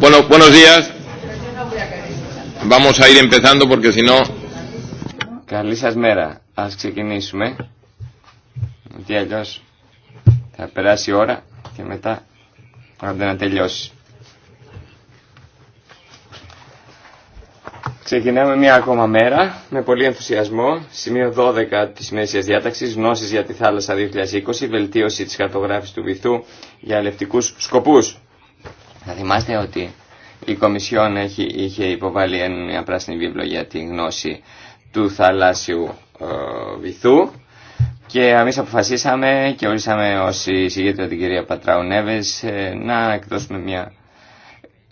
Bueno, buenos días. Vamos a ir empezando porque si no... Καλή σας μέρα. Ας ξεκινήσουμε. Γιατί αλλιώς θα περάσει η ώρα και μετά άντε να τελειώσει. Ξεκινάμε μια ακόμα μέρα με πολύ ενθουσιασμό. Σημείο 12 της Μέσιας Διάταξης, γνώσεις για τη θάλασσα 2020, βελτίωση της χαρτογράφης του βυθού για αλευτικού σκοπούς. Θα θυμάστε ότι η Κομισιόν έχει, είχε υποβάλει μια πράσινη βίβλο για τη γνώση του θαλάσσιου ε, βυθού και εμεί αποφασίσαμε και ορίσαμε ως εισηγήτρια την κυρία Πατράου ε, να εκδώσουμε μια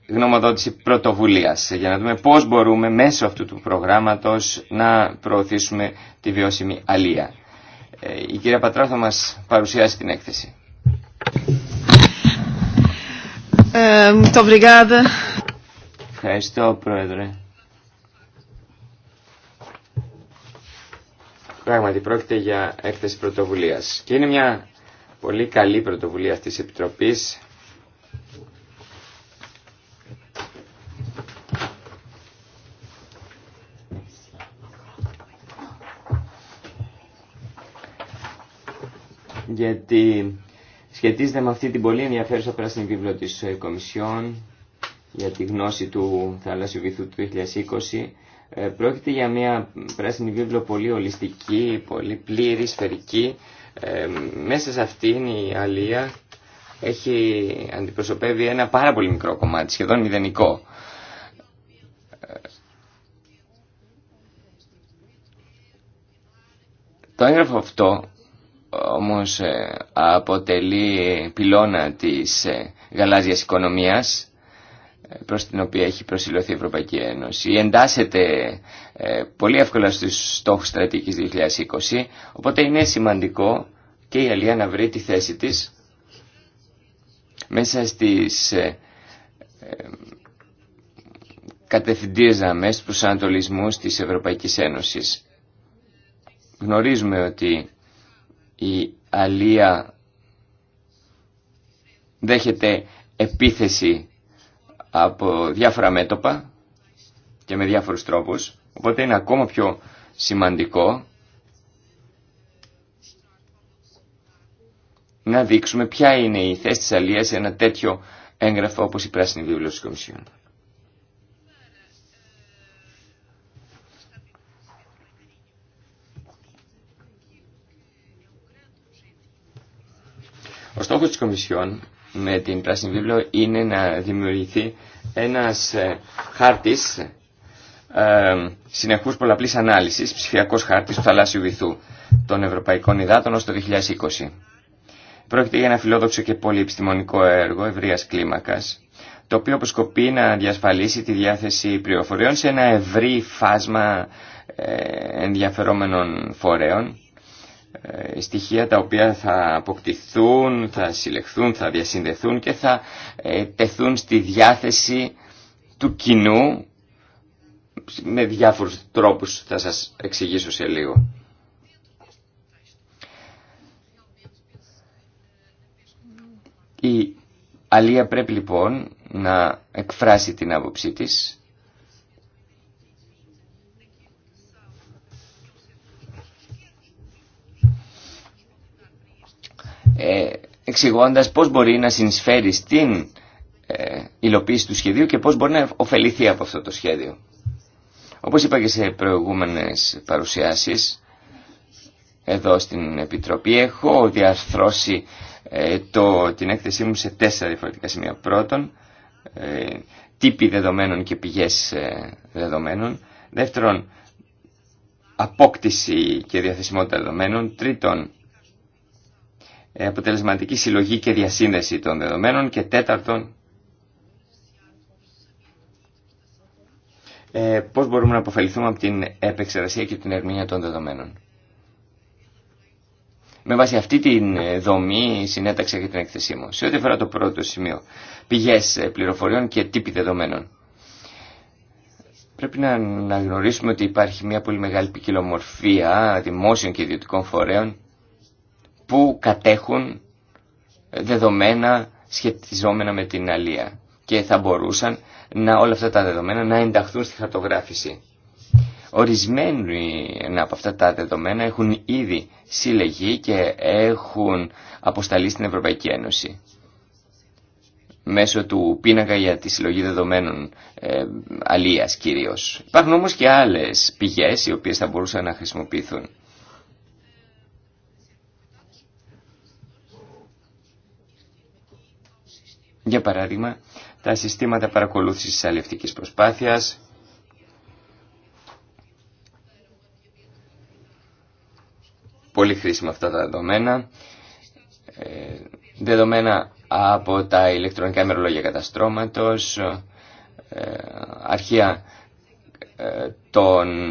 γνωμοδότηση πρωτοβουλίας για να δούμε πώς μπορούμε μέσω αυτού του προγράμματος να προωθήσουμε τη βιώσιμη αλία. Ε, η κυρία Πατράου θα μας παρουσιάσει την έκθεση. Ε, Ευχαριστώ, Πρόεδρε. Πράγματι, πρόκειται για έκθεση πρωτοβουλίας. Και είναι μια πολύ καλή πρωτοβουλία της Επιτροπής. Γιατί σχετίζεται με αυτή την πολύ ενδιαφέρουσα πράσινη βίβλο της ε, Κομισιόν για τη γνώση του θαλάσσιου βυθού του 2020. Ε, πρόκειται για μια πράσινη βίβλο πολύ ολιστική, πολύ πλήρη, σφαιρική. Ε, μέσα σε αυτήν η Αλία έχει αντιπροσωπεύει ένα πάρα πολύ μικρό κομμάτι, σχεδόν μηδενικό. Το έγγραφο αυτό όμως ε, αποτελεί πυλώνα της ε, γαλάζιας οικονομίας ε, προς την οποία έχει προσιλωθεί η Ευρωπαϊκή Ένωση. Εντάσσεται πολύ εύκολα στους στόχους στρατηγικής 2020, οπότε είναι σημαντικό και η Αλία να βρει τη θέση της μέσα στις κατευθυντήρες δαμές προς προσανατολισμούς της Ευρωπαϊκής Ένωσης. Γνωρίζουμε ότι η Αλία δέχεται επίθεση από διάφορα μέτωπα και με διάφορους τρόπους. Οπότε είναι ακόμα πιο σημαντικό να δείξουμε ποια είναι η θέση της Αλίας σε ένα τέτοιο έγγραφο όπως η Πράσινη Βίβλος Κομισιόν. Ο στόχο τη Κομισιόν με την Πράσινη Βίβλο είναι να δημιουργηθεί ένας ε, χάρτης ε, συνεχούς πολλαπλής ανάλυσης, ψηφιακός χάρτης του θαλάσσιου βυθού των ευρωπαϊκών υδάτων ω το 2020. Πρόκειται για ένα φιλόδοξο και πολύ επιστημονικό έργο ευρεία κλίμακας, το οποίο αποσκοπεί να διασφαλίσει τη διάθεση πληροφοριών σε ένα ευρύ φάσμα ε, ενδιαφερόμενων φορέων, ε, στοιχεία τα οποία θα αποκτηθούν, θα συλλεχθούν, θα διασυνδεθούν και θα ε, τεθούν στη διάθεση του κοινού με διάφορους τρόπους θα σας εξηγήσω σε λίγο. Η Αλία πρέπει λοιπόν να εκφράσει την άποψή της Ε, εξηγώντα πώς μπορεί να συνεισφέρει στην ε, υλοποίηση του σχεδίου και πώς μπορεί να ωφεληθεί από αυτό το σχέδιο. Όπως είπα και σε προηγούμενες παρουσιάσεις, εδώ στην Επιτροπή έχω διαρθρώσει ε, το, την έκθεσή μου σε τέσσερα διαφορετικά σημεία. Πρώτον, ε, τύποι δεδομένων και πηγές δεδομένων. Δεύτερον, απόκτηση και διαθεσιμότητα δεδομένων. Τρίτον, ε, αποτελεσματική συλλογή και διασύνδεση των δεδομένων και τέταρτον ε, πώς μπορούμε να αποφεληθούμε από την επεξεργασία και την ερμηνεία των δεδομένων. Με βάση αυτή τη ε, δομή συνέταξα και την έκθεσή μου. Σε ό,τι αφορά το πρώτο σημείο, πηγές ε, πληροφοριών και τύποι δεδομένων. Πρέπει να γνωρίσουμε ότι υπάρχει μια πολύ μεγάλη ποικιλομορφία δημόσιων και ιδιωτικών φορέων που κατέχουν δεδομένα σχετιζόμενα με την αλία και θα μπορούσαν να, όλα αυτά τα δεδομένα να ενταχθούν στη χαρτογράφηση. Ορισμένοι από αυτά τα δεδομένα έχουν ήδη συλλεγεί και έχουν αποσταλεί στην Ευρωπαϊκή Ένωση. Μέσω του πίνακα για τη συλλογή δεδομένων ε, αλίας κυρίως. Υπάρχουν όμως και άλλες πηγές οι οποίες θα μπορούσαν να χρησιμοποιηθούν. Για παράδειγμα, τα συστήματα παρακολούθησης της αλληλευτικής προσπάθειας, πολύ χρήσιμα αυτά τα δεδομένα, ε, δεδομένα από τα ηλεκτρονικά ημερολόγια καταστρώματος, ε, αρχεία ε, των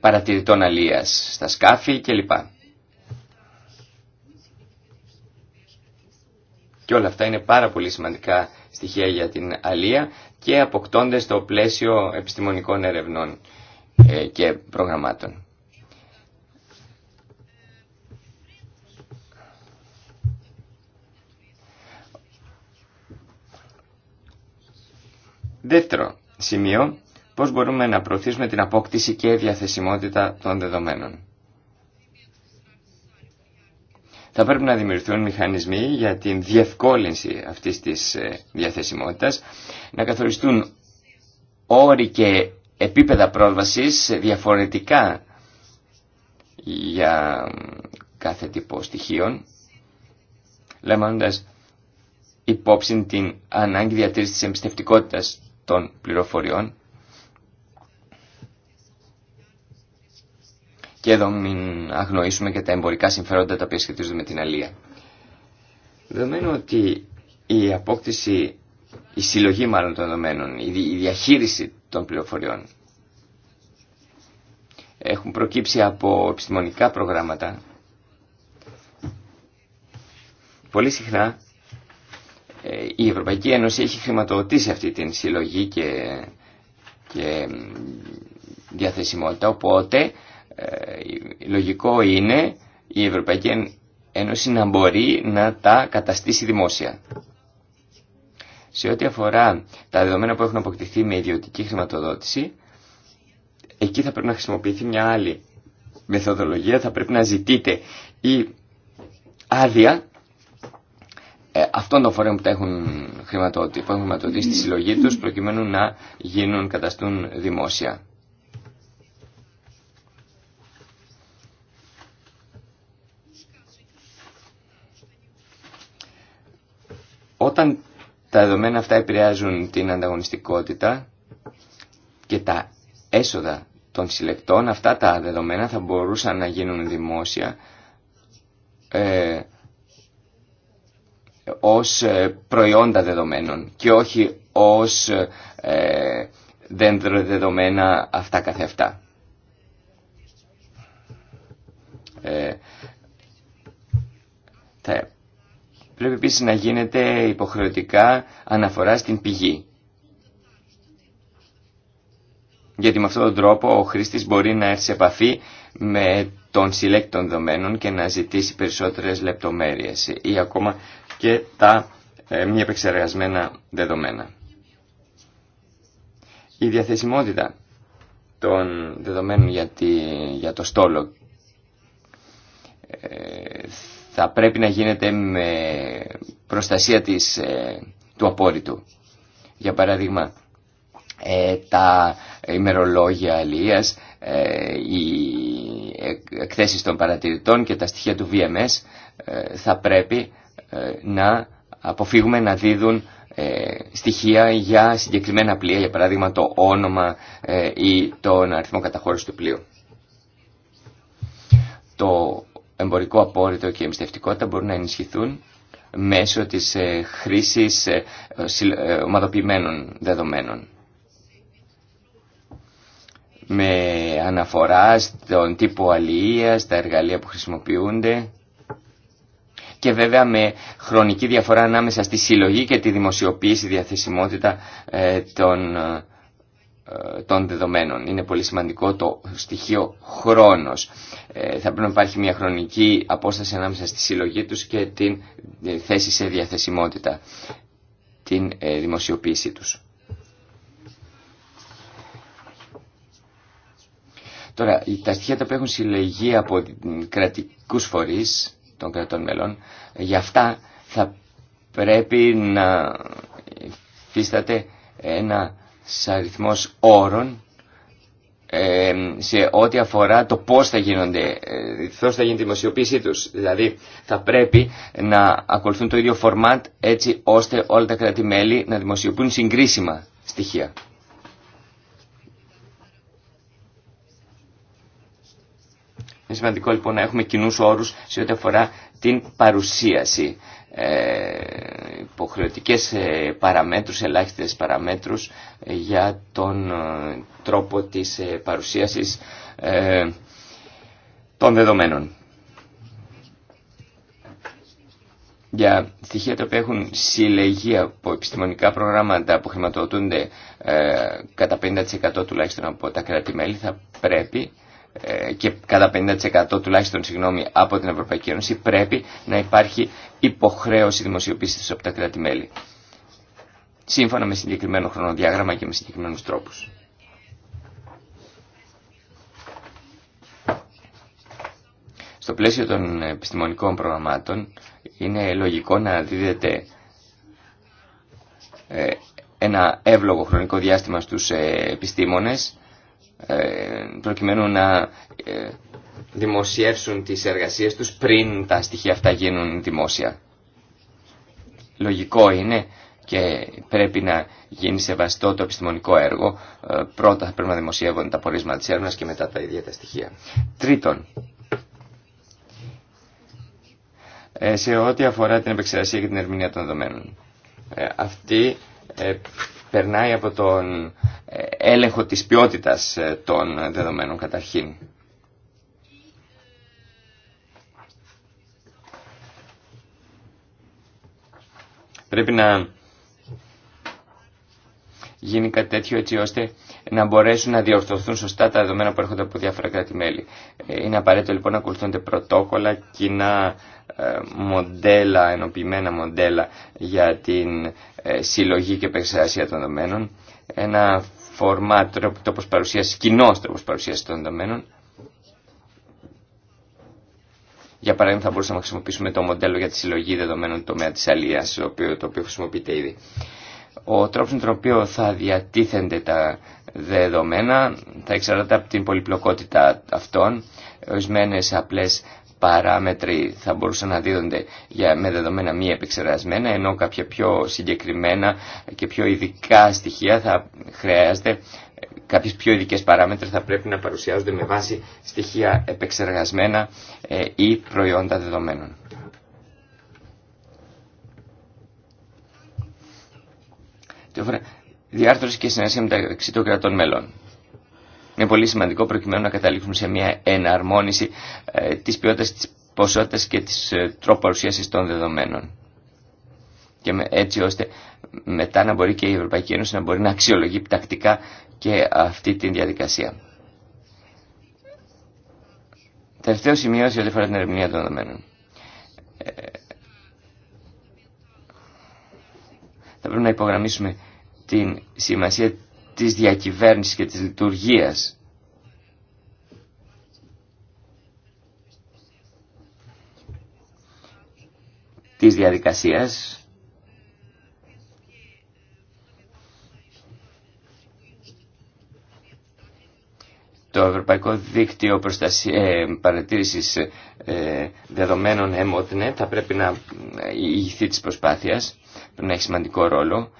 παρατηρητών αλίας στα σκάφη κλπ. Και όλα αυτά είναι πάρα πολύ σημαντικά στοιχεία για την αλία και αποκτώνται στο πλαίσιο επιστημονικών ερευνών ε, και προγραμμάτων. Δεύτερο σημείο, πώς μπορούμε να προωθήσουμε την απόκτηση και διαθεσιμότητα των δεδομένων. Θα πρέπει να δημιουργηθούν μηχανισμοί για την διευκόλυνση αυτής της ε, διαθεσιμότητας, να καθοριστούν όροι και επίπεδα πρόσβασης διαφορετικά για κάθε τύπο στοιχείων, λαμβάνοντας υπόψη την ανάγκη διατήρησης τη εμπιστευτικότητας των πληροφοριών και εδώ μην αγνοήσουμε και τα εμπορικά συμφέροντα τα οποία σχετίζονται με την αλία. Δεδομένου ότι η απόκτηση, η συλλογή μάλλον των δεδομένων, η διαχείριση των πληροφοριών έχουν προκύψει από επιστημονικά προγράμματα πολύ συχνά ε, η Ευρωπαϊκή Ένωση έχει χρηματοδοτήσει αυτή την συλλογή και, και διαθεσιμότητα οπότε ε, λογικό είναι η Ευρωπαϊκή Ένωση να μπορεί να τα καταστήσει δημόσια. Σε ό,τι αφορά τα δεδομένα που έχουν αποκτηθεί με ιδιωτική χρηματοδότηση, εκεί θα πρέπει να χρησιμοποιηθεί μια άλλη μεθοδολογία, θα πρέπει να ζητείτε η άδεια ε, αυτών των φορέων που τα έχουν χρηματοδοτήσει, που έχουν τη συλλογή τους, προκειμένου να γίνουν, καταστούν δημόσια. Όταν τα δεδομένα αυτά επηρεάζουν την ανταγωνιστικότητα και τα έσοδα των συλλεκτών, αυτά τα δεδομένα θα μπορούσαν να γίνουν δημόσια ε, ως ε, προϊόντα δεδομένων και όχι ως ε, δέντρο δεδομένα αυτά καθεαυτά. Ε, Πρέπει επίσης να γίνεται υποχρεωτικά αναφορά στην πηγή. Γιατί με αυτόν τον τρόπο ο χρήστης μπορεί να έρθει σε επαφή με τον συλλέκτη των δεδομένων και να ζητήσει περισσότερες λεπτομέρειες ή ακόμα και τα ε, μη επεξεργασμένα δεδομένα. Η διαθεσιμότητα των δεδομένων για, για το στόλο ε, θα πρέπει να γίνεται με προστασία της, ε, του απόρριτου. Για παράδειγμα, ε, τα ημερολόγια αλίας, ε, οι εκθέσεις των παρατηρητών και τα στοιχεία του VMS θα πρέπει να αποφύγουμε να δίδουν στοιχεία για συγκεκριμένα πλοία, για παράδειγμα το όνομα ή τον αριθμό καταχώρησης του πλοίου. Το εμπορικό απόρριτο και εμπιστευτικότητα μπορούν να ενισχυθούν μέσω της ε, χρήσης ε, ε, ομαδοποιημένων δεδομένων. Με αναφορά στον τύπο αλληλείας, τα εργαλεία που χρησιμοποιούνται και βέβαια με χρονική διαφορά ανάμεσα στη συλλογή και τη δημοσιοποίηση διαθεσιμότητα των ε, των δεδομένων. Είναι πολύ σημαντικό το στοιχείο χρόνος. Ε, θα πρέπει να υπάρχει μια χρονική απόσταση ανάμεσα στη συλλογή τους και την ε, θέση σε διαθεσιμότητα, την δημοσιοποίησή τους. Τώρα, τα στοιχεία τα οποία έχουν συλλογεί από κρατικούς φορείς των κρατών μελών, για αυτά θα πρέπει να φύσταται ένα σε αριθμός όρων σε ό,τι αφορά το πώς θα γίνονται, ε, πώς θα γίνει η δημοσιοποίησή τους. Δηλαδή θα πρέπει να ακολουθούν το ίδιο φορμάτ έτσι ώστε όλα τα κράτη-μέλη να δημοσιοποιούν συγκρίσιμα στοιχεία. Είναι σημαντικό λοιπόν να έχουμε κοινού όρους σε ό,τι αφορά την παρουσίαση ε, υποχρεωτικές ε, παραμέτρους, ελάχιστες παραμέτρους για τον ε, τρόπο της παρουσίασης των δεδομένων. Για στοιχεία τα οποία έχουν συλλεγεί από επιστημονικά προγράμματα που χρηματοδοτούνται κατά 50% τουλάχιστον από τα κράτη-μέλη θα πρέπει ε, και κατά 50% τουλάχιστον συγγνώμη, από την Ευρωπαϊκή Ένωση πρέπει να υπάρχει υποχρέωση δημοσιοποίησης από τα κράτη-μέλη σύμφωνα με συγκεκριμένο χρονοδιάγραμμα και με συγκεκριμένους τρόπους. Στο πλαίσιο των επιστημονικών προγραμμάτων είναι λογικό να δίδεται ε, ένα εύλογο χρονικό διάστημα στους ε, επιστήμονες ε, προκειμένου να ε, δημοσιεύσουν τις εργασίες τους πριν τα στοιχεία αυτά γίνουν δημόσια. Λογικό είναι και πρέπει να γίνει σεβαστό το επιστημονικό έργο. Ε, πρώτα θα πρέπει να δημοσιεύονται τα πορίσματα της έρευνα και μετά τα ίδια τα στοιχεία. Τρίτον, σε ό,τι αφορά την επεξεργασία και την ερμηνεία των δεδομένων. Αυτή περνάει από τον ε, έλεγχο της ποιότητας ε, των δεδομένων καταρχήν. Πρέπει να γίνει κάτι τέτοιο έτσι ώστε να μπορέσουν να διορθωθούν σωστά τα δεδομένα που έρχονται από διάφορα κράτη-μέλη. Ε, είναι απαραίτητο λοιπόν να ακολουθούνται πρωτόκολλα, κοινά μοντέλα, ενοποιημένα μοντέλα για την ε, συλλογή και επεξεργασία των δεδομένων, ένα φορμά τρόπος παρουσίασης, κοινός τρόπος παρουσίασης των δεδομένων. Για παράδειγμα θα μπορούσαμε να χρησιμοποιήσουμε το μοντέλο για τη συλλογή δεδομένων τομέα τη αλίας, το οποίο, το οποίο χρησιμοποιείται ήδη. Ο τρόπο με τον οποίο θα διατίθενται τα δεδομένα θα εξαρτάται από την πολυπλοκότητα αυτών. Ορισμένε απλέ παράμετροι θα μπορούσαν να δίδονται για, με δεδομένα μη επεξεργασμένα, ενώ κάποια πιο συγκεκριμένα και πιο ειδικά στοιχεία θα χρειάζεται, κάποιες πιο ειδικέ παράμετροι θα πρέπει να παρουσιάζονται με βάση στοιχεία επεξεργασμένα ε, ή προϊόντα δεδομένων. Διάρθρωση και συνεργασία μεταξύ των κρατών μελών είναι πολύ σημαντικό προκειμένου να καταλήξουμε σε μια εναρμόνιση ε, της ποιότητας, της ποσότητας και της ε, τρόπου των δεδομένων. Και με, έτσι ώστε μετά να μπορεί και η Ευρωπαϊκή Ένωση να μπορεί να αξιολογεί τακτικά και αυτή τη διαδικασία. Τελευταίο σημείο σε ό,τι αφορά την ερμηνεία των δεδομένων. Ε, θα πρέπει να υπογραμμίσουμε την σημασία της διακυβέρνησης και της λειτουργίας. της διαδικασίας το Ευρωπαϊκό Δίκτυο ε, Παρατήρησης ε, Δεδομένων ΕΜΟΤΝΕ θα πρέπει να ε, ηγηθεί της προσπάθειας, πρέπει να έχει σημαντικό ρόλο.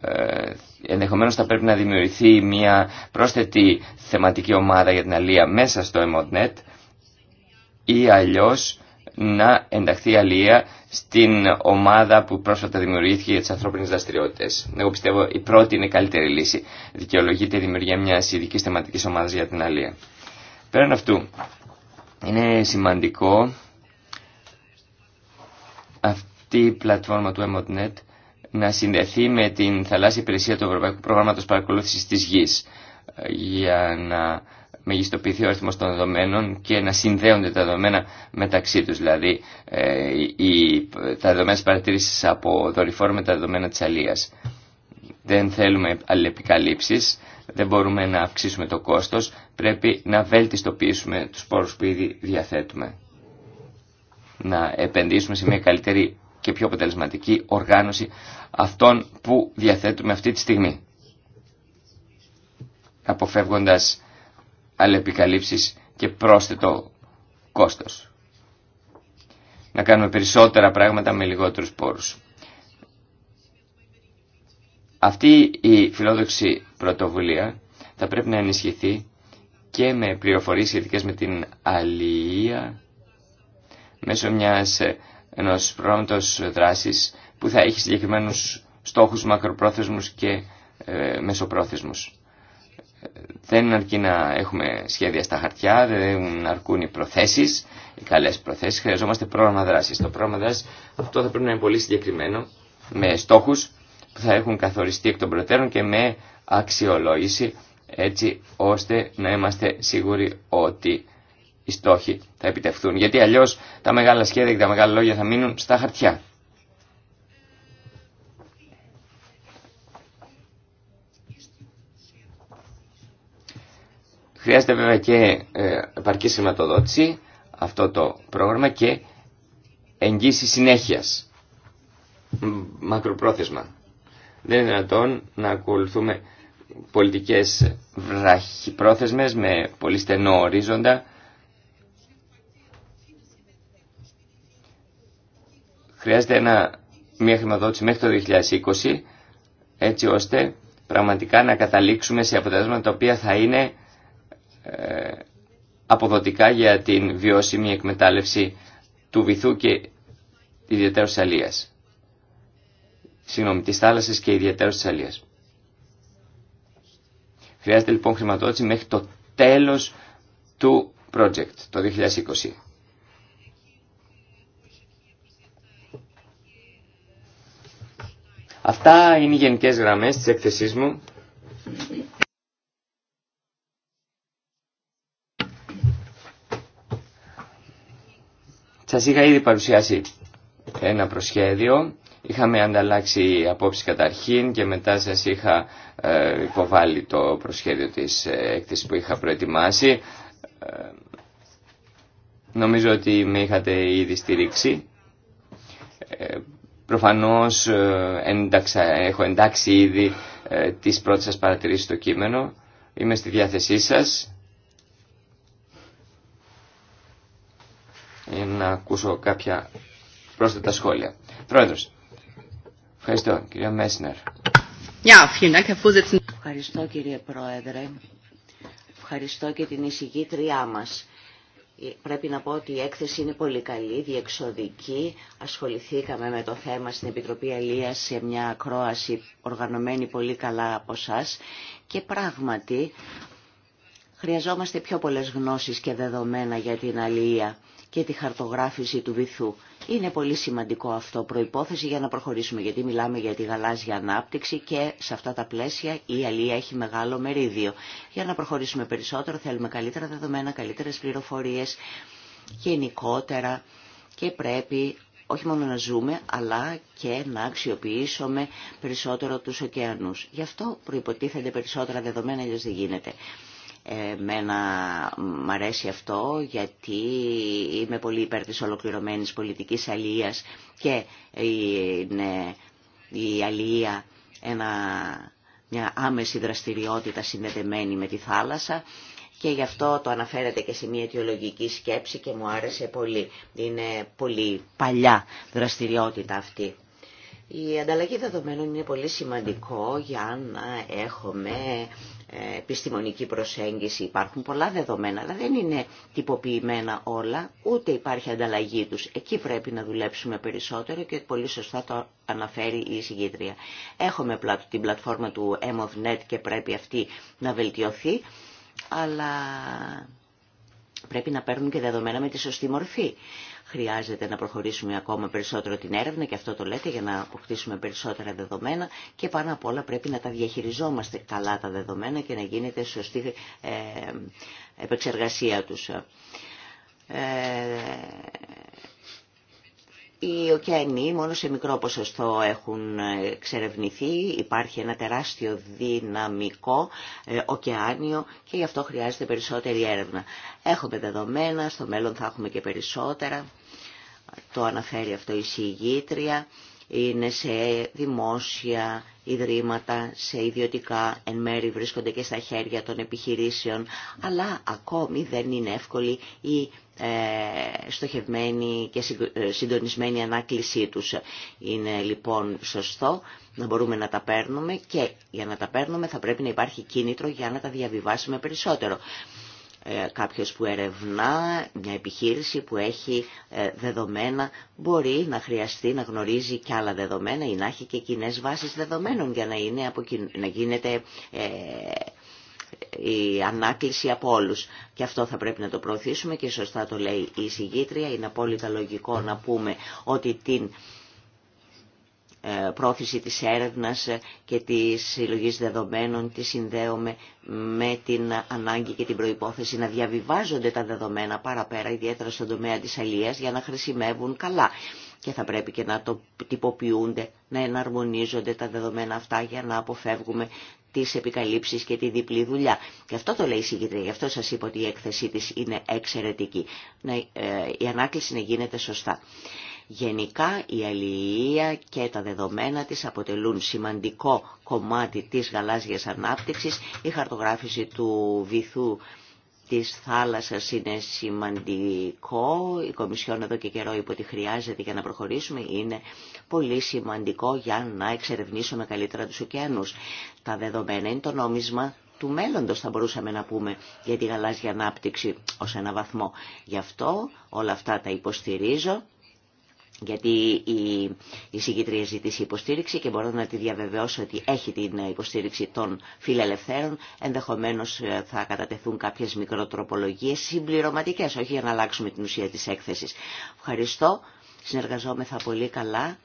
Ε, ενδεχομένως θα πρέπει να δημιουργηθεί μια πρόσθετη θεματική ομάδα για την αλία μέσα στο M.O.D.Net η αλία στην ομάδα που πρόσφατα δημιουργήθηκε για τις ανθρώπινες δραστηριότητες. Εγώ πιστεύω η πρώτη είναι η καλύτερη λύση. Δικαιολογείται η δημιουργία μιας ειδική θεματικής ομάδας για την αλία. Πέραν αυτού, είναι σημαντικό αυτή η πλατφόρμα του M.O.D.Net να συνδεθεί με την θαλάσσια υπηρεσία του Ευρωπαϊκού Προγράμματος Παρακολούθησης της Γης ε, για να μεγιστοποιηθεί ο αριθμός των δεδομένων και να συνδέονται τα δεδομένα μεταξύ τους, δηλαδή ε, τα δεδομένα της παρατήρησης από δορυφόρο με τα δεδομένα της αλίας. Δεν θέλουμε αλληλεπικαλύψεις, δεν μπορούμε να αυξήσουμε το κόστος, πρέπει να βελτιστοποιήσουμε τους πόρους που ήδη διαθέτουμε. Να επενδύσουμε σε μια καλύτερη και πιο αποτελεσματική οργάνωση αυτών που διαθέτουμε αυτή τη στιγμή. Αποφεύγοντας αλληλεπικαλύψεις και πρόσθετο κόστος. Να κάνουμε περισσότερα πράγματα με λιγότερους πόρους. Αυτή η φιλόδοξη πρωτοβουλία θα πρέπει να ενισχυθεί και με πληροφορίες σχετικές με την αλληλεία μέσω μιας ενός προγράμματος δράσης που θα έχει συγκεκριμένους στόχους μακροπρόθεσμους και ε, μεσοπρόθεσμους. Δεν αρκεί να έχουμε σχέδια στα χαρτιά, δεν αρκούν οι προθέσεις, οι καλές προθέσεις, χρειαζόμαστε πρόγραμμα δράσης. Το πρόγραμμα δράσης αυτό θα πρέπει να είναι πολύ συγκεκριμένο, με στόχους που θα έχουν καθοριστεί εκ των προτέρων και με αξιολόγηση, έτσι ώστε να είμαστε σίγουροι ότι οι στόχοι θα επιτευχθούν. Γιατί αλλιώς τα μεγάλα σχέδια και τα μεγάλα λόγια θα μείνουν στα χαρτιά. Χρειάζεται βέβαια και ε, επαρκή σηματοδότηση αυτό το πρόγραμμα και εγγύηση συνέχειας, μακροπρόθεσμα. Δεν είναι δυνατόν να ακολουθούμε πολιτικές βραχυπρόθεσμες με πολύ στενό ορίζοντα Χρειάζεται ένα, μια χρηματοδότηση μέχρι το 2020 έτσι ώστε πραγματικά να καταλήξουμε σε αποτελέσματα τα οποία θα είναι ε, αποδοτικά για την βιώσιμη εκμετάλλευση του βυθού και ιδιαίτερως της αλίας. Συγγνώμη, της θάλασσας και ιδιαίτερως της αλίας. Χρειάζεται λοιπόν χρηματοδότηση μέχρι το τέλος του project το 2020. Αυτά είναι οι γενικές γραμμές της έκθεσής μου. Σας είχα ήδη παρουσιάσει ένα προσχέδιο. Είχαμε ανταλλάξει απόψεις καταρχήν και μετά σας είχα ε, υποβάλει το προσχέδιο της ε, έκθεσης που είχα προετοιμάσει. Ε, νομίζω ότι με είχατε ήδη στηρίξει. Προφανώς ε, έχω εντάξει ήδη ε, τις πρώτες σας παρατηρήσεις στο κείμενο. Είμαι στη διάθεσή σας για να ακούσω κάποια πρόσθετα σχόλια. Πρόεδρος, ευχαριστώ κυρία Μέσνερ. Ευχαριστώ κύριε Πρόεδρε. Ευχαριστώ και την εισηγήτριά μας. Πρέπει να πω ότι η έκθεση είναι πολύ καλή, διεξοδική. Ασχοληθήκαμε με το θέμα στην Επιτροπή Αλίας σε μια ακρόαση οργανωμένη πολύ καλά από εσά και πράγματι χρειαζόμαστε πιο πολλές γνώσεις και δεδομένα για την αλία και τη χαρτογράφηση του βυθού. Είναι πολύ σημαντικό αυτό προϋπόθεση για να προχωρήσουμε, γιατί μιλάμε για τη γαλάζια ανάπτυξη και σε αυτά τα πλαίσια η αλία έχει μεγάλο μερίδιο. Για να προχωρήσουμε περισσότερο θέλουμε καλύτερα δεδομένα, καλύτερες πληροφορίες, γενικότερα και πρέπει όχι μόνο να ζούμε, αλλά και να αξιοποιήσουμε περισσότερο τους ωκεανούς. Γι' αυτό προϋποτίθενται περισσότερα δεδομένα, αλλιώς δεν γίνεται. Εμένα μ' αρέσει αυτό γιατί είμαι πολύ υπέρ της ολοκληρωμένης πολιτικής αλίας και είναι η αλληλεία ένα, μια άμεση δραστηριότητα συνδεδεμένη με τη θάλασσα και γι' αυτό το αναφέρεται και σε μια αιτιολογική σκέψη και μου άρεσε πολύ. Είναι πολύ παλιά δραστηριότητα αυτή. Η ανταλλαγή δεδομένων είναι πολύ σημαντικό για να έχουμε ε, επιστημονική προσέγγιση. Υπάρχουν πολλά δεδομένα, αλλά δεν είναι τυποποιημένα όλα, ούτε υπάρχει ανταλλαγή τους. Εκεί πρέπει να δουλέψουμε περισσότερο και πολύ σωστά το αναφέρει η συγκήτρια. Έχουμε την πλατφόρμα του MOVNet και πρέπει αυτή να βελτιωθεί, αλλά πρέπει να παίρνουν και δεδομένα με τη σωστή μορφή. Χρειάζεται να προχωρήσουμε ακόμα περισσότερο την έρευνα και αυτό το λέτε για να αποκτήσουμε περισσότερα δεδομένα και πάνω απ' όλα πρέπει να τα διαχειριζόμαστε καλά τα δεδομένα και να γίνεται σωστή ε, επεξεργασία τους. Ε, οι ωκεανοί μόνο σε μικρό ποσοστό έχουν εξερευνηθεί. Υπάρχει ένα τεράστιο δυναμικό ε, ωκεάνιο και γι' αυτό χρειάζεται περισσότερη έρευνα. Έχουμε δεδομένα, στο μέλλον θα έχουμε και περισσότερα το αναφέρει αυτό η συγγήτρια, είναι σε δημόσια ιδρύματα, σε ιδιωτικά, εν μέρη βρίσκονται και στα χέρια των επιχειρήσεων, αλλά ακόμη δεν είναι εύκολη η ε, στοχευμένη και ε, συντονισμένη ανάκλησή τους. Είναι λοιπόν σωστό να μπορούμε να τα παίρνουμε και για να τα παίρνουμε θα πρέπει να υπάρχει κίνητρο για να τα διαβιβάσουμε περισσότερο. Ε, κάποιος που ερευνά μια επιχείρηση που έχει ε, δεδομένα μπορεί να χρειαστεί να γνωρίζει και άλλα δεδομένα ή να έχει και κοινέ βάσεις δεδομένων για να, να γίνεται ε, η ανάκληση από όλους. Και αυτό θα πρέπει να το προωθήσουμε και σωστά το λέει η συγγήτρια. Είναι απόλυτα λογικό να πούμε ότι την ε, πρόθεση της έρευνας και της συλλογή δεδομένων τη συνδέομαι με την ανάγκη και την προϋπόθεση να διαβιβάζονται τα δεδομένα παραπέρα, ιδιαίτερα στον τομέα της αλίας, για να χρησιμεύουν καλά. Και θα πρέπει και να το τυποποιούνται, να εναρμονίζονται τα δεδομένα αυτά για να αποφεύγουμε τις επικαλύψεις και τη διπλή δουλειά. Και αυτό το λέει η γι' αυτό σας είπα ότι η έκθεσή της είναι εξαιρετική. Ε, η ανάκληση να γίνεται σωστά. Γενικά η αλληλεία και τα δεδομένα της αποτελούν σημαντικό κομμάτι της γαλάζιας ανάπτυξης. Η χαρτογράφηση του βυθού της θάλασσας είναι σημαντικό. Η Κομισιόν εδώ και καιρό είπε ότι χρειάζεται για να προχωρήσουμε. Είναι πολύ σημαντικό για να εξερευνήσουμε καλύτερα τους ωκεανούς. Τα δεδομένα είναι το νόμισμα του μέλλοντος θα μπορούσαμε να πούμε για τη γαλάζια ανάπτυξη ως ένα βαθμό. Γι' αυτό όλα αυτά τα υποστηρίζω γιατί η εισηγήτρια ζήτησε υποστήριξη και μπορώ να τη διαβεβαιώσω ότι έχει την υποστήριξη των φιλελευθέρων. Ενδεχομένως ε, θα κατατεθούν κάποιες μικροτροπολογίες συμπληρωματικές, όχι για να αλλάξουμε την ουσία της έκθεσης. Ευχαριστώ. Συνεργαζόμεθα πολύ καλά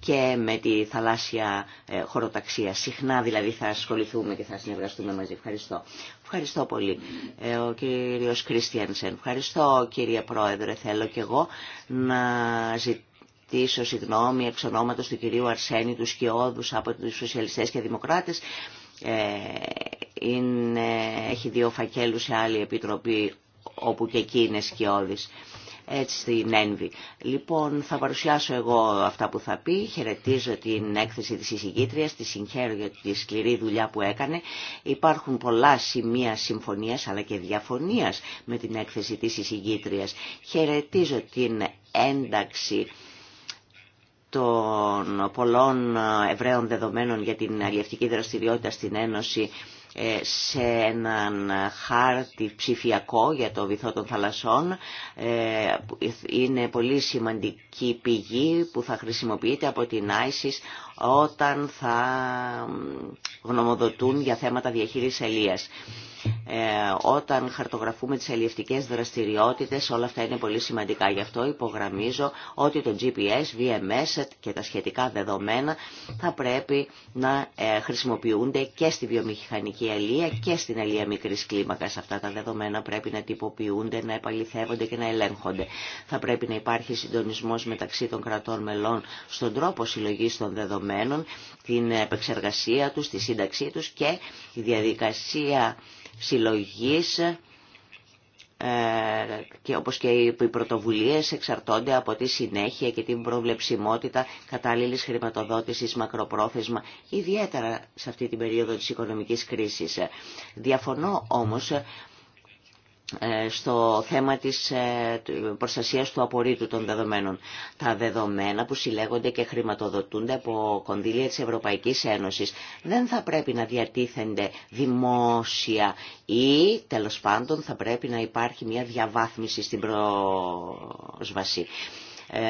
και με τη θαλάσσια ε, χωροταξία. Συχνά δηλαδή θα ασχοληθούμε και θα συνεργαστούμε μαζί. Ευχαριστώ. Ευχαριστώ πολύ. Ε, ο κύριος Κρίστιανσεν. Ευχαριστώ κύριε Πρόεδρε. Θέλω και εγώ να ζητήσω συγγνώμη εξ ονόματος του κυρίου Αρσένη, του Σκιώδους από τους Σοσιαλιστές και Δημοκράτες. Ε, είναι, έχει δύο φακέλους σε άλλη επιτροπή όπου και εκεί είναι σκιώδης έτσι στην ΕΝΒΗ. Λοιπόν, θα παρουσιάσω εγώ αυτά που θα πει. Χαιρετίζω την έκθεση της εισηγήτριας, τη συγχαίρω για τη σκληρή δουλειά που έκανε. Υπάρχουν πολλά σημεία συμφωνίας αλλά και διαφωνίας με την έκθεση της εισηγήτριας. Χαιρετίζω την ένταξη των πολλών Εβραίων δεδομένων για την αλληλευτική δραστηριότητα στην Ένωση ε, σε έναν χάρτη ψηφιακό για το βυθό των θαλασσών. Ε, είναι πολύ σημαντική πηγή που θα χρησιμοποιείται από την ISIS όταν θα γνωμοδοτούν για θέματα διαχείρισης ελίας. Ε, όταν χαρτογραφούμε τις ελιευτικές δραστηριότητες, όλα αυτά είναι πολύ σημαντικά. Γι' αυτό υπογραμμίζω ότι το GPS, VMS και τα σχετικά δεδομένα θα πρέπει να ε, χρησιμοποιούνται και στη βιομηχανική αλία και στην αλία μικρής κλίμακας. Αυτά τα δεδομένα πρέπει να τυποποιούνται, να επαληθεύονται και να ελέγχονται. Θα πρέπει να υπάρχει συντονισμός μεταξύ των κρατών μελών στον τρόπο συλλογής των δεδομένων την επεξεργασία τους, τη σύνταξή τους και η διαδικασία συλλογής ε, και όπως και οι πρωτοβουλίες εξαρτώνται από τη συνέχεια και την προβλεψιμότητα κατάλληλης χρηματοδότησης μακροπρόθεσμα, ιδιαίτερα σε αυτή την περίοδο της οικονομικής κρίσης. Διαφωνώ όμως ε, στο θέμα της ε, προστασίας του απορρίτου των δεδομένων. Τα δεδομένα που συλλέγονται και χρηματοδοτούνται από κονδύλια της Ευρωπαϊκής Ένωσης δεν θα πρέπει να διατίθενται δημόσια ή τέλος πάντων θα πρέπει να υπάρχει μια διαβάθμιση στην πρόσβαση. Ε,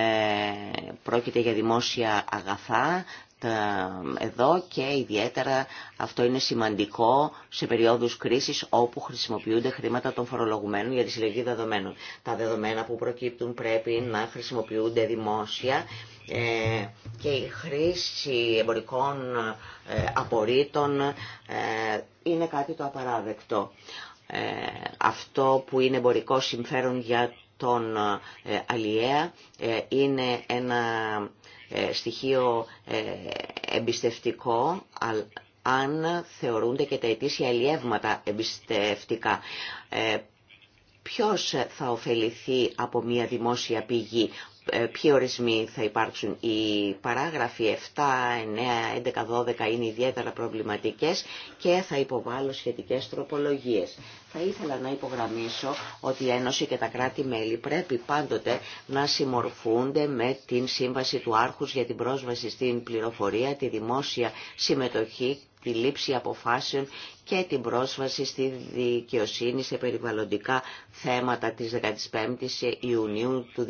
πρόκειται για δημόσια αγαθά, ε, εδώ και ιδιαίτερα αυτό είναι σημαντικό σε περίοδους κρίσης όπου χρησιμοποιούνται χρήματα των φορολογουμένων για τη συλλογή δεδομένων. Τα δεδομένα που προκύπτουν πρέπει να χρησιμοποιούνται δημόσια ε, και η χρήση εμπορικών ε, απορρίτων είναι κάτι το απαράδεκτο. Αυτό που είναι εμπορικό συμφέρον για τον Αλιέα είναι ένα ε, στοιχείο ε, εμπιστευτικό, αν θεωρούνται και τα ετήσια ελιεύματα εμπιστευτικά. Ε, ποιος θα ωφεληθεί από μια δημόσια πηγή ε, ποιοι ορισμοί θα υπάρξουν. Οι παράγραφοι 7, 9, 11, 12 είναι ιδιαίτερα προβληματικές και θα υποβάλω σχετικές τροπολογίες. Θα ήθελα να υπογραμμίσω ότι η Ένωση και τα κράτη-μέλη πρέπει πάντοτε να συμμορφούνται με την Σύμβαση του Άρχους για την πρόσβαση στην πληροφορία, τη δημόσια συμμετοχή τη λήψη αποφάσεων και την πρόσβαση στη δικαιοσύνη σε περιβαλλοντικά θέματα της 15ης Ιουνίου του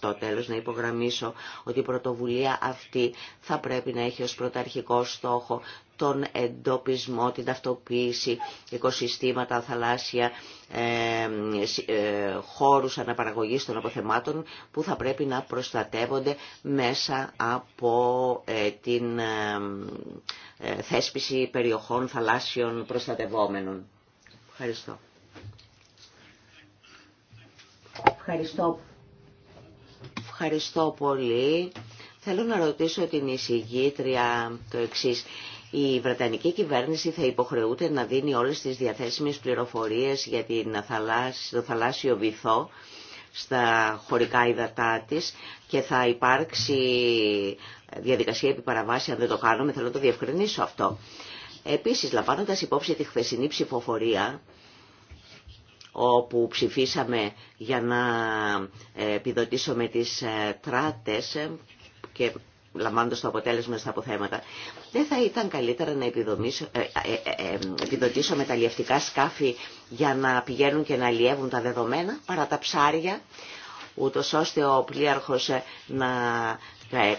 2008. Τέλος, να υπογραμμίσω ότι η πρωτοβουλία αυτή θα πρέπει να έχει ως πρωταρχικό στόχο τον εντοπισμό, την ταυτοποίηση, οικοσυστήματα, θαλάσσια, ε, ε, χώρους αναπαραγωγής των αποθεμάτων που θα πρέπει να προστατεύονται μέσα από ε, την θέσπιση περιοχών θαλάσσιων προστατευόμενων. Ευχαριστώ. Ευχαριστώ. Ευχαριστώ πολύ. Θέλω να ρωτήσω την εισηγήτρια το εξής η Βρετανική κυβέρνηση θα υποχρεούται να δίνει όλες τις διαθέσιμες πληροφορίες για την το θαλάσσιο βυθό στα χωρικά υδατά της και θα υπάρξει διαδικασία επιπαραβάση αν δεν το κάνουμε, θέλω να το διευκρινίσω αυτό. Επίσης, λαμβάνοντας υπόψη τη χθεσινή ψηφοφορία, όπου ψηφίσαμε για να ε, επιδοτήσουμε τις ε, τράτες ε, και λαμβάνοντας το αποτέλεσμα στα αποθέματα. Δεν θα ήταν καλύτερα να ε, ε, ε, επιδοτήσω τα λιευτικά σκάφη για να πηγαίνουν και να λιεύουν τα δεδομένα παρά τα ψάρια, ούτως ώστε ο πλοίαρχο να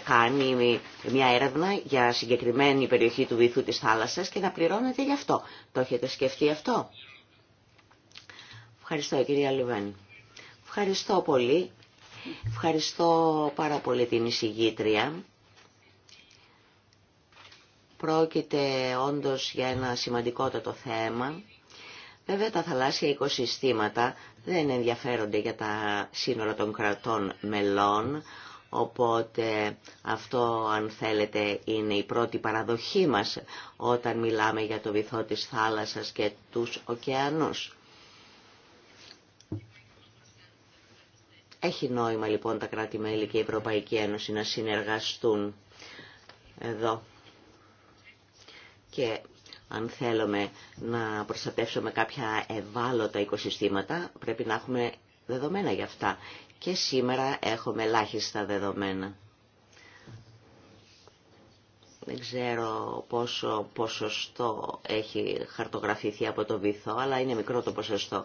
κάνει μια έρευνα για συγκεκριμένη περιοχή του βυθού της θάλασσας και να πληρώνεται γι' αυτό. Το έχετε σκεφτεί αυτό. Ευχαριστώ κυρία Λιβάνη. Ευχαριστώ πολύ. Ευχαριστώ πάρα πολύ την εισηγήτρια Πρόκειται όντως για ένα σημαντικότατο θέμα. Βέβαια τα θαλάσσια οικοσυστήματα δεν ενδιαφέρονται για τα σύνορα των κρατών μελών, οπότε αυτό αν θέλετε είναι η πρώτη παραδοχή μας όταν μιλάμε για το βυθό της θάλασσας και τους ωκεανούς. Έχει νόημα λοιπόν τα κράτη-μέλη και η Ευρωπαϊκή Ένωση να συνεργαστούν εδώ και αν θέλουμε να προστατεύσουμε κάποια ευάλωτα οικοσυστήματα, πρέπει να έχουμε δεδομένα για αυτά. Και σήμερα έχουμε ελάχιστα δεδομένα. Δεν ξέρω πόσο ποσοστό έχει χαρτογραφηθεί από το βυθό, αλλά είναι μικρό το ποσοστό.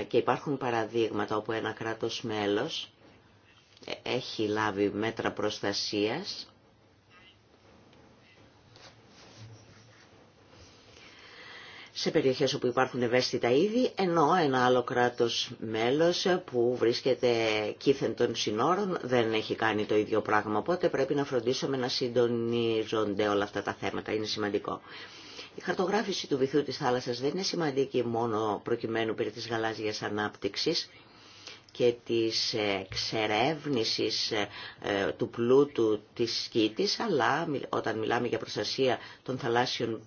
Ε, και υπάρχουν παραδείγματα όπου ένα κράτος μέλος ε, έχει λάβει μέτρα προστασίας σε περιοχές όπου υπάρχουν ευαίσθητα είδη, ενώ ένα άλλο κράτος μέλος που βρίσκεται κήθεν των συνόρων δεν έχει κάνει το ίδιο πράγμα, οπότε πρέπει να φροντίσουμε να συντονίζονται όλα αυτά τα θέματα, είναι σημαντικό. Η χαρτογράφηση του βυθού της θάλασσας δεν είναι σημαντική μόνο προκειμένου περί της γαλάζιας ανάπτυξης, και της ε, εξερεύνησης ε, του πλούτου της σκήτης, αλλά όταν μιλάμε για προστασία των θαλάσσιων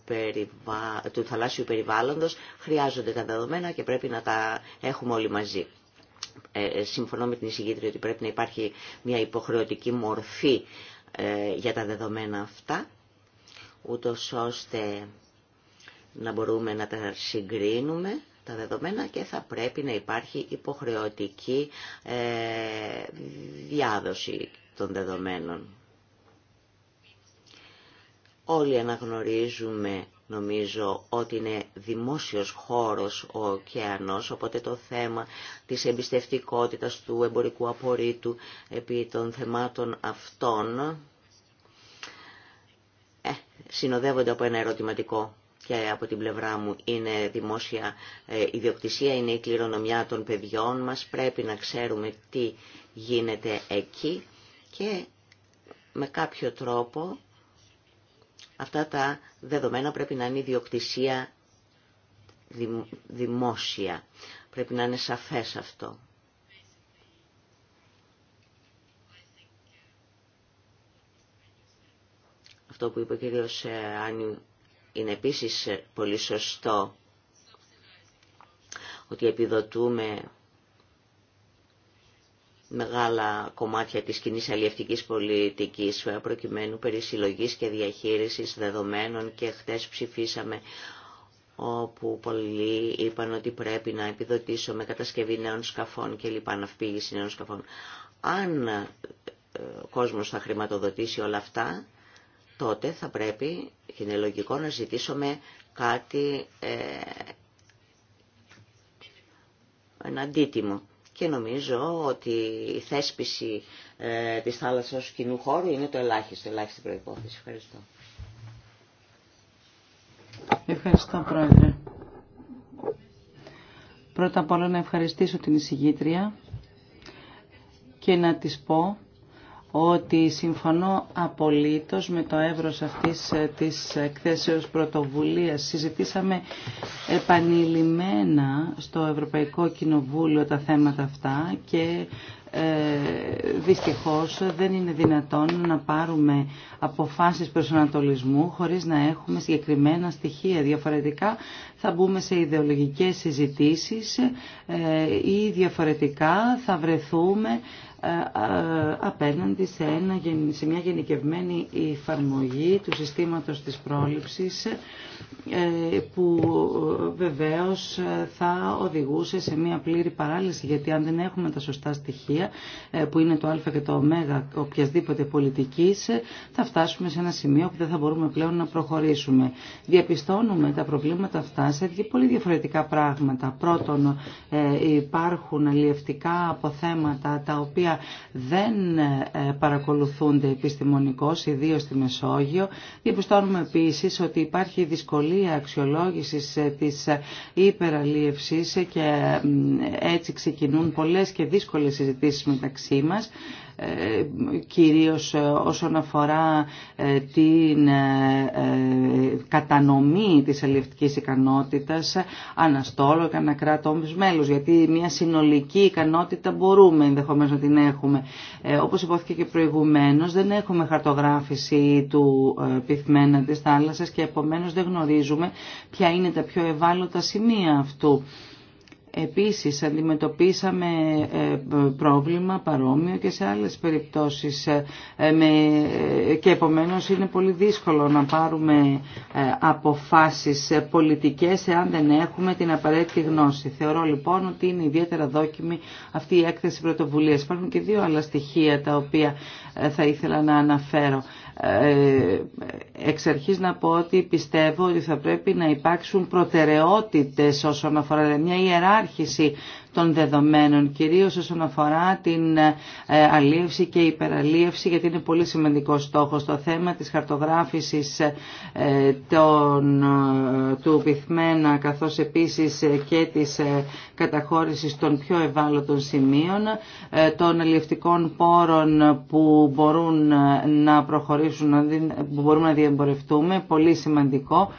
του θαλάσσιου περιβάλλοντος, χρειάζονται τα δεδομένα και πρέπει να τα έχουμε όλοι μαζί. Ε, συμφωνώ με την εισηγήτρια ότι πρέπει να υπάρχει μια υποχρεωτική μορφή για τα δεδομένα αυτά, ούτως ώστε να μπορούμε να τα συγκρίνουμε τα δεδομένα και θα πρέπει να υπάρχει υποχρεωτική ε, διάδοση των δεδομένων. Όλοι αναγνωρίζουμε νομίζω ότι είναι δημόσιος χώρος ο ωκεανός, οπότε το θέμα της εμπιστευτικότητας του εμπορικού απορρίτου επί των θεμάτων αυτών ε, συνοδεύονται από ένα ερωτηματικό και από την πλευρά μου είναι δημόσια ε, ιδιοκτησία, είναι η κληρονομιά των παιδιών μας, πρέπει να ξέρουμε τι γίνεται εκεί και με κάποιο τρόπο αυτά τα δεδομένα πρέπει να είναι ιδιοκτησία δημόσια. Πρέπει να είναι σαφές αυτό. Αυτό που είπε ο κύριος ε, Άνιου είναι επίσης πολύ σωστό ότι επιδοτούμε μεγάλα κομμάτια της κοινή αλλιευτικής πολιτικής προκειμένου περί συλλογής και διαχείρισης δεδομένων και χτες ψηφίσαμε όπου πολλοί είπαν ότι πρέπει να επιδοτήσουμε κατασκευή νέων σκαφών και λοιπά, ναυπήγηση νέων σκαφών. Αν ε, ο κόσμος θα χρηματοδοτήσει όλα αυτά, τότε θα πρέπει και είναι λογικό να ζητήσουμε κάτι, ε, ένα αντίτιμο. Και νομίζω ότι η θέσπιση ε, της θάλασσας κοινού χώρου είναι το ελάχιστο, ελάχιστη προϋπόθεση. Ευχαριστώ. Ευχαριστώ, Πρόεδρε. Πρώτα απ' όλα να ευχαριστήσω την εισηγήτρια και να της πω ότι συμφωνώ απολύτως με το έβρος αυτής ε, της εκθέσεως πρωτοβουλίας. Συζητήσαμε επανειλημμένα στο Ευρωπαϊκό Κοινοβούλιο τα θέματα αυτά και ε, δυστυχώς δεν είναι δυνατόν να πάρουμε αποφάσεις προσανατολισμού χωρίς να έχουμε συγκεκριμένα στοιχεία. Διαφορετικά θα μπούμε σε ιδεολογικές συζητήσεις ε, ή διαφορετικά θα βρεθούμε ε, ε, απέναντι σε, μια γενικευμένη εφαρμογή του συστήματος της πρόληψης ε, που βεβαίως θα οδηγούσε σε μια πλήρη παράλυση γιατί αν δεν έχουμε τα σωστά στοιχεία που είναι το α και το ω οποιασδήποτε πολιτικής θα φτάσουμε σε ένα σημείο που δεν θα μπορούμε πλέον να προχωρήσουμε. Διαπιστώνουμε τα προβλήματα αυτά σε πολύ διαφορετικά πράγματα. Πρώτον υπάρχουν αλλιευτικά αποθέματα τα οποία δεν ε, παρακολουθούνται επιστημονικώς, ιδίως στη Μεσόγειο. Διαπιστώνουμε επίσης ότι υπάρχει δυσκολία αξιολόγησης ε, της ε, υπεραλίευσης και έτσι ξεκινούν πολλές και δύσκολες συζητήσεις μεταξύ μας κυρίως όσον αφορά ε, την ε, ε, κατανομή της αλληλευτικής ικανότητας να και κράτος μέλους γιατί μια συνολική ικανότητα μπορούμε ενδεχομένως να την έχουμε. Όπως υπόθηκε και προηγουμένως, δεν έχουμε χαρτογράφηση του πυθμένα της θάλασσας και επομένως δεν γνωρίζουμε ποια είναι τα πιο ευάλωτα σημεία αυτού. Επίσης αντιμετωπίσαμε ε, πρόβλημα παρόμοιο και σε άλλες περιπτώσεις ε, ε, και επομένως είναι πολύ δύσκολο να πάρουμε αποφάσεις πολιτικές εάν δεν έχουμε την απαραίτητη γνώση. Θεωρώ λοιπόν ότι είναι ιδιαίτερα δόκιμη αυτή η έκθεση πρωτοβουλίας. Υπάρχουν και δύο άλλα στοιχεία τα οποία θα ήθελα να αναφέρω. Ε, εξ αρχής να πω ότι πιστεύω ότι θα πρέπει να υπάρξουν προτεραιότητες όσον αφορά δηλαδή, μια ιεράρχηση των δεδομένων, κυρίως όσον αφορά την ε, αλίευση και υπεραλίευση, γιατί είναι πολύ σημαντικό στόχο το θέμα της χαρτογράφησης ε, των, ε, του πυθμένα, καθώς επίσης και της καταχώρησης των πιο ευάλωτων σημείων, των αλλιευτικών πόρων που μπορούν να προχωρήσουν, που μπορούμε να διαμπορευτούμε, πολύ σημαντικό.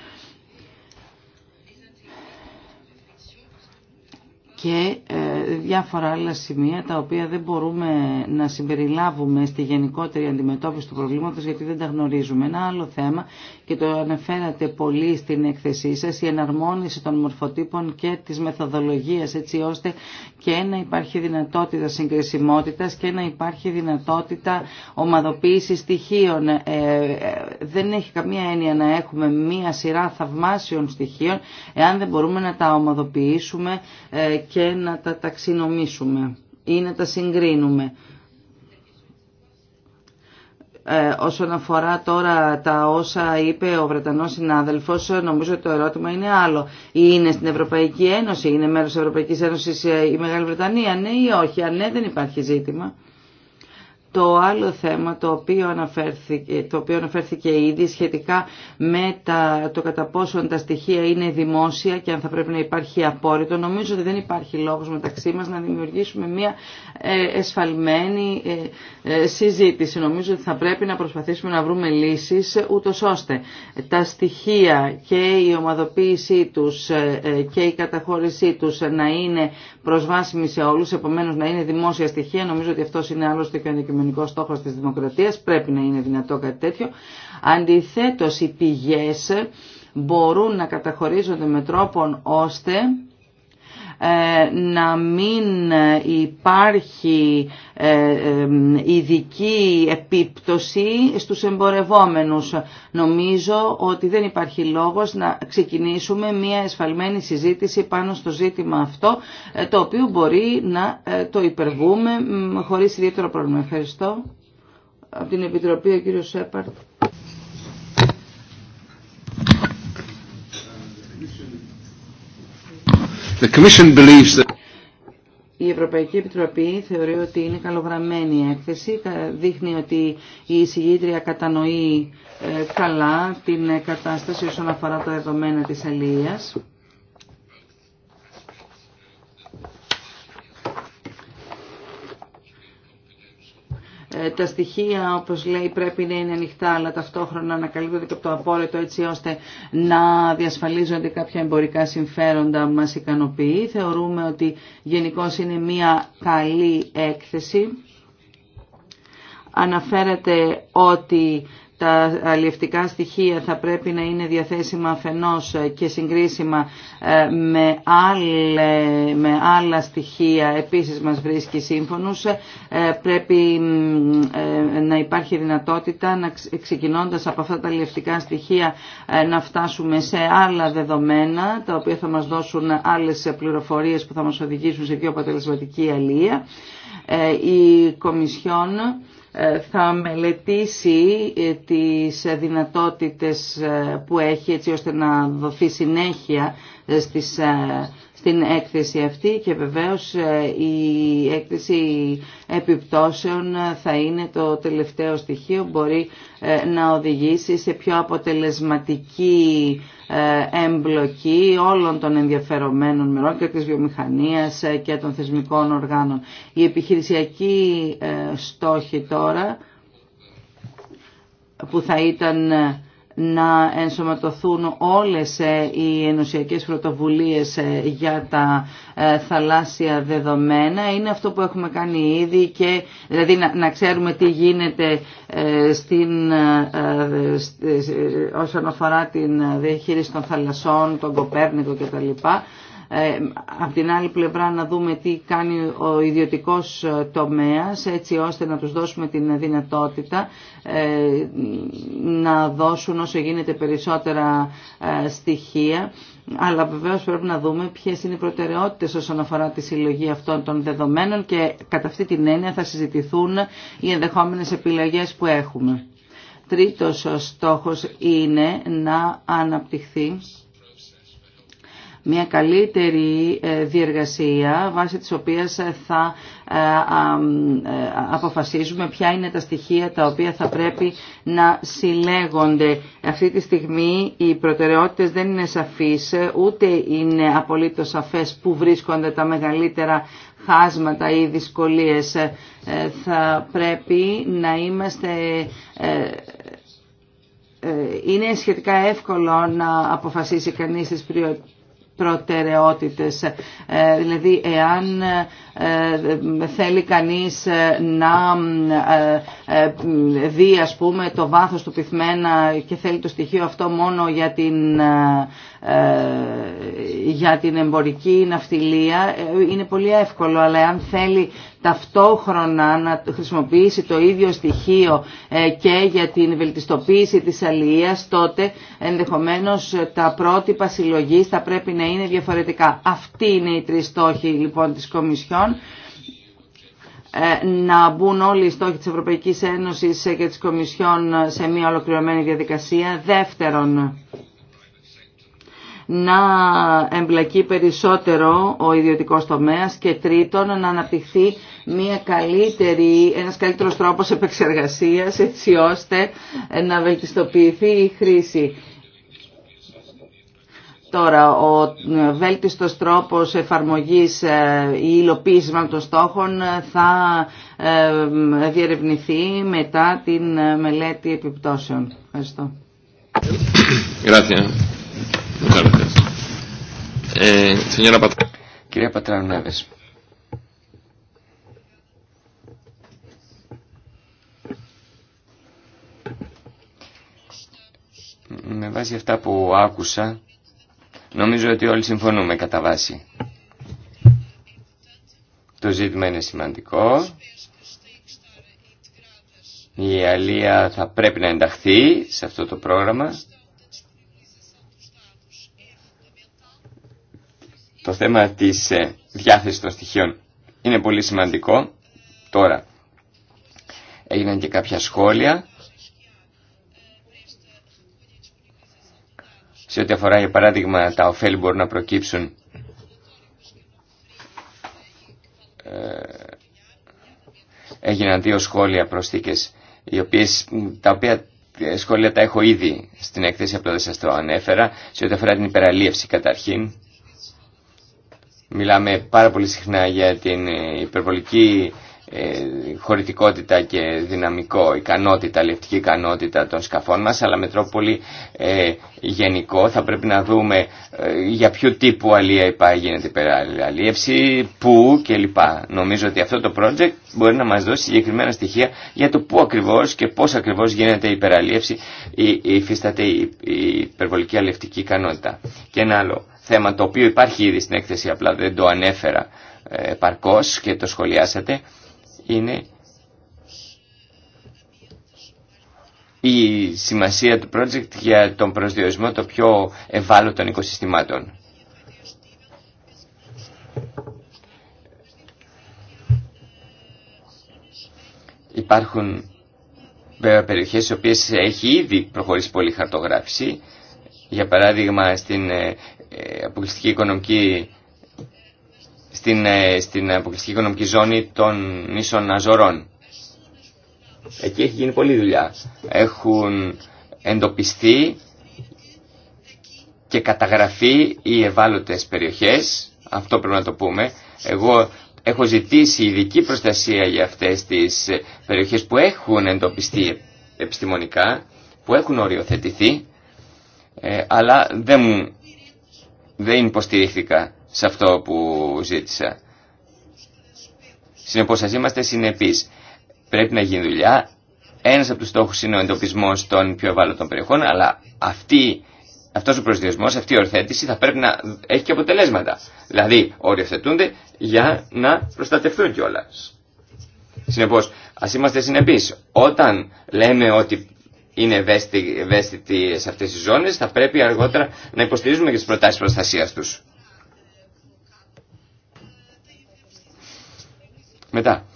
και ε, διάφορα άλλα σημεία τα οποία δεν μπορούμε να συμπεριλάβουμε στη γενικότερη αντιμετώπιση του προβλήματος γιατί δεν τα γνωρίζουμε. Ένα άλλο θέμα και το αναφέρατε πολύ στην έκθεσή σας, η εναρμόνιση των μορφοτύπων και της μεθοδολογίας έτσι ώστε και να υπάρχει δυνατότητα συγκρισιμότητας και να υπάρχει δυνατότητα ομαδοποίησης στοιχείων. Ε, ε, δεν έχει καμία έννοια να έχουμε μία σειρά θαυμάσιων στοιχείων εάν δεν μπορούμε να τα ομαδοποιήσουμε και να τα ταξινομήσουμε ή να τα συγκρίνουμε. Ε, όσον αφορά τώρα τα όσα είπε ο Βρετανός συνάδελφος, νομίζω ότι το ερώτημα είναι άλλο. Είναι στην Ευρωπαϊκή Ένωση, είναι μέρος της Ευρωπαϊκής Ένωσης η Μεγάλη Βρετανία, ναι ή όχι, αν ναι δεν υπάρχει ζήτημα το άλλο θέμα το οποίο αναφέρθηκε, το οποίο ήδη σχετικά με τα, το κατά πόσον τα στοιχεία είναι δημόσια και αν θα πρέπει να υπάρχει απόρριτο, νομίζω ότι δεν υπάρχει λόγος μεταξύ μας να δημιουργήσουμε μια ε, εσφαλμένη ε, ε, συζήτηση. Νομίζω ότι θα πρέπει να προσπαθήσουμε να βρούμε λύσεις ούτω ώστε τα στοιχεία και η ομαδοποίησή τους και η καταχώρησή τους να είναι προσβάσιμη σε όλου, επομένω, να είναι δημόσια στοιχεία. Νομίζω ότι αυτό είναι άλλωστε και ο αντικειμενικό στόχος της δημοκρατίας. Πρέπει να είναι δυνατό κάτι τέτοιο. Αντιθέτω, οι πηγέ μπορούν να καταχωρίζονται με τρόπον ώστε ε, να μην ε, υπάρχει ε, ειδική επίπτωση στους εμπορευόμενους. Νομίζω ότι δεν υπάρχει λόγος να ξεκινήσουμε μια εσφαλμένη συζήτηση πάνω στο ζήτημα αυτό, το οποίο μπορεί να το υπερβούμε χωρίς ιδιαίτερο πρόβλημα. Ευχαριστώ. Από την Επιτροπή ο κύριος Σέπαρτ. Η Ευρωπαϊκή Επιτροπή θεωρεί ότι είναι καλογραμμένη η έκθεση, δείχνει ότι η εισηγήτρια κατανοεί ε, καλά την κατάσταση όσον αφορά τα δεδομένα της αλληλείας. Ε, τα στοιχεία, όπως λέει, πρέπει να είναι ανοιχτά, αλλά ταυτόχρονα να καλύπτονται και από το απόλυτο, έτσι ώστε να διασφαλίζονται κάποια εμπορικά συμφέροντα μας ικανοποιεί. Θεωρούμε ότι γενικώ είναι μια καλή έκθεση. Αναφέρεται ότι τα αλλιευτικά στοιχεία θα πρέπει να είναι διαθέσιμα αφενός και συγκρίσιμα ε, με, με άλλα στοιχεία επίσης μας βρίσκει σύμφωνους ε, πρέπει ε, να υπάρχει δυνατότητα να ξεκινώντας από αυτά τα αλλιευτικά στοιχεία να φτάσουμε σε άλλα δεδομένα τα οποία θα μας δώσουν άλλες πληροφορίες που θα μας οδηγήσουν σε πιο αποτελεσματική αλληλεία ε, η Κομισιόν ε, θα μελετήσει ε, τις δυνατότητες που έχει έτσι ώστε να δοθεί συνέχεια στις στην έκθεση αυτή και βεβαίως ε, η έκθεση επιπτώσεων ε, θα είναι το τελευταίο στοιχείο, μπορεί ε, να οδηγήσει σε πιο αποτελεσματική εμπλοκή όλων των ενδιαφερομένων μερών και της βιομηχανίας και των θεσμικών οργάνων. Η επιχειρησιακή στόχη τώρα που θα ήταν να ενσωματωθούν όλες ε, οι ενωσιακές πρωτοβουλίες ε, για τα ε, θαλάσσια δεδομένα. Είναι αυτό που έχουμε κάνει ήδη και δηλαδή να ξέρουμε τι γίνεται στην, όσον αφορά την διαχείριση των θαλασσών, τον Κοπέρνικο κτλ. Ε, από την άλλη πλευρά να δούμε τι κάνει ο ιδιωτικός ε, τομέας έτσι ώστε να τους δώσουμε την δυνατότητα ε, να δώσουν όσο γίνεται περισσότερα στοιχεία αλλά βεβαίω πρέπει να δούμε ποιε είναι οι προτεραιότητε όσον αφορά τη συλλογή αυτών των δεδομένων και κατά αυτή την έννοια θα συζητηθούν οι ενδεχόμενε επιλογέ που έχουμε. Τρίτος στόχος είναι να αναπτυχθεί μια καλύτερη ε, διεργασία βάσει της οποίας θα ε, ε, αποφασίζουμε ποια είναι τα στοιχεία τα οποία θα πρέπει να συλλέγονται. Αυτή τη στιγμή οι προτεραιότητες δεν είναι σαφείς, ούτε είναι απολύτως σαφές που βρίσκονται τα μεγαλύτερα χάσματα ή δυσκολίες. Θα πρέπει να είμαστε είναι σχετικά εύκολο να αποφασίσει κανείς τις προτεραιότητες. Ε, δηλαδή, εάν ε, θέλει κανείς ε, να δει, ας πούμε, το βάθος του πυθμένα και θέλει το στοιχείο αυτό μόνο για την, για την εμπορική ναυτιλία, είναι πολύ εύκολο, αλλά εάν θέλει ταυτόχρονα να χρησιμοποιήσει το ίδιο στοιχείο ε, και για την βελτιστοποίηση της αλληλείας, τότε ενδεχομένως τα πρότυπα συλλογή θα πρέπει να είναι διαφορετικά. Αυτοί είναι οι τρεις στόχοι λοιπόν της Κομισιόν ε, να μπουν όλοι οι στόχοι της Ευρωπαϊκής Ένωσης ε, και της Κομισιόν σε μια ολοκληρωμένη διαδικασία. Δεύτερον, να εμπλακεί περισσότερο ο ιδιωτικός τομέας και τρίτον να αναπτυχθεί μια καλύτερη, ένας καλύτερος τρόπος επεξεργασίας έτσι ώστε να βελτιστοποιηθεί η χρήση. Τώρα, ο βέλτιστος τρόπος εφαρμογής ε, ή υλοποίησης των στόχων ε, θα ε, διερευνηθεί μετά την μελέτη επιπτώσεων. Ευχαριστώ. Eh, Κυρία Πατράνου Νέβες. Με βάση αυτά που άκουσα, νομίζω ότι όλοι συμφωνούμε κατά βάση. Το ζήτημα είναι σημαντικό. Η Αλία θα πρέπει να ενταχθεί σε αυτό το πρόγραμμα. Το θέμα της ε, διάθεσης των στοιχείων είναι πολύ σημαντικό. Τώρα έγιναν και κάποια σχόλια σε ό,τι αφορά για παράδειγμα τα ωφέλη μπορούν να προκύψουν ε, έγιναν δύο σχόλια προσθήκες οι οποίες, τα οποία ε, σχόλια τα έχω ήδη στην εκθέση απλά δεν σας το ανέφερα σε ό,τι αφορά την υπεραλίευση καταρχήν μιλάμε πάρα πολύ συχνά για την ε, υπερβολική ε, χωρητικότητα και δυναμικό, ικανότητα, λεπτική ικανότητα των σκαφών μας, αλλά με τρόπο πολύ ε, γενικό θα πρέπει να δούμε ε, για ποιο τύπου αλία υπάρχει γίνεται αλίευση, πού κλπ. Νομίζω ότι αυτό το project μπορεί να μας δώσει συγκεκριμένα στοιχεία για το πού ακριβώς και πώς ακριβώς γίνεται η υπεραλίευση ή υφίσταται η, η υπερβολική αλευτική ικανότητα. Και ένα άλλο θέμα το οποίο υπάρχει ήδη στην έκθεση, απλά δεν το ανέφερα ε, επαρκώς και το σχολιάσατε, είναι η σημασία του project για τον προσδιορισμό των πιο ευάλωτων οικοσυστημάτων. Υπάρχουν βέβαια περιοχές οι οποίες έχει ήδη προχωρήσει πολύ χαρτογράφηση. Για παράδειγμα στην ε, αποκλειστική οικονομική στην, ε, στην αποκλειστική οικονομική ζώνη των νήσων Αζωρών. Εκεί έχει γίνει πολλή δουλειά. Έχουν εντοπιστεί και καταγραφεί οι ευάλωτες περιοχές, αυτό πρέπει να το πούμε. Εγώ έχω ζητήσει ειδική προστασία για αυτές τις περιοχές που έχουν εντοπιστεί επιστημονικά, που έχουν οριοθετηθεί, ε, αλλά δεν, δεν υποστηρίχθηκα σε αυτό που ζήτησα. Συνεπώ α είμαστε συνεπεί. Πρέπει να γίνει δουλειά. Ένα από του στόχου είναι ο εντοπισμό των πιο ευάλωτων περιοχών, αλλά αυτή, αυτός ο προσδιορισμός, αυτή η ορθέτηση θα πρέπει να έχει και αποτελέσματα. Δηλαδή οριοθετούνται για να προστατευτούν κιόλα. Συνεπώ, α είμαστε συνεπεί. Όταν λέμε ότι είναι ευαίσθητοι σε αυτέ τι ζώνε, θα πρέπει αργότερα να υποστηρίζουμε και τι προτάσει προστασία του. Μετά,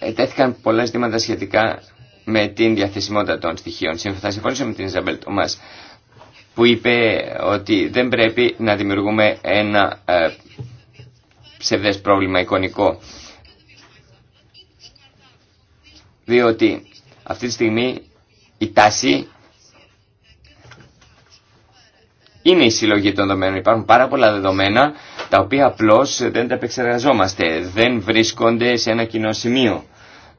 ετέθηκαν πολλά ζητήματα σχετικά με την διαθεσιμότητα των στοιχείων. Θα συμφωνήσω με την Ιζαμπέλ Τωμά που είπε ότι δεν πρέπει να δημιουργούμε ένα ε, πρόβλημα εικονικό. Διότι αυτή τη στιγμή η τάση είναι η συλλογή των δεδομένων. Υπάρχουν πάρα πολλά δεδομένα τα οποία απλώς δεν τα επεξεργαζόμαστε, δεν βρίσκονται σε ένα κοινό σημείο,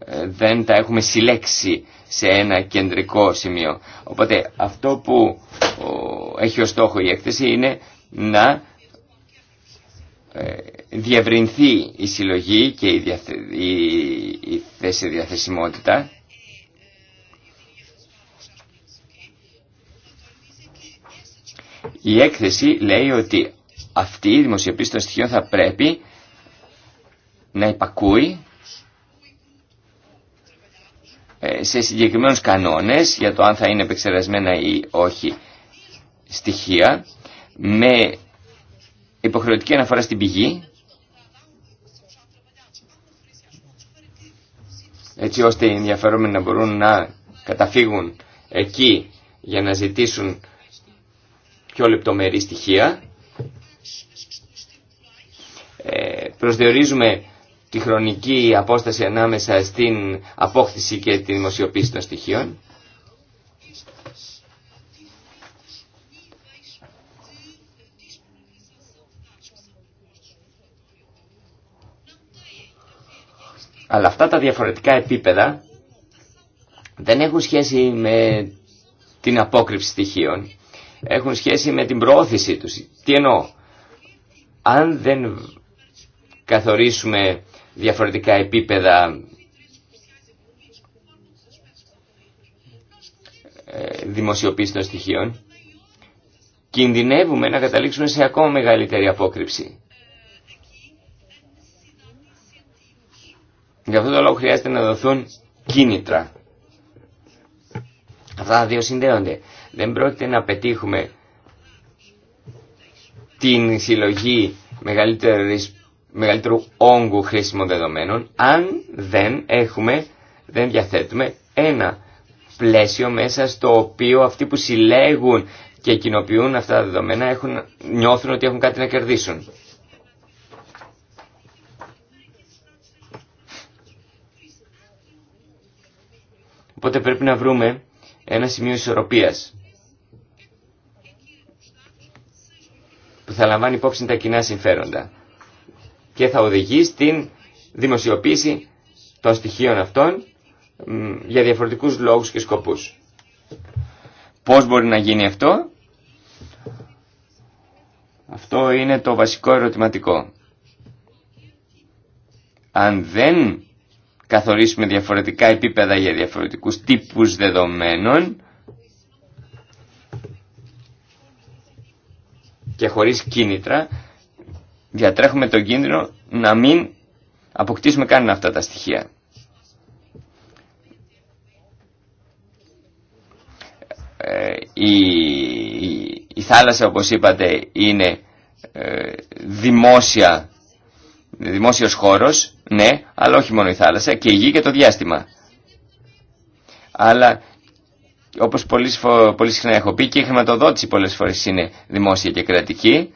ε, δεν τα έχουμε συλλέξει σε ένα κεντρικό σημείο. Οπότε αυτό που έχει ως στόχο η έκθεση είναι να ε, διευρυνθεί η συλλογή και η, διαθε... η... η θέση διαθεσιμότητα Η έκθεση λέει ότι αυτή η δημοσιοποίηση των στοιχείων θα πρέπει να υπακούει ε, σε συγκεκριμένους κανόνες για το αν θα είναι επεξεργασμένα ή όχι στοιχεία με υποχρεωτική αναφορά στην πηγή έτσι ώστε οι ενδιαφερόμενοι να μπορούν να καταφύγουν εκεί για να ζητήσουν πιο λεπτομερή στοιχεία προσδιορίζουμε τη χρονική απόσταση ανάμεσα στην απόκτηση και τη δημοσιοποίηση των στοιχείων. Αλλά αυτά τα διαφορετικά επίπεδα δεν έχουν σχέση με την απόκρυψη στοιχείων. Έχουν σχέση με την προώθησή τους. Τι εννοώ. Αν δεν καθορίσουμε διαφορετικά επίπεδα ε, δημοσιοποίηση των στοιχείων, κινδυνεύουμε να καταλήξουμε σε ακόμα μεγαλύτερη απόκρυψη. Γι' αυτό το λόγο χρειάζεται να δοθούν κίνητρα. Αυτά δύο συνδέονται. Δεν πρόκειται να πετύχουμε την συλλογή μεγαλύτερης μεγαλύτερου όγκου χρήσιμων δεδομένων αν δεν έχουμε, δεν διαθέτουμε ένα πλαίσιο μέσα στο οποίο αυτοί που συλλέγουν και κοινοποιούν αυτά τα δεδομένα έχουν, νιώθουν ότι έχουν κάτι να κερδίσουν. Οπότε πρέπει να βρούμε ένα σημείο ισορροπίας που θα λαμβάνει υπόψη τα κοινά συμφέροντα και θα οδηγεί στην δημοσιοποίηση των στοιχείων αυτών για διαφορετικούς λόγους και σκοπούς. Πώς μπορεί να γίνει αυτό? Αυτό είναι το βασικό ερωτηματικό. Αν δεν καθορίσουμε διαφορετικά επίπεδα για διαφορετικούς τύπους δεδομένων και χωρίς κίνητρα, διατρέχουμε τον κίνδυνο να μην αποκτήσουμε καν αυτά τα στοιχεία. Ε, η, η, θάλασσα, όπως είπατε, είναι ε, δημόσια, δημόσιος χώρος, ναι, αλλά όχι μόνο η θάλασσα, και η γη και το διάστημα. Αλλά, όπως πολύ, πολύ συχνά έχω πει, και η χρηματοδότηση πολλές φορές είναι δημόσια και κρατική,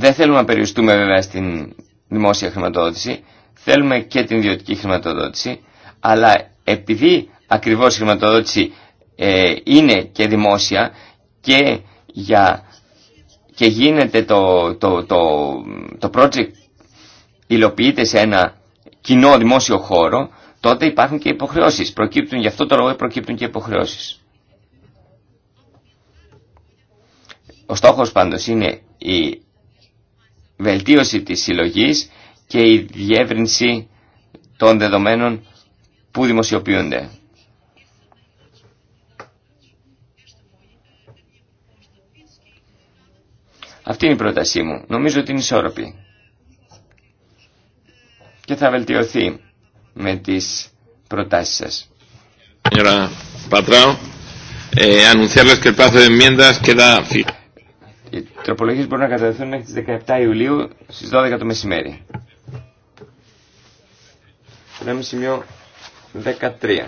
Δεν θέλουμε να περιοριστούμε βέβαια στην δημόσια χρηματοδότηση, θέλουμε και την ιδιωτική χρηματοδότηση, αλλά επειδή ακριβώς η χρηματοδότηση ε, είναι και δημόσια και, για, και γίνεται το, το, το, το project υλοποιείται σε ένα κοινό δημόσιο χώρο, τότε υπάρχουν και υποχρεώσεις. Προκύπτουν, γι' αυτό το λόγο προκύπτουν και υποχρεώσεις. Ο στόχος πάντως είναι η βελτίωση της συλλογής και η διεύρυνση των δεδομένων που δημοσιοποιούνται. Αυτή είναι η πρότασή μου. Νομίζω ότι είναι ισόρροπη. Και θα βελτιωθεί με τις προτάσεις σας. Πατράου, οι τροπολογίε μπορούν να καταδεχθούν μέχρι τι 17 Ιουλίου στις 12 το μεσημέρι. Λέμε σημείο 13.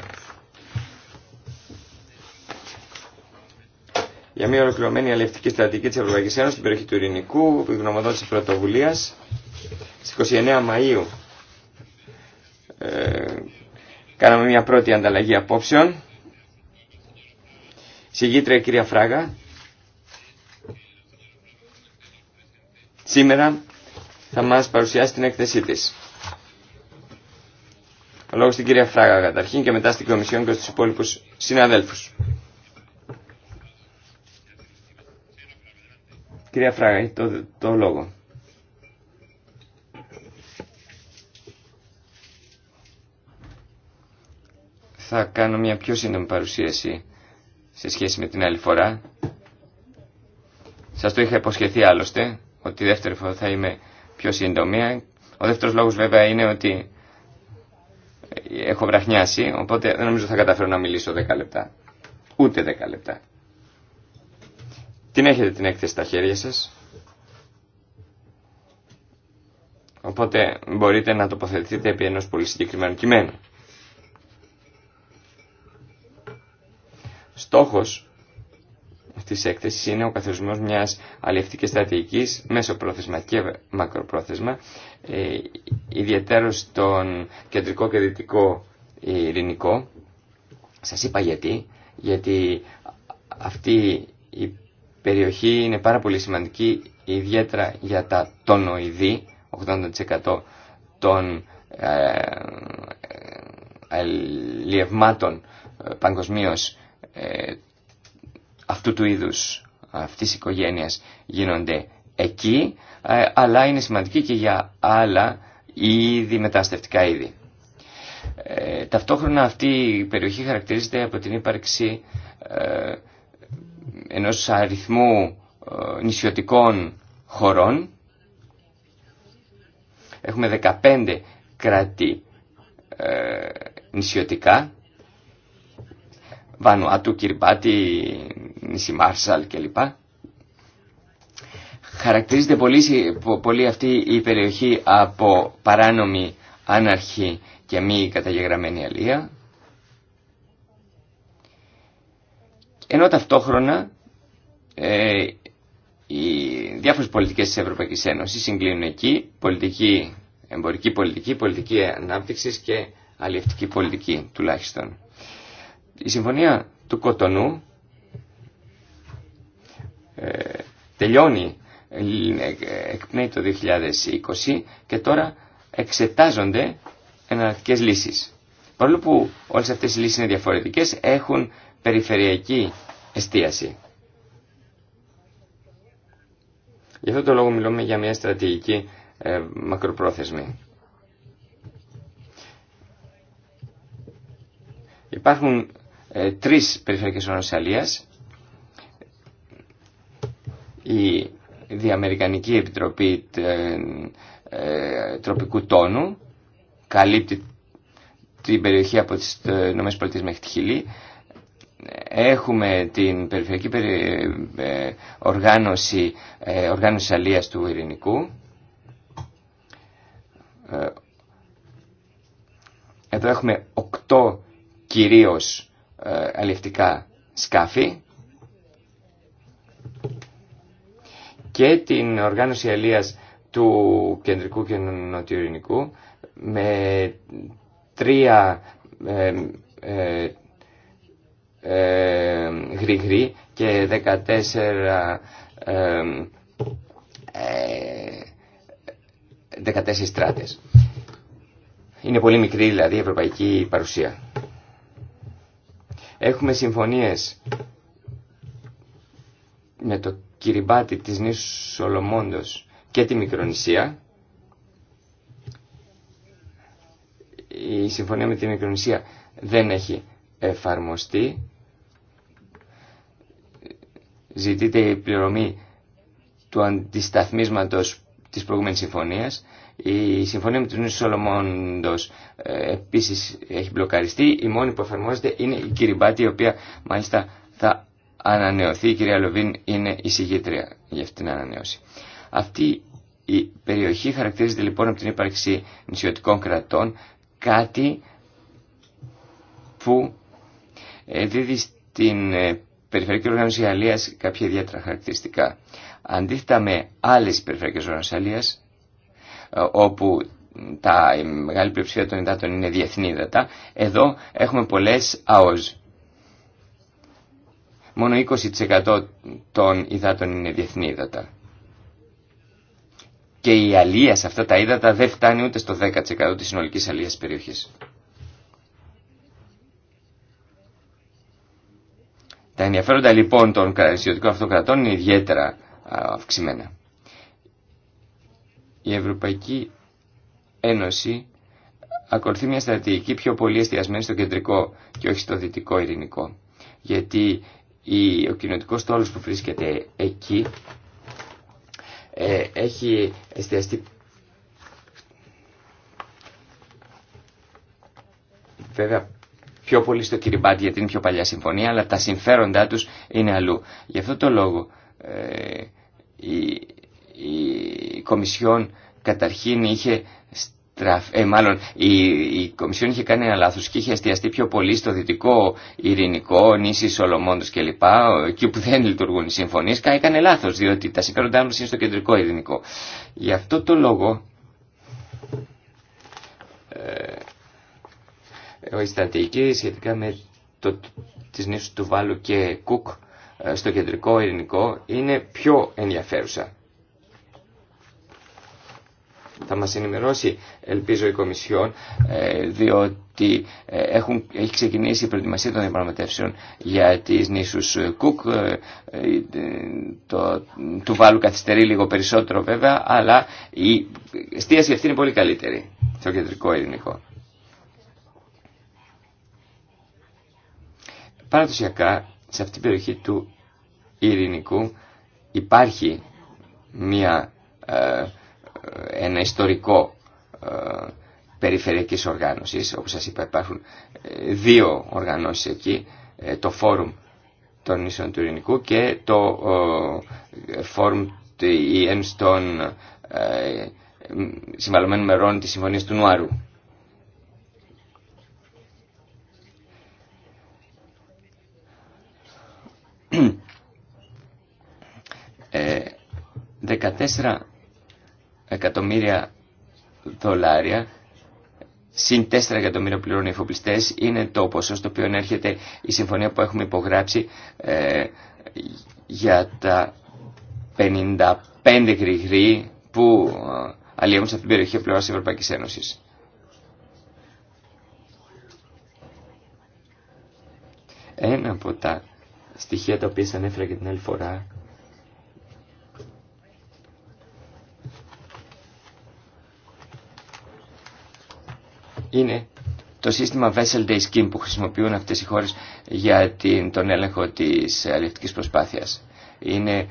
Για μια ολοκληρωμένη αλληλευτική στρατηγική τη Ευρωπαϊκή Ένωσης στην περιοχή του Ειρηνικού, η γνωμοδότηση Πρωτοβουλία στι 29 Μαου ε, κάναμε μια πρώτη ανταλλαγή απόψεων. Συγγήτρια κυρία Φράγα, σήμερα θα μας παρουσιάσει την έκθεσή της. Ο λόγος στην κυρία Φράγα καταρχήν και μετά στην Κομισιόν και στους υπόλοιπους συναδέλφους. Κυρία Φράγα, το, το λόγο. Θα κάνω μια πιο σύντομη παρουσίαση σε σχέση με την άλλη φορά. Σας το είχα υποσχεθεί άλλωστε ότι δεύτερη φορά θα είμαι πιο συντομία. Ο δεύτερος λόγος βέβαια είναι ότι έχω βραχνιάσει, οπότε δεν νομίζω θα καταφέρω να μιλήσω 10 λεπτά. Ούτε 10 λεπτά. Την έχετε την έκθεση στα χέρια σας. Οπότε μπορείτε να τοποθετηθείτε επί ενός πολύ συγκεκριμένου κειμένου. Στόχος Τη της είναι ο καθορισμό μια αλληλευτική στρατηγική μέσω πρόθεσμα και μακροπρόθεσμα ε, ιδιαίτερο στον κεντρικό και δυτικό ειρηνικό σα είπα γιατί γιατί αυτή η περιοχή είναι πάρα πολύ σημαντική ιδιαίτερα για τα τονοειδή 80% των ε, ε, ε παγκοσμίω ε, αυτού του είδους αυτής οικογένειας γίνονται εκεί, ε, αλλά είναι σημαντική και για άλλα είδη, μεταστευτικά είδη. Ταυτόχρονα αυτή η περιοχή χαρακτηρίζεται από την ύπαρξη ε, ενός αριθμού ε, νησιωτικών χωρών. Έχουμε 15 κράτη νησιωτικά Βανουάτου, Κυρμπάτη, νησί Μάρσαλ κλπ. Χαρακτηρίζεται πολύ, αυτή η περιοχή από παράνομη, άναρχη και μη καταγεγραμμένη αλία. Ενώ ταυτόχρονα ε, οι διάφορες πολιτικές της Ευρωπαϊκής Ένωσης συγκλίνουν εκεί πολιτική, εμπορική πολιτική, πολιτική ανάπτυξης και αλληλευτική πολιτική τουλάχιστον. Η συμφωνία του Κοτονού ε, τελειώνει, εκπνέει το 2020 και τώρα εξετάζονται εναλλακτικέ λύσεις. Παρόλο που όλες αυτές οι λύσεις είναι διαφορετικές, έχουν περιφερειακή εστίαση. Γι' αυτό το λόγο μιλούμε για μια στρατηγική ε, μακροπρόθεσμη. Υπάρχουν ε, τρεις περιφερειακές οργανώσεις αλίας, η Διαμερικανική Επιτροπή ε, Τροπικού Τόνου καλύπτει την περιοχή από τις ε, Ηνωμένες Πολιτείες μέχρι τη Χιλή. Έχουμε την Περιφερειακή ε, Οργάνωση, οργάνωση Αλίας του Ειρηνικού. Εδώ έχουμε οκτώ κυρίως ε, αλληλευτικά σκάφη και την οργάνωση αλίας του κεντρικού και νοτιοειρηνικού με τρία ε, ε, ε και 14 14 ε, στράτες. Είναι πολύ μικρή δηλαδή η ευρωπαϊκή παρουσία. Έχουμε συμφωνίες με το Κυριμπάτι της νήσου Σολομόντος και τη Μικρονησία. Η συμφωνία με τη Μικρονησία δεν έχει εφαρμοστεί. Ζητείται η πληρωμή του αντισταθμίσματος της προηγούμενης συμφωνίας. Η συμφωνία με τους νήσους Σολομόντος ε, επίσης έχει μπλοκαριστεί. Η μόνη που εφαρμόζεται είναι η Κυριμπάτη, η οποία μάλιστα θα ανανεωθεί. Η κυρία Λοβίν είναι η συγγήτρια για αυτήν την ανανέωση. Αυτή η περιοχή χαρακτηρίζεται λοιπόν από την ύπαρξη νησιωτικών κρατών κάτι που ε, δίδει στην ε, Περιφερειακή Οργάνωση Αλίας κάποια ιδιαίτερα χαρακτηριστικά. Αντίθετα με άλλες περιφερειακές οργάνωσεις Αλίας, όπου τα, η μεγάλη πλειοψηφία των υδάτων είναι διεθνή εδώ έχουμε πολλές ΑΟΖ Μόνο 20% των υδάτων είναι διεθνή Και η αλία σε αυτά τα ύδατα δεν φτάνει ούτε στο 10% της συνολικής αλίας περιοχής. Τα ενδιαφέροντα λοιπόν των κρατησιωτικών αυτοκρατών είναι ιδιαίτερα αυξημένα η Ευρωπαϊκή Ένωση ακολουθεί μια στρατηγική πιο πολύ εστιασμένη στο κεντρικό και όχι στο δυτικό ειρηνικό. Γιατί η, ο κοινωτικό στόλο που βρίσκεται εκεί ε, έχει εστιαστεί. Βέβαια πιο πολύ στο Κυριμπάτι γιατί είναι πιο παλιά συμφωνία, αλλά τα συμφέροντά τους είναι αλλού. Γι' αυτό το λόγο ε, η, η Κομισιόν καταρχήν είχε ε, μάλλον η, η Κομισιόν είχε κάνει ένα λάθος και είχε εστιαστεί πιο πολύ στο δυτικό ειρηνικό, νήσι Σολομόντος κλπ. Εκεί που δεν λειτουργούν οι συμφωνίες, έκανε λάθος διότι τα συμφέροντά μας είναι στο κεντρικό ειρηνικό. Γι' αυτό το λόγο ε, η στρατηγική σχετικά με το, τις νήσους του Βάλου και Κουκ ε, στο κεντρικό ειρηνικό είναι πιο ενδιαφέρουσα θα μας ενημερώσει ελπίζω η Κομισιόν ε, διότι ε, έχουν, έχει ξεκινήσει η προετοιμασία των διαπραγματεύσεων για τις νήσους Κουκ ε, το, του Βάλου καθυστερεί λίγο περισσότερο βέβαια αλλά η εστίαση αυτή είναι πολύ καλύτερη στο κεντρικό ελληνικό Παραδοσιακά σε αυτή την περιοχή του ειρηνικού υπάρχει μια ένα ιστορικό ε, περιφερειακής οργάνωσης. Όπως σας είπα υπάρχουν ε, δύο οργανώσεις εκεί, ε, το Φόρουμ των Νησών του Ειρηνικού και το Φόρουμ η των Συμβαλωμένων Μερών της Συμφωνίας του Νουάρου. 14 εκατομμύρια δολάρια συν 4 εκατομμύρια πληρών οι είναι το ποσό στο οποίο έρχεται η συμφωνία που έχουμε υπογράψει ε, για τα 55 γρηγροί που ε, αλλιεύουν σε αυτήν την περιοχή πλευρά της Ευρωπαϊκής Ένωσης. Ένα από τα στοιχεία τα οποία σας ανέφερα και την άλλη φορά είναι το σύστημα Vessel Day Scheme που χρησιμοποιούν αυτές οι χώρες για την, τον έλεγχο της αλληλευτικής προσπάθειας. Είναι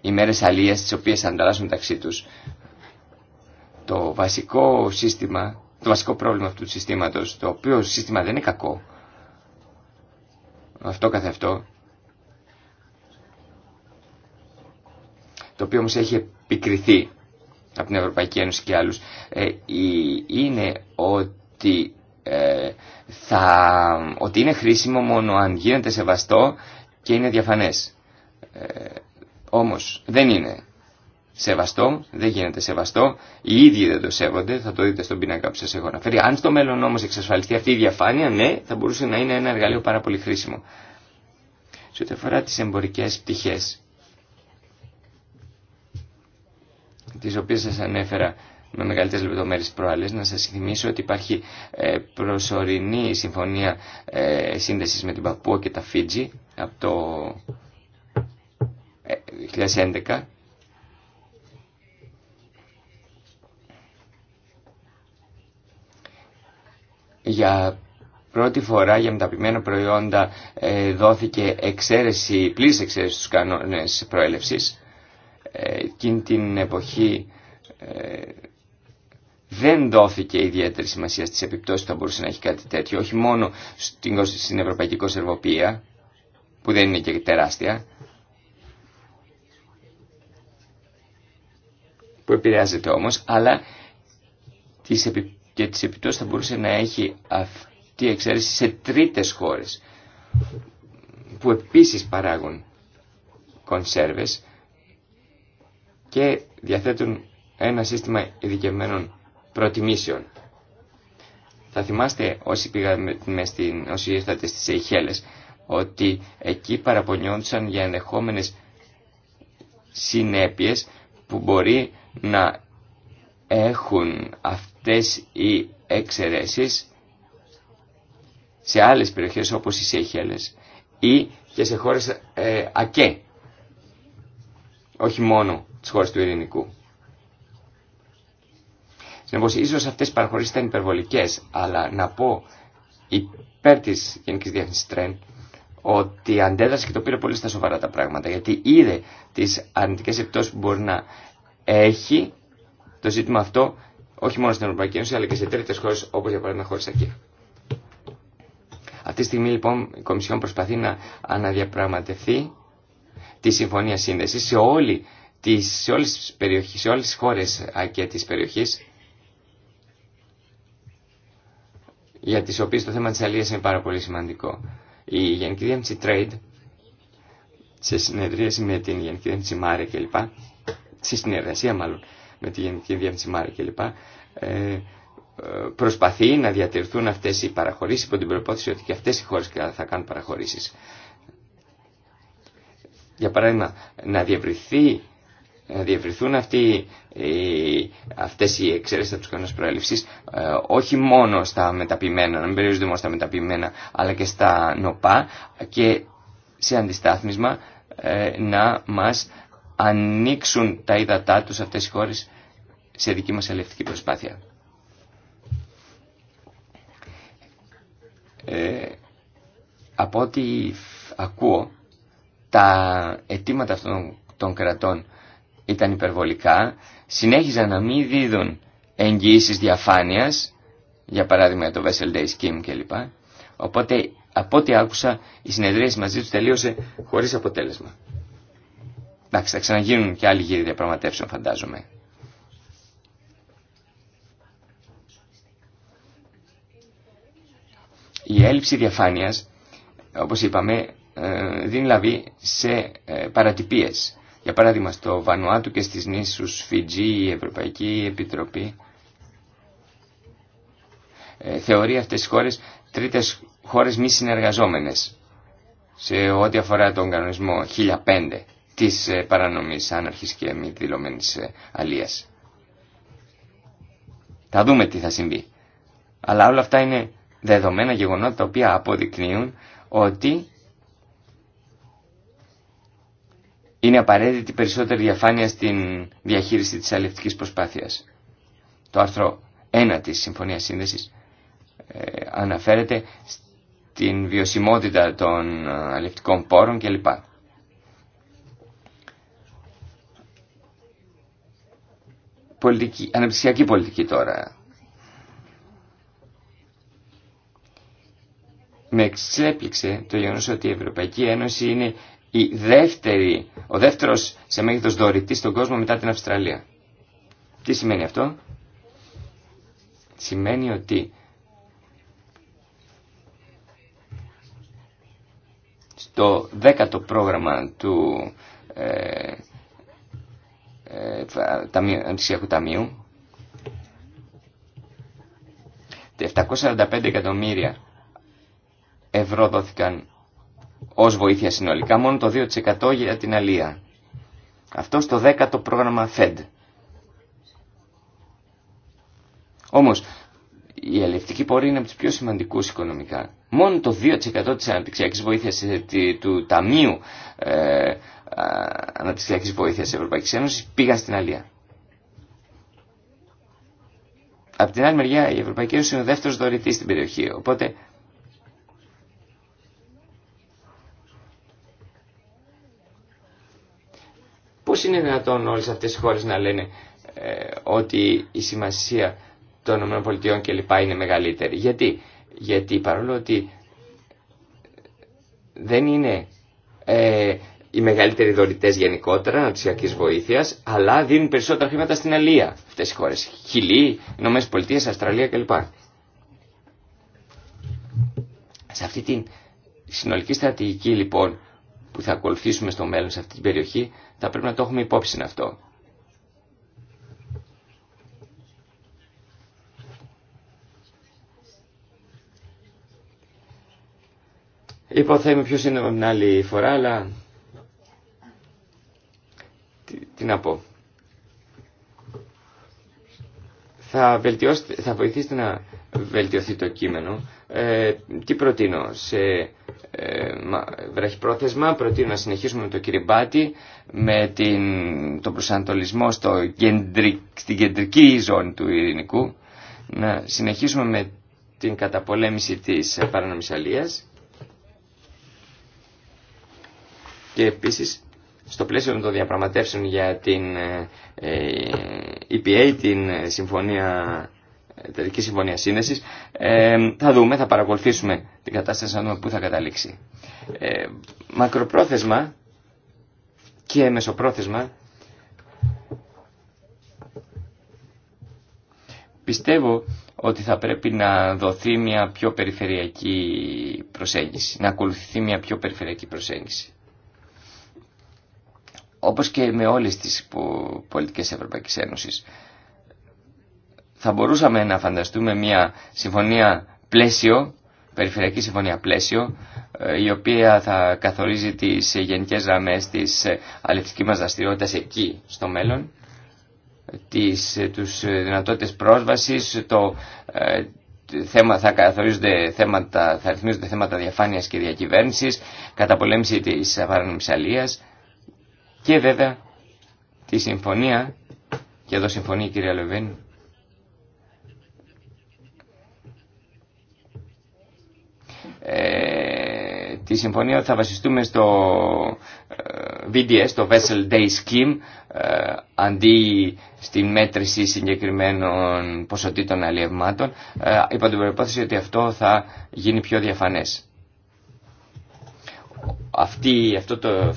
οι μέρες αλίας τις οποίες ανταλλάσσουν μεταξύ τους. Το βασικό σύστημα, το βασικό πρόβλημα αυτού του συστήματος, το οποίο σύστημα δεν είναι κακό, αυτό καθ' αυτό, το οποίο όμως έχει επικριθεί από την Ευρωπαϊκή Ένωση και άλλους ε, είναι ότι, ε, θα, ότι είναι χρήσιμο μόνο αν γίνεται σεβαστό και είναι διαφανές. Ε, όμως δεν είναι σεβαστό, δεν γίνεται σεβαστό, οι ίδιοι δεν το σέβονται, θα το δείτε στον πίνακα που σας έχω αναφέρει. Αν στο μέλλον όμως εξασφαλιστεί αυτή η διαφάνεια, ναι, θα μπορούσε να είναι ένα εργαλείο πάρα πολύ χρήσιμο. Σε ό,τι αφορά τις εμπορικές πτυχές, τις οποίες σας ανέφερα με μεγαλύτερες λεπτομέρειες προάλλες, να σας θυμίσω ότι υπάρχει ε, προσωρινή συμφωνία ε, σύνδεσης με την Παππούα και τα Φίτζη από το 2011 ε, για πρώτη φορά για μεταπημένα προϊόντα δόθηκε εξαίρεση, πλήρης εξαίρεση στους κανόνες προέλευσης εκείνη την εποχή ε, δεν δόθηκε ιδιαίτερη σημασία στις επιπτώσεις που θα μπορούσε να έχει κάτι τέτοιο, όχι μόνο στην, στην Ευρωπαϊκή Κοσερβοπία, που δεν είναι και τεράστια, που επηρεάζεται όμως, αλλά τις και τις επιπτώσεις θα μπορούσε να έχει αυτή η εξαίρεση σε τρίτες χώρες, που επίσης παράγουν κονσέρβες και διαθέτουν ένα σύστημα ειδικευμένων προτιμήσεων. Θα θυμάστε όσοι, πήγαμε στην, όσοι ήρθατε στις Σεϊχέλες ότι εκεί παραπονιόντουσαν για ενδεχόμενες συνέπειες που μπορεί να έχουν αυτές οι εξαιρέσεις σε άλλες περιοχές όπως οι Σεϊχέλες ή και σε χώρες ε, ΑΚΕ. Όχι μόνο της χώρες του ειρηνικού. Συνεπώς, ίσως αυτές οι παραχωρήσεις ήταν υπερβολικές, αλλά να πω υπέρ της Γενικής Διεύθυνσης Τρέν ότι αντέδρασε και το πήρε πολύ στα σοβαρά τα πράγματα, γιατί είδε τις αρνητικές επιπτώσεις που μπορεί να έχει το ζήτημα αυτό, όχι μόνο στην Ευρωπαϊκή Ένωση, αλλά και σε τρίτες χώρες, όπως για παράδειγμα χώρες Ακία. Αυτή τη στιγμή λοιπόν η Κομισιόν προσπαθεί να αναδιαπραγματευτεί τη Συμφωνία Σύνδεσης σε όλη σε, όλες τις περιοχές, σε όλες τις χώρες και τις περιοχές για τις οποίες το θέμα της αλίας είναι πάρα πολύ σημαντικό. Η Γενική Διεύθυνση Trade σε συνεργασία με την Γενική Διεύθυνση Μάρε κλπ. Σε συνεργασία μάλλον με τη Γενική Διεύθυνση Μάρε κλπ. Ε, προσπαθεί να διατηρηθούν αυτές οι παραχωρήσεις υπό την προπόθεση ότι και αυτές οι χώρες θα κάνουν παραχωρήσεις. Για παράδειγμα, να διευρυθεί να διευρυθούν αυτοί, αυτές οι εξαιρέσεις από τους κανόνες προέλευσης ε, όχι μόνο στα μεταποιημένα, να μην περιορίζονται μόνο στα μεταποιημένα αλλά και στα νοπά και σε αντιστάθμισμα ε, να μας ανοίξουν τα ύδατά τους αυτές οι χώρες σε δική μας ελευθερική προσπάθεια. Ε, από ό,τι ακούω, τα αιτήματα αυτών των κρατών ήταν υπερβολικά, συνέχιζαν να μην δίδουν εγγυήσει διαφάνειας, για παράδειγμα το Vessel Day Scheme κλπ. Οπότε από ό,τι άκουσα η συνεδρίαση μαζί του τελείωσε χωρίς αποτέλεσμα. Εντάξει, θα ξαναγίνουν και άλλοι γύροι διαπραγματεύσεων φαντάζομαι. Η έλλειψη διαφάνειας, όπως είπαμε, ε, δίνει λαβή σε ε, παρατυπίες. Για παράδειγμα, στο Βανουάτου και στις νήσους Φιτζή η Ευρωπαϊκή Επιτροπή ε, θεωρεί αυτές τις χώρες τρίτες χώρες μη συνεργαζόμενες σε ό,τι αφορά τον κανονισμό 1005 της ε, παρανομής άναρχης και μη δηλωμένης ε, αλίας. Θα δούμε τι θα συμβεί. Αλλά όλα αυτά είναι δεδομένα γεγονότα τα οποία αποδεικνύουν ότι είναι απαραίτητη περισσότερη διαφάνεια στην διαχείριση της αλληλευτικής προσπάθειας. Το άρθρο 1 της Συμφωνίας Σύνδεσης ε, αναφέρεται στην βιωσιμότητα των ε, αλληλευτικών πόρων κλπ. Πολιτική, αναπτυξιακή πολιτική τώρα. Με εξέπληξε το γεγονός ότι η Ευρωπαϊκή Ένωση είναι η δεύτερη, ο δεύτερος σε μέγεθος δωρητή στον κόσμο μετά την Αυστραλία. Τι σημαίνει αυτό? Σημαίνει ότι στο δέκατο πρόγραμμα του ε, ε ταμείου, Ταμείου 745 εκατομμύρια ευρώ δόθηκαν ως βοήθεια συνολικά, μόνο το 2% για την αλία. Αυτό στο 10ο πρόγραμμα FED. Όμως, η αλληλευτική πορεία είναι από τους πιο σημαντικούς οικονομικά. Μόνο το 2% της αναπτυξιακής βοήθειας ε, του Ταμείου ε, Αναπτυξιακής Βοήθειας της Ευρωπαϊκής Ένωσης πήγαν στην αλία. Από την άλλη μεριά η Ευρωπαϊκή Ένωση είναι ο δεύτερος δωρητής στην περιοχή, οπότε Πώς είναι δυνατόν όλες αυτές οι χώρες να λένε ε, ότι η σημασία των ΗΠΑ και λοιπά είναι μεγαλύτερη. Γιατί, Γιατί παρόλο ότι δεν είναι ε, οι μεγαλύτεροι δωρητές γενικότερα αναπτυξιακής βοήθειας, αλλά δίνουν περισσότερα χρήματα στην Αλία αυτές οι χώρες. Χιλή, ΗΠΑ, Πολιτείες, Αυστραλία κλπ. Σε αυτή την συνολική στρατηγική λοιπόν που θα ακολουθήσουμε στο μέλλον σε αυτή την περιοχή, θα πρέπει να το έχουμε υπόψη αυτό. Είπα θα είμαι πιο σύντομα την άλλη φορά, αλλά τι, να πω. Θα, βελτιώσετε, θα βοηθήσετε να βελτιωθεί το κείμενο ε, τι προτείνω σε ε, βραχυπρόθεσμα, προτείνω να συνεχίσουμε με το Κυριμπάτι, με την, τον προσανατολισμό στο στην κεντρική ζώνη του ειρηνικού, να συνεχίσουμε με την καταπολέμηση της παρανομισαλίας και επίσης στο πλαίσιο των διαπραγματεύσεων για την ε, EPA, ε, την ε, Συμφωνία εταιρική συμφωνία σύνδεση. Ε, θα δούμε, θα παρακολουθήσουμε την κατάσταση να δούμε πού θα καταλήξει. Ε, μακροπρόθεσμα και μεσοπρόθεσμα πιστεύω ότι θα πρέπει να δοθεί μια πιο περιφερειακή προσέγγιση, να ακολουθηθεί μια πιο περιφερειακή προσέγγιση. Όπως και με όλες τις πολιτικές Ευρωπαϊκής Ένωσης θα μπορούσαμε να φανταστούμε μια συμφωνία πλαίσιο, περιφερειακή συμφωνία πλαίσιο, ε, η οποία θα καθορίζει τις γενικές γραμμές της ε, αλευτικής μας δραστηριότητας εκεί στο μέλλον, τις, ε, τους δυνατότητες πρόσβασης, το, θέμα, θα καθορίζονται θέματα, θα θέματα διαφάνειας και διακυβέρνησης, καταπολέμηση της παρανομισαλίας και βέβαια τη συμφωνία, και εδώ συμφωνεί η κυρία Λεβέν, Ε, τη συμφωνία θα βασιστούμε στο VDS, ε, το Vessel Day Scheme, ε, αντί στην μέτρηση συγκεκριμένων ποσοτήτων αλλιευμάτων, ε, υπό την προπόθεση ότι αυτό θα γίνει πιο διαφανές. Αυτή, αυτό το,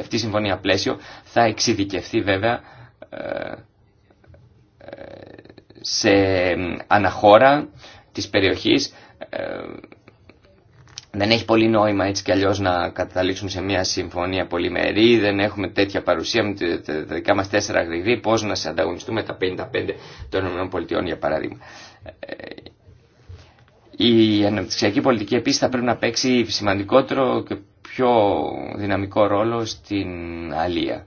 αυτή η συμφωνία πλαίσιο θα εξειδικευτεί βέβαια σε αναχώρα της περιοχής δεν έχει πολύ νόημα έτσι κι αλλιώς να καταλήξουμε σε μια συμφωνία πολυμερή, δεν έχουμε τέτοια παρουσία με τα δικά μας τέσσερα γρηγοί, πώς να σε ανταγωνιστούμε τα 55 των ΗΠΑ για παράδειγμα. Ε, η αναπτυξιακή πολιτική επίσης θα πρέπει να παίξει σημαντικότερο και πιο δυναμικό ρόλο στην αλία.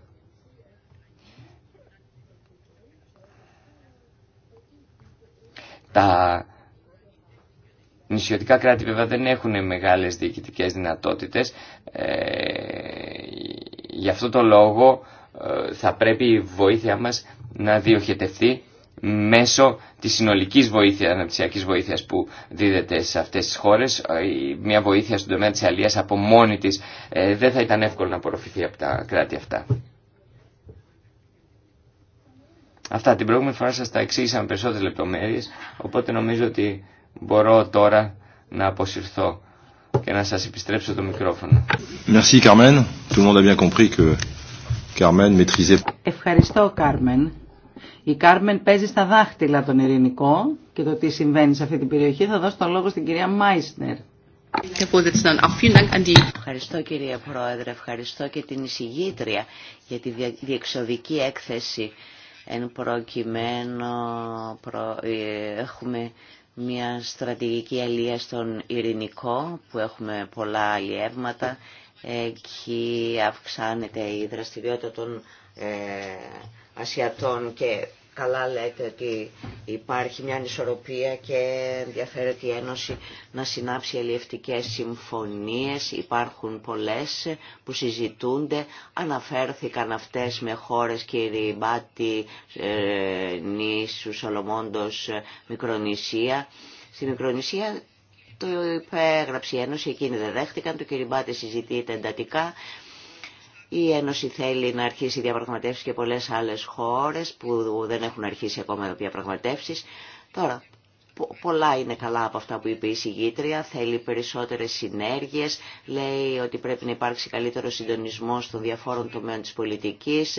Τα νησιωτικά κράτη βέβαια δεν έχουν μεγάλες διοικητικές δυνατότητες. Ε, γι' αυτό το λόγο ε, θα πρέπει η βοήθεια μας να διοχετευτεί μέσω της συνολικής βοήθειας, αναπτυσιακής βοήθειας που δίδεται σε αυτές τις χώρες. Ε, μια βοήθεια στον τομέα της αλίας από μόνη της δεν θα ήταν εύκολο να απορροφηθεί από τα κράτη αυτά. Αυτά την προηγούμενη φορά σας τα με περισσότερες λεπτομέρειες, οπότε νομίζω ότι μπορώ τώρα να αποσυρθώ και να σας επιστρέψω το μικρόφωνο. Merci Carmen. Tout le monde a bien compris que Carmen maîtrisait. Ευχαριστώ Κάρμεν. Η Κάρμεν παίζει στα δάχτυλα τον ειρηνικό και το τι συμβαίνει σε αυτή την περιοχή. Θα δώσω το λόγο στην κυρία Μάισνερ. Ευχαριστώ κύριε Πρόεδρε, ευχαριστώ και την εισηγήτρια για τη διεξοδική έκθεση. Εν προκειμένου ε, έχουμε μια στρατηγική αλληλεία στον Ειρηνικό που έχουμε πολλά αλλιεύματα. Εκεί αυξάνεται η δραστηριότητα των ε, Ασιατών και καλά λέτε ότι υπάρχει μια ανισορροπία και ενδιαφέρεται η Ένωση να συνάψει αλλιευτικές συμφωνίες. Υπάρχουν πολλές που συζητούνται. Αναφέρθηκαν αυτές με χώρες Κυριμπάτη, ε, Νήσου, Σολομόντος, Μικρονησία. Στη Μικρονησία το υπέγραψε η Ένωση, εκείνοι δεν δέχτηκαν, το Κυριμπάτη συζητείται εντατικά. Η Ένωση θέλει να αρχίσει διαπραγματεύσεις και πολλές άλλες χώρες που δεν έχουν αρχίσει ακόμα διαπραγματεύσεις. Τώρα, πολλά είναι καλά από αυτά που είπε η συγγήτρια, θέλει περισσότερες συνέργειες, λέει ότι πρέπει να υπάρξει καλύτερο συντονισμό των διαφόρων τομέων της πολιτικής,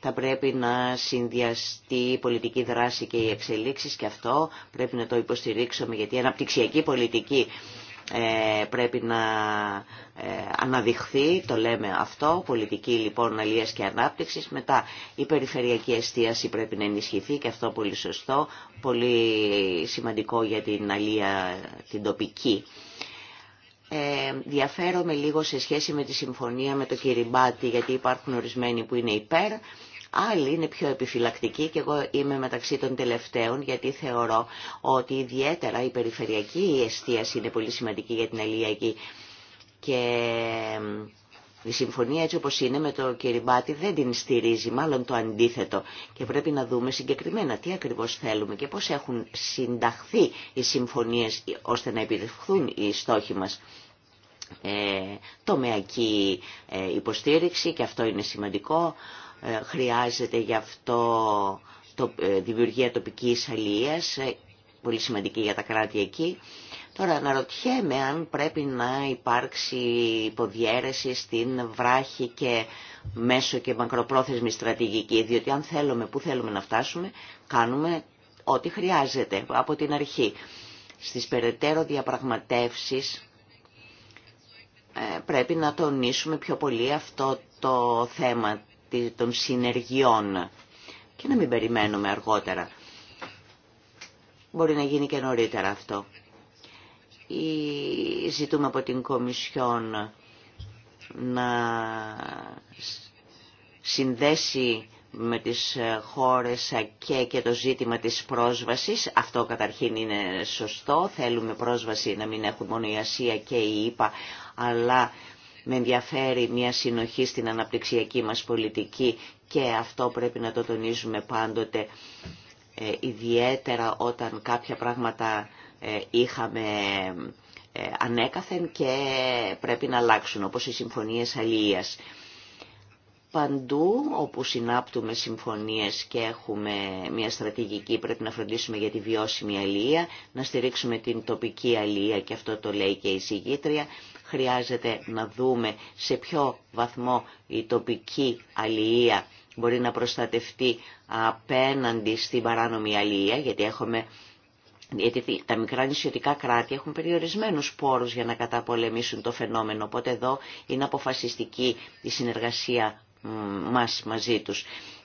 θα πρέπει να συνδυαστεί η πολιτική δράση και οι εξελίξεις και αυτό πρέπει να το υποστηρίξουμε γιατί η αναπτυξιακή πολιτική ε, πρέπει να ε, αναδειχθεί, το λέμε αυτό, πολιτική λοιπόν αλλίας και ανάπτυξης. Μετά η περιφερειακή εστίαση πρέπει να ενισχυθεί και αυτό πολύ σωστό, πολύ σημαντικό για την αλία την τοπική. Ε, διαφέρομαι λίγο σε σχέση με τη συμφωνία με το Κυριμπάτι, γιατί υπάρχουν ορισμένοι που είναι υπέρ Άλλοι είναι πιο επιφυλακτικοί και εγώ είμαι μεταξύ των τελευταίων γιατί θεωρώ ότι ιδιαίτερα η περιφερειακή εστίαση είναι πολύ σημαντική για την αλληλιακή και η συμφωνία έτσι όπως είναι με το Κυριμπάτι δεν την στηρίζει, μάλλον το αντίθετο. Και πρέπει να δούμε συγκεκριμένα τι ακριβώς θέλουμε και πώς έχουν συνταχθεί οι συμφωνίες ώστε να επιδευχθούν οι στόχοι μας. Ε, τομεακή ε, υποστήριξη και αυτό είναι σημαντικό. Ε, χρειάζεται γι' αυτό το, ε, δημιουργία τοπικής αλίας, ε, πολύ σημαντική για τα κράτη εκεί. Τώρα αναρωτιέμαι αν πρέπει να υπάρξει υποδιέρεση στην βράχη και μέσο και μακροπρόθεσμη στρατηγική, διότι αν θέλουμε, που θέλουμε να φτάσουμε, κάνουμε ό,τι χρειάζεται από την αρχή. Στις περαιτέρω διαπραγματεύσεις πρέπει να τονίσουμε πιο πολύ αυτό το θέμα των συνεργειών και να μην περιμένουμε αργότερα. Μπορεί να γίνει και νωρίτερα αυτό. Ή ζητούμε από την Κομισιόν να συνδέσει με τις χώρες και, και το ζήτημα της πρόσβασης. Αυτό καταρχήν είναι σωστό. Θέλουμε πρόσβαση να μην έχουν μόνο η Ασία και η ΙΠΑ, αλλά με ενδιαφέρει μια συνοχή στην αναπτυξιακή μας πολιτική και αυτό πρέπει να το τονίζουμε πάντοτε, ε, ιδιαίτερα όταν κάποια πράγματα ε, είχαμε ε, ανέκαθεν και πρέπει να αλλάξουν, όπως οι συμφωνίες αλληλείας παντού όπου συνάπτουμε συμφωνίες και έχουμε μια στρατηγική πρέπει να φροντίσουμε για τη βιώσιμη αλληλεία, να στηρίξουμε την τοπική αλληλεία και αυτό το λέει και η συγγήτρια. Χρειάζεται να δούμε σε ποιο βαθμό η τοπική αλληλεία μπορεί να προστατευτεί απέναντι στην παράνομη αλληλεία, γιατί έχουμε γιατί τα μικρά νησιωτικά κράτη έχουν περιορισμένους πόρους για να καταπολεμήσουν το φαινόμενο, οπότε εδώ είναι αποφασιστική η συνεργασία μας μαζί τους.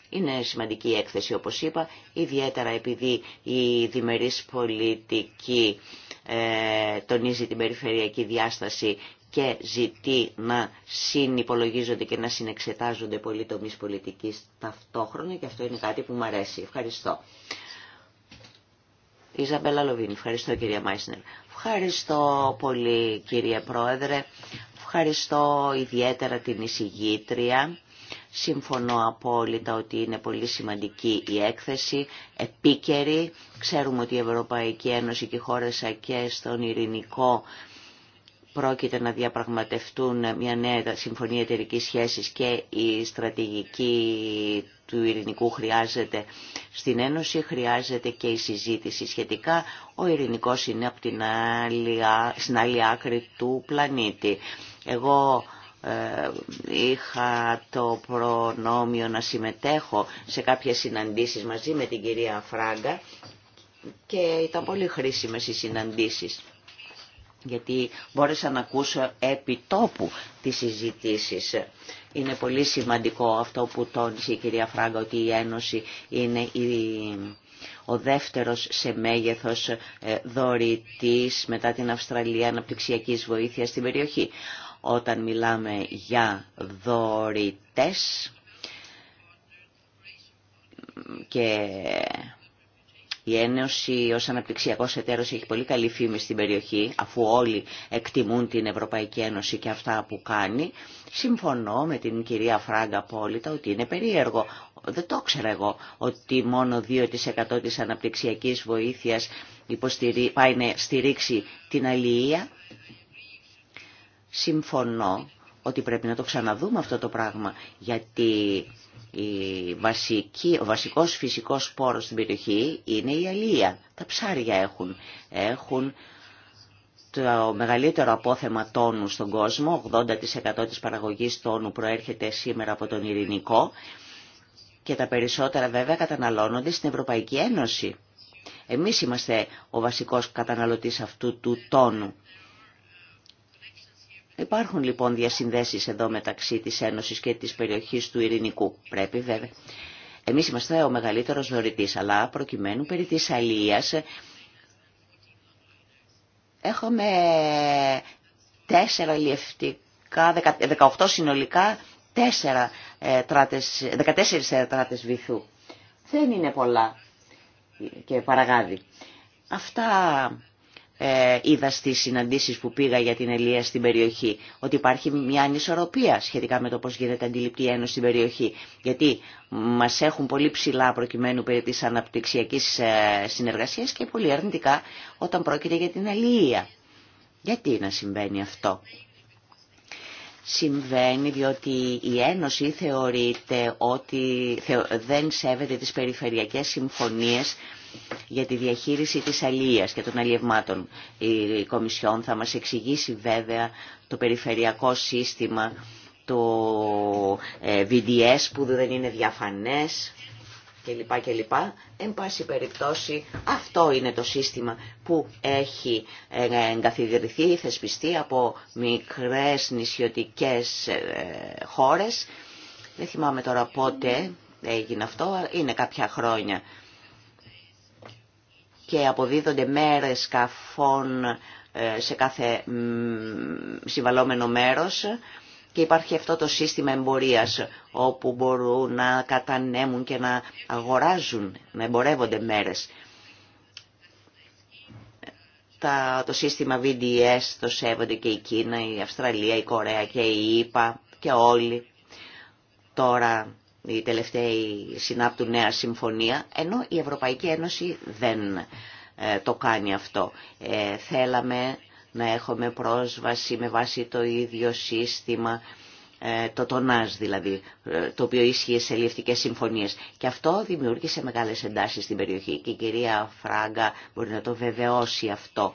Είναι σημαντική η έκθεση όπως είπα, ιδιαίτερα επειδή η διμερής πολιτική ε, τονίζει την περιφερειακή διάσταση και ζητεί να συνυπολογίζονται και να συνεξετάζονται πολλοί τομείς πολιτικής ταυτόχρονα και αυτό είναι κάτι που μου αρέσει. Ευχαριστώ. Ιζαμπέλα Λοβίν, ευχαριστώ κυρία Μάισνερ. Ευχαριστώ πολύ κύριε Πρόεδρε. Ευχαριστώ ιδιαίτερα την εισηγήτρια Συμφωνώ απόλυτα ότι είναι πολύ σημαντική η έκθεση, επίκαιρη. Ξέρουμε ότι η Ευρωπαϊκή Ένωση και οι χώρες ΑΚΕ στον ειρηνικό πρόκειται να διαπραγματευτούν μια νέα συμφωνία εταιρική σχέση και η στρατηγική του ειρηνικού χρειάζεται στην Ένωση, χρειάζεται και η συζήτηση σχετικά. Ο ειρηνικός είναι από την στην άλλη άκρη του πλανήτη. Εγώ ε, είχα το προνόμιο να συμμετέχω σε κάποιες συναντήσεις μαζί με την κυρία Φράγκα και ήταν πολύ χρήσιμες οι συναντήσεις γιατί μπόρεσα να ακούσω επί τόπου τις συζητήσεις. Είναι πολύ σημαντικό αυτό που τόνισε η κυρία Φράγκα ότι η Ένωση είναι ο δεύτερος σε μέγεθος ε, δωρητής μετά την Αυστραλία αναπτυξιακής βοήθειας στην περιοχή όταν μιλάμε για δωρητές και η Ένωση ως αναπτυξιακός εταίρος έχει πολύ καλή φήμη στην περιοχή, αφού όλοι εκτιμούν την Ευρωπαϊκή Ένωση και αυτά που κάνει. Συμφωνώ με την κυρία Φράγκα απόλυτα ότι είναι περίεργο. Δεν το ξέρω εγώ ότι μόνο 2% της αναπτυξιακής βοήθειας πάει να στηρίξει την αλληλεία συμφωνώ ότι πρέπει να το ξαναδούμε αυτό το πράγμα, γιατί η βασική, ο βασικός φυσικός πόρος στην περιοχή είναι η αλία. Τα ψάρια έχουν. Έχουν το μεγαλύτερο απόθεμα τόνου στον κόσμο, 80% της παραγωγής τόνου προέρχεται σήμερα από τον ειρηνικό και τα περισσότερα βέβαια καταναλώνονται στην Ευρωπαϊκή Ένωση. Εμείς είμαστε ο βασικός καταναλωτής αυτού του τόνου. Υπάρχουν λοιπόν διασυνδέσεις εδώ μεταξύ της Ένωσης και της περιοχής του Ειρηνικού. Πρέπει βέβαια. Εμείς είμαστε ο μεγαλύτερος δωρητής, αλλά προκειμένου περί της αλίας έχουμε τέσσερα λιευτικά, 18 συνολικά, ε, τράτες, 14 τράτες βυθού. Δεν είναι πολλά και παραγάδι. Αυτά ε, είδα στις συναντήσεις που πήγα για την Ελία στην περιοχή, ότι υπάρχει μια ανισορροπία σχετικά με το πώς γίνεται αντιληπτή η Ένωση στην περιοχή. Γιατί μας έχουν πολύ ψηλά προκειμένου περί της αναπτυξιακής ε, συνεργασίας και πολύ αρνητικά όταν πρόκειται για την Ελία. Γιατί να συμβαίνει αυτό. Συμβαίνει διότι η Ένωση θεωρείται ότι δεν σέβεται τις περιφερειακές συμφωνίες για τη διαχείριση της αλίας και των αλλιευμάτων. Η Κομισιόν θα μας εξηγήσει βέβαια το περιφερειακό σύστημα, το VDS ε, που δεν είναι διαφανές κλπ. Εν πάση περιπτώσει αυτό είναι το σύστημα που έχει ε, εγκαθιδρυθεί, θεσπιστεί από μικρές νησιωτικές ε, χώρες. Δεν θυμάμαι τώρα πότε έγινε αυτό, είναι κάποια χρόνια και αποδίδονται μέρες καφών ε, σε κάθε συμβαλόμενο μέρος και υπάρχει αυτό το σύστημα εμπορίας όπου μπορούν να κατανέμουν και να αγοράζουν, να εμπορεύονται μέρες. Τα, το σύστημα VDS το σέβονται και η Κίνα, η Αυστραλία, η Κορέα και η ΙΠΑ και όλοι. Τώρα οι τελευταία συνάπτουν νέα συμφωνία, ενώ η Ευρωπαϊκή Ένωση δεν ε, το κάνει αυτό. Ε, θέλαμε να έχουμε πρόσβαση με βάση το ίδιο σύστημα, ε, το τονάζ δηλαδή, το οποίο ίσχυε σε ελληνικές συμφωνίες. Και αυτό δημιούργησε μεγάλες εντάσεις στην περιοχή και η κυρία Φράγκα μπορεί να το βεβαιώσει αυτό.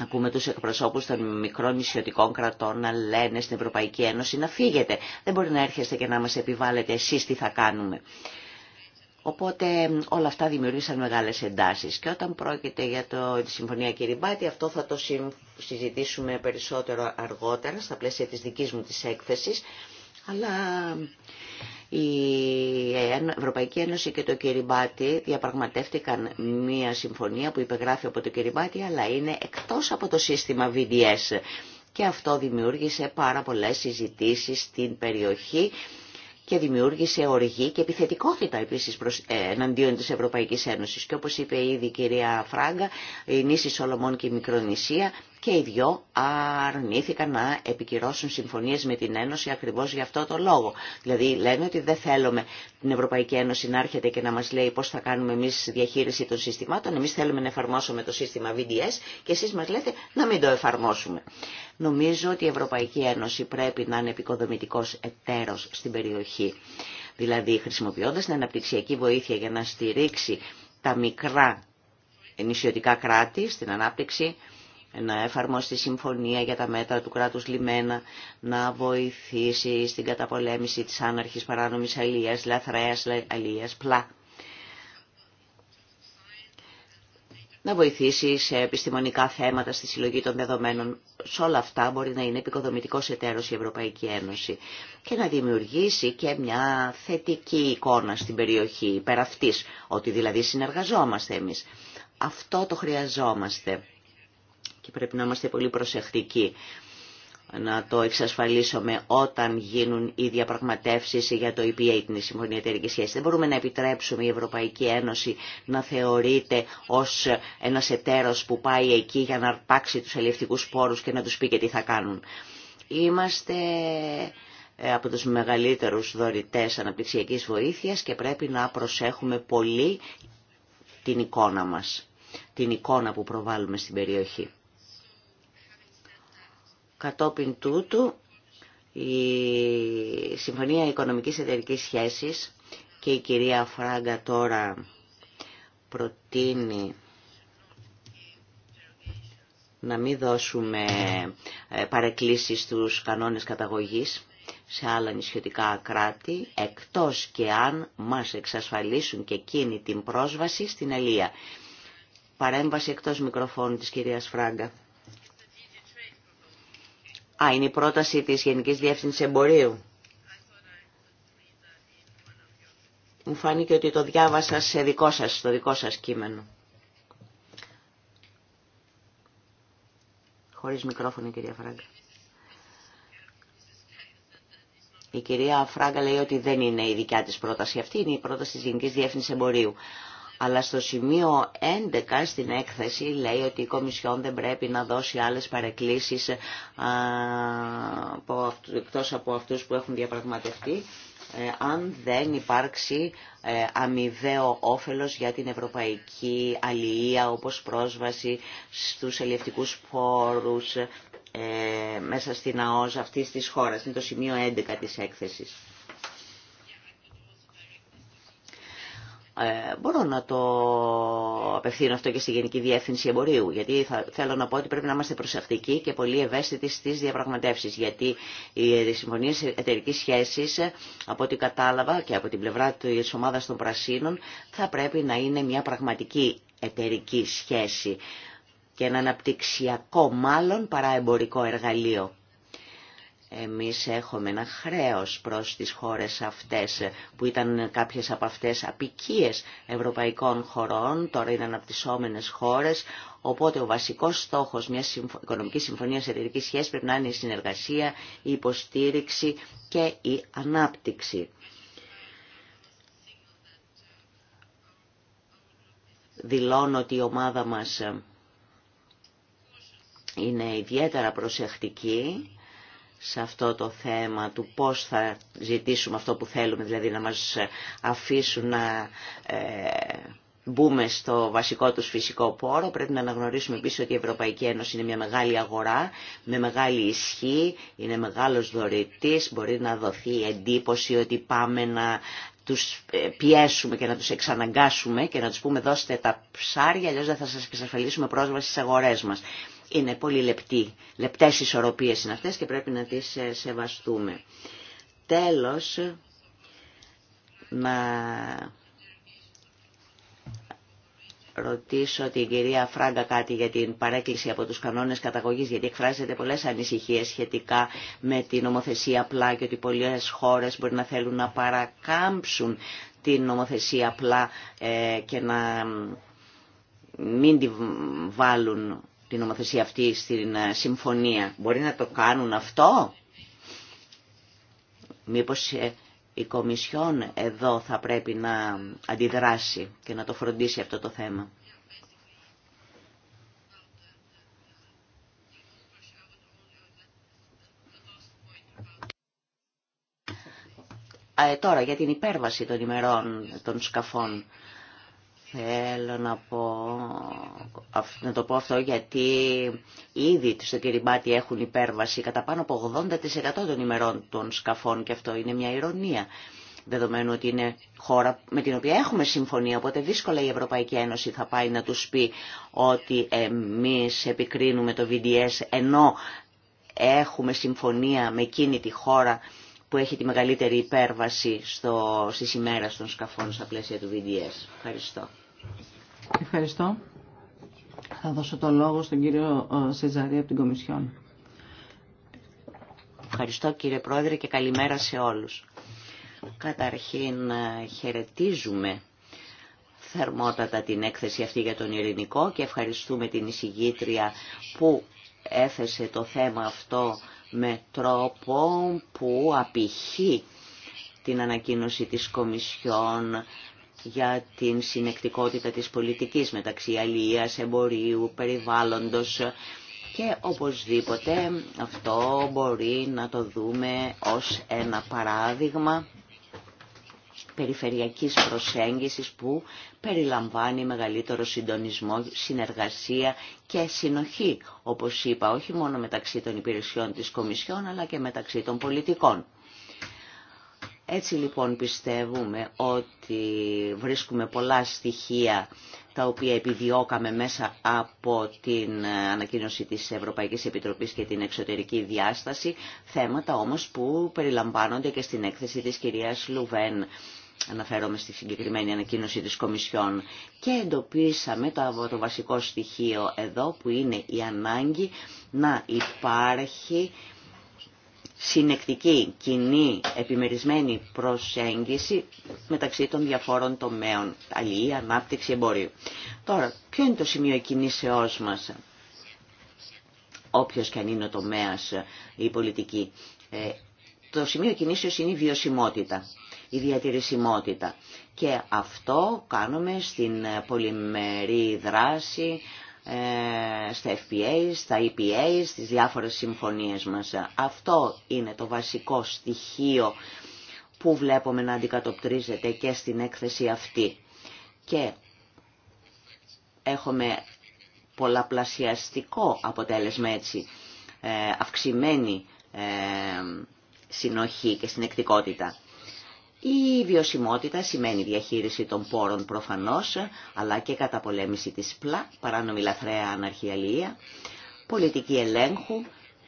Ακούμε τους εκπροσώπους των μικρών νησιωτικών κρατών να λένε στην Ευρωπαϊκή Ένωση να φύγετε. Δεν μπορεί να έρχεστε και να μας επιβάλλετε εσείς τι θα κάνουμε. Οπότε όλα αυτά δημιουργήσαν μεγάλες εντάσεις. Και όταν πρόκειται για το, τη Συμφωνία Κυριμπάτη, αυτό θα το συζητήσουμε περισσότερο αργότερα, στα πλαίσια της δικής μου της έκθεσης. Αλλά η Ευρωπαϊκή Ένωση και το Κυριμπάτι διαπραγματεύτηκαν μία συμφωνία που υπεγράφει από το Κυριμπάτι αλλά είναι εκτός από το σύστημα VDS και αυτό δημιούργησε πάρα πολλές συζητήσεις στην περιοχή και δημιούργησε οργή και επιθετικότητα επίσης προς, ε, εναντίον της Ευρωπαϊκής Ένωσης. Και όπως είπε ήδη η κυρία Φράγκα, οι νήσεις Σολομών και η Μικρονησία και οι δυο αρνήθηκαν να επικυρώσουν συμφωνίες με την Ένωση ακριβώς για αυτό το λόγο. Δηλαδή λένε ότι δεν θέλουμε την Ευρωπαϊκή Ένωση να έρχεται και να μας λέει πώς θα κάνουμε εμείς διαχείριση των συστημάτων, εμείς θέλουμε να εφαρμόσουμε το σύστημα VDS και εσείς μας λέτε να μην το εφαρμόσουμε. Νομίζω ότι η Ευρωπαϊκή Ένωση πρέπει να είναι επικοδομητικός εταίρος στην περιοχή. Δηλαδή χρησιμοποιώντας την αναπτυξιακή βοήθεια για να στηρίξει τα μικρά νησιωτικά κράτη στην ανάπτυξη, να εφαρμόσει τη συμφωνία για τα μέτρα του κράτους λιμένα, να βοηθήσει στην καταπολέμηση της άναρχης παράνομης αλίας, λαθραίας αλίας, πλά. Να βοηθήσει σε επιστημονικά θέματα στη συλλογή των δεδομένων. Σε όλα αυτά μπορεί να είναι επικοδομητικός εταίρος η Ευρωπαϊκή Ένωση και να δημιουργήσει και μια θετική εικόνα στην περιοχή υπέρ ότι δηλαδή συνεργαζόμαστε εμείς. Αυτό το χρειαζόμαστε και πρέπει να είμαστε πολύ προσεκτικοί να το εξασφαλίσουμε όταν γίνουν οι διαπραγματεύσεις για το EPA, την Συμφωνία Εταιρικής Δεν μπορούμε να επιτρέψουμε η Ευρωπαϊκή Ένωση να θεωρείται ως ένας εταίρος που πάει εκεί για να αρπάξει τους αλληλευτικούς πόρους και να τους πει και τι θα κάνουν. Είμαστε ε, από τους μεγαλύτερους δωρητές αναπτυξιακής βοήθειας και πρέπει να προσέχουμε πολύ την εικόνα μας, την εικόνα που προβάλλουμε στην περιοχή. Κατόπιν τούτου, η Συμφωνία Οικονομικής Εταιρικής Σχέσης και η κυρία Φράγκα τώρα προτείνει να μην δώσουμε ε, παρεκκλήσεις στους κανόνες καταγωγής σε άλλα νησιωτικά κράτη, εκτός και αν μας εξασφαλίσουν και εκείνη την πρόσβαση στην Αλία. Παρέμβαση εκτός μικροφώνου της κυρίας Φράγκα. Α, είναι η πρόταση της Γενικής Διεύθυνσης Εμπορίου. Μου φάνηκε ότι το διάβασα σε δικό σας, στο δικό σας κείμενο. Χωρίς μικρόφωνο, κυρία Φράγκα. Η κυρία Φράγκα λέει ότι δεν είναι η δικιά της πρόταση αυτή, είναι η πρόταση της Γενικής Διεύθυνσης Εμπορίου. Αλλά στο σημείο 11 στην έκθεση λέει ότι η Κομισιόν δεν πρέπει να δώσει άλλες παρεκκλήσεις εκτό εκτός από αυτούς που έχουν διαπραγματευτεί ε, αν δεν υπάρξει ε, αμοιβαίο όφελος για την ευρωπαϊκή αλληλεία όπως πρόσβαση στους ελευτικούς πόρους ε, μέσα στην ΑΟΣ αυτής της χώρας. Είναι το σημείο 11 της έκθεσης. Ε, μπορώ να το απευθύνω αυτό και στη Γενική Διεύθυνση Εμπορίου, γιατί θα, θέλω να πω ότι πρέπει να είμαστε προσεκτικοί και πολύ ευαίσθητοι στι διαπραγματεύσει. Γιατί οι συμφωνίε εταιρική σχέση, από ό,τι κατάλαβα και από την πλευρά τη ομάδα των Πρασίνων, θα πρέπει να είναι μια πραγματική εταιρική σχέση και ένα αναπτυξιακό μάλλον παρά εμπορικό εργαλείο. Εμείς έχουμε ένα χρέος προς τις χώρες αυτές που ήταν κάποιες από αυτές απικίες ευρωπαϊκών χωρών, τώρα είναι αναπτυσσόμενες χώρες, οπότε ο βασικός στόχος μιας οικονομικής συμφωνίας εταιρικής σχέσης πρέπει να είναι η συνεργασία, η υποστήριξη και η ανάπτυξη. Δηλώνω ότι η ομάδα μας είναι ιδιαίτερα προσεκτική σε αυτό το θέμα του πώς θα ζητήσουμε αυτό που θέλουμε, δηλαδή να μας αφήσουν να ε, μπούμε στο βασικό τους φυσικό πόρο. Πρέπει να αναγνωρίσουμε επίσης ότι η Ευρωπαϊκή Ένωση είναι μια μεγάλη αγορά, με μεγάλη ισχύ, είναι μεγάλος δωρητής, μπορεί να δοθεί η εντύπωση ότι πάμε να τους ε, πιέσουμε και να τους εξαναγκάσουμε και να τους πούμε δώστε τα ψάρια, αλλιώς δεν θα σας εξασφαλίσουμε πρόσβαση στις αγορές μας είναι πολύ λεπτή. Λεπτές ισορροπίες είναι αυτές και πρέπει να τις ε, σεβαστούμε. Τέλος, να ρωτήσω την κυρία Φράγκα κάτι για την παρέκκληση από τους κανόνες καταγωγής, γιατί εκφράζεται πολλές ανησυχίες σχετικά με την νομοθεσία απλά και ότι πολλές χώρες μπορεί να θέλουν να παρακάμψουν την νομοθεσία απλά ε, και να μην τη βάλουν την νομοθεσία αυτή στην ε, συμφωνία. Μπορεί να το κάνουν αυτό. Μήπως ε, η Κομισιόν εδώ θα πρέπει να αντιδράσει και να το φροντίσει αυτό το θέμα. ε, τώρα για την υπέρβαση των ημερών των σκαφών. Θέλω να, πω, να το πω αυτό γιατί ήδη στο Κυριμπάτι έχουν υπέρβαση κατά πάνω από 80% των ημερών των σκαφών και αυτό είναι μια ηρωνία δεδομένου ότι είναι χώρα με την οποία έχουμε συμφωνία, οπότε δύσκολα η Ευρωπαϊκή Ένωση θα πάει να τους πει ότι εμείς επικρίνουμε το VDS ενώ έχουμε συμφωνία με εκείνη τη χώρα που έχει τη μεγαλύτερη υπέρβαση στο, στις ημέρες των σκαφών στα πλαίσια του VDS. Ευχαριστώ. Ευχαριστώ. Θα δώσω το λόγο στον κύριο ε, Σεζαρή από την Κομισιόν. Ευχαριστώ κύριε Πρόεδρε και καλημέρα σε όλους. Καταρχήν ε, χαιρετίζουμε θερμότατα την έκθεση αυτή για τον ειρηνικό και ευχαριστούμε την εισηγήτρια που έθεσε το θέμα αυτό με τρόπο που απηχεί την ανακοίνωση της Κομισιόν για την συνεκτικότητα της πολιτικής μεταξύ αλληλείας, εμπορίου, περιβάλλοντος και οπωσδήποτε αυτό μπορεί να το δούμε ως ένα παράδειγμα περιφερειακής προσέγγισης που περιλαμβάνει μεγαλύτερο συντονισμό, συνεργασία και συνοχή, όπως είπα, όχι μόνο μεταξύ των υπηρεσιών της Κομισιόν, αλλά και μεταξύ των πολιτικών. Έτσι λοιπόν πιστεύουμε ότι βρίσκουμε πολλά στοιχεία τα οποία επιδιώκαμε μέσα από την ανακοίνωση της Ευρωπαϊκής Επιτροπής και την εξωτερική διάσταση, θέματα όμως που περιλαμβάνονται και στην έκθεση της κυρίας Λουβέν αναφέρομαι στη συγκεκριμένη ανακοίνωση της Κομισιόν και εντοπίσαμε το, το βασικό στοιχείο εδώ που είναι η ανάγκη να υπάρχει συνεκτική, κοινή, επιμερισμένη προσέγγιση μεταξύ των διαφόρων τομέων, αλληλή, ανάπτυξη, εμπορίου. Τώρα, ποιο είναι το σημείο κινήσεώς μας, όποιος και αν είναι ο τομέας, η πολιτική. Ε, το σημείο κινήσεως είναι η βιωσιμότητα η διατηρησιμότητα. Και αυτό κάνουμε στην πολυμερή δράση, ε, στα FPA, στα EPA, στις διάφορες συμφωνίες μας. Αυτό είναι το βασικό στοιχείο που βλέπουμε να αντικατοπτρίζεται και στην έκθεση αυτή. Και έχουμε πολλαπλασιαστικό αποτέλεσμα έτσι, ε, αυξημένη ε, συνοχή και συνεκτικότητα. Η βιωσιμότητα σημαίνει διαχείριση των πόρων προφανώς, αλλά και καταπολέμηση της πλά, παράνομη λαθρέα αναρχιαλία, πολιτική ελέγχου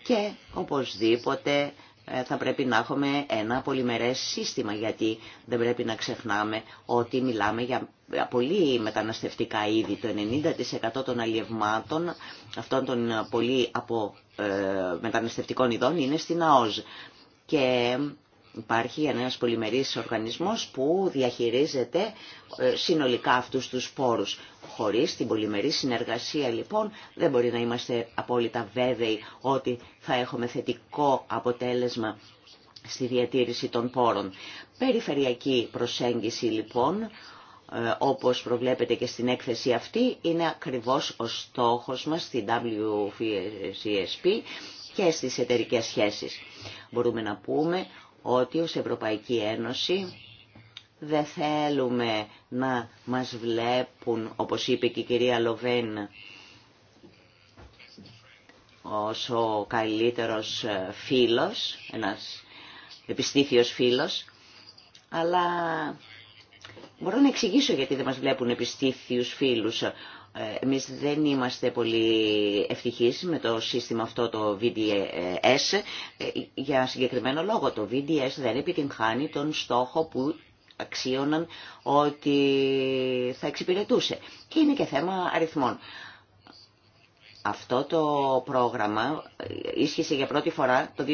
και οπωσδήποτε ε, θα πρέπει να έχουμε ένα πολυμερές σύστημα, γιατί δεν πρέπει να ξεχνάμε ότι μιλάμε για πολύ μεταναστευτικά είδη. Το 90% των αλλιευμάτων αυτών των πολύ από ε, μεταναστευτικών ειδών είναι στην ΑΟΖ υπάρχει ένας πολυμερής οργανισμός που διαχειρίζεται ε, συνολικά αυτούς τους πόρους. Χωρίς την πολυμερή συνεργασία λοιπόν δεν μπορεί να είμαστε απόλυτα βέβαιοι ότι θα έχουμε θετικό αποτέλεσμα στη διατήρηση των πόρων. Περιφερειακή προσέγγιση λοιπόν, ε, όπως προβλέπετε και στην έκθεση αυτή, είναι ακριβώς ο στόχος μας στην WCSP και στις εταιρικές σχέσεις. Μπορούμε να πούμε ότι ως Ευρωπαϊκή Ένωση δεν θέλουμε να μας βλέπουν, όπως είπε και η κυρία Λοβέν, ως ο καλύτερος φίλος, ένας επιστήθιος φίλος, αλλά μπορώ να εξηγήσω γιατί δεν μας βλέπουν επιστήθιους φίλους. Εμείς δεν είμαστε πολύ ευτυχείς με το σύστημα αυτό το VDS για συγκεκριμένο λόγο. Το VDS δεν επιτυγχάνει τον στόχο που αξίωναν ότι θα εξυπηρετούσε. Και είναι και θέμα αριθμών. Αυτό το πρόγραμμα ίσχυσε για πρώτη φορά το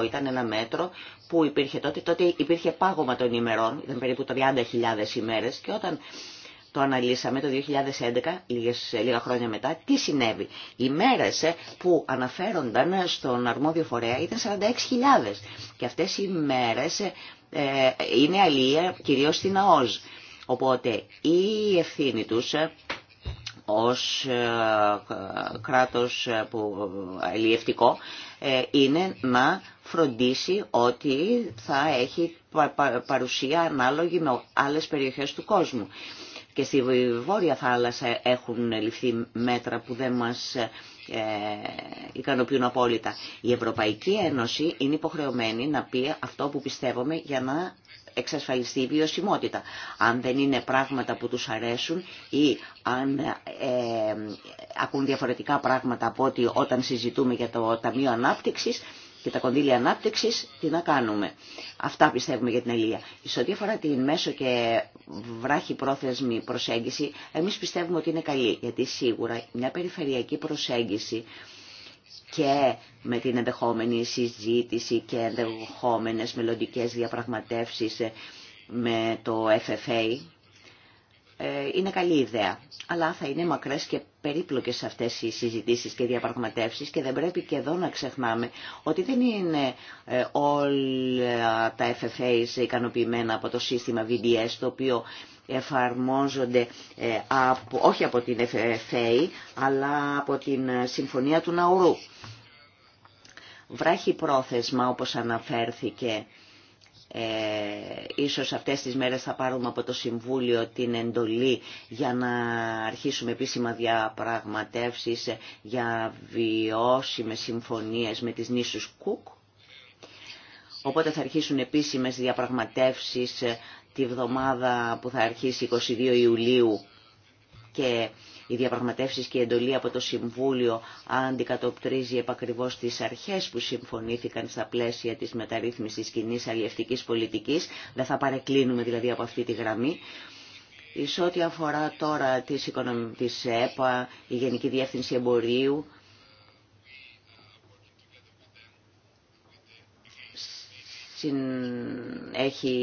2008. Ήταν ένα μέτρο που υπήρχε τότε. Τότε υπήρχε πάγωμα των ημερών, ήταν περίπου 30.000 ημέρες και όταν το αναλύσαμε το 2011, λίγα χρόνια μετά, τι συνέβη. Οι μέρες ε, που αναφέρονταν στον αρμόδιο φορέα ήταν 46.000 και αυτές οι μέρες ε, ε, είναι αλληλεία κυρίως στην ΑΟΖ. Οπότε η ευθύνη τους ως κράτος που, αλληλευτικό είναι να φροντίσει ότι θα έχει παρουσία ανάλογη με άλλες περιοχές του κόσμου και στη Βόρεια Θάλασσα έχουν ληφθεί μέτρα που δεν μας ε, ικανοποιούν απόλυτα. Η Ευρωπαϊκή Ένωση είναι υποχρεωμένη να πει αυτό που πιστεύουμε για να εξασφαλιστεί η βιωσιμότητα. Αν δεν είναι πράγματα που τους αρέσουν ή αν ε, ακούν διαφορετικά πράγματα από ότι όταν συζητούμε για το Ταμείο Ανάπτυξης, και τα κονδύλια ανάπτυξη, τι να κάνουμε. Αυτά πιστεύουμε για την Ελία. Σε ό,τι αφορά την μέσο και βράχη πρόθεσμη προσέγγιση, εμεί πιστεύουμε ότι είναι καλή. Γιατί σίγουρα μια περιφερειακή προσέγγιση και με την ενδεχόμενη συζήτηση και ενδεχομένε μελλοντικέ διαπραγματεύσεις με το FFA, ε, είναι καλή ιδέα. Αλλά θα είναι μακρές και περίπλοκες αυτές οι συζητήσεις και διαπραγματεύσεις και δεν πρέπει και εδώ να ξεχνάμε ότι δεν είναι ε, όλα τα FFA ικανοποιημένα από το σύστημα VDS το οποίο εφαρμόζονται ε, από, όχι από την FFA αλλά από την Συμφωνία του Ναουρού. Βράχει πρόθεσμα όπως αναφέρθηκε ε, ίσως αυτές τις μέρες θα πάρουμε από το Συμβούλιο την εντολή για να αρχίσουμε επίσημα διαπραγματεύσεις για βιώσιμες συμφωνίες με τις νήσους Κουκ. Οπότε θα αρχίσουν επίσημες διαπραγματεύσεις ε, τη βδομάδα που θα αρχίσει 22 Ιουλίου και οι διαπραγματεύσεις και η εντολή από το Συμβούλιο αντικατοπτρίζει επακριβώς τις αρχές που συμφωνήθηκαν στα πλαίσια της μεταρρύθμισης κοινή αλλιευτικής πολιτικής. Δεν θα παρεκκλίνουμε δηλαδή από αυτή τη γραμμή. Η ό,τι αφορά τώρα της, ΕΠΑ, η Γενική Διεύθυνση Εμπορίου, έχει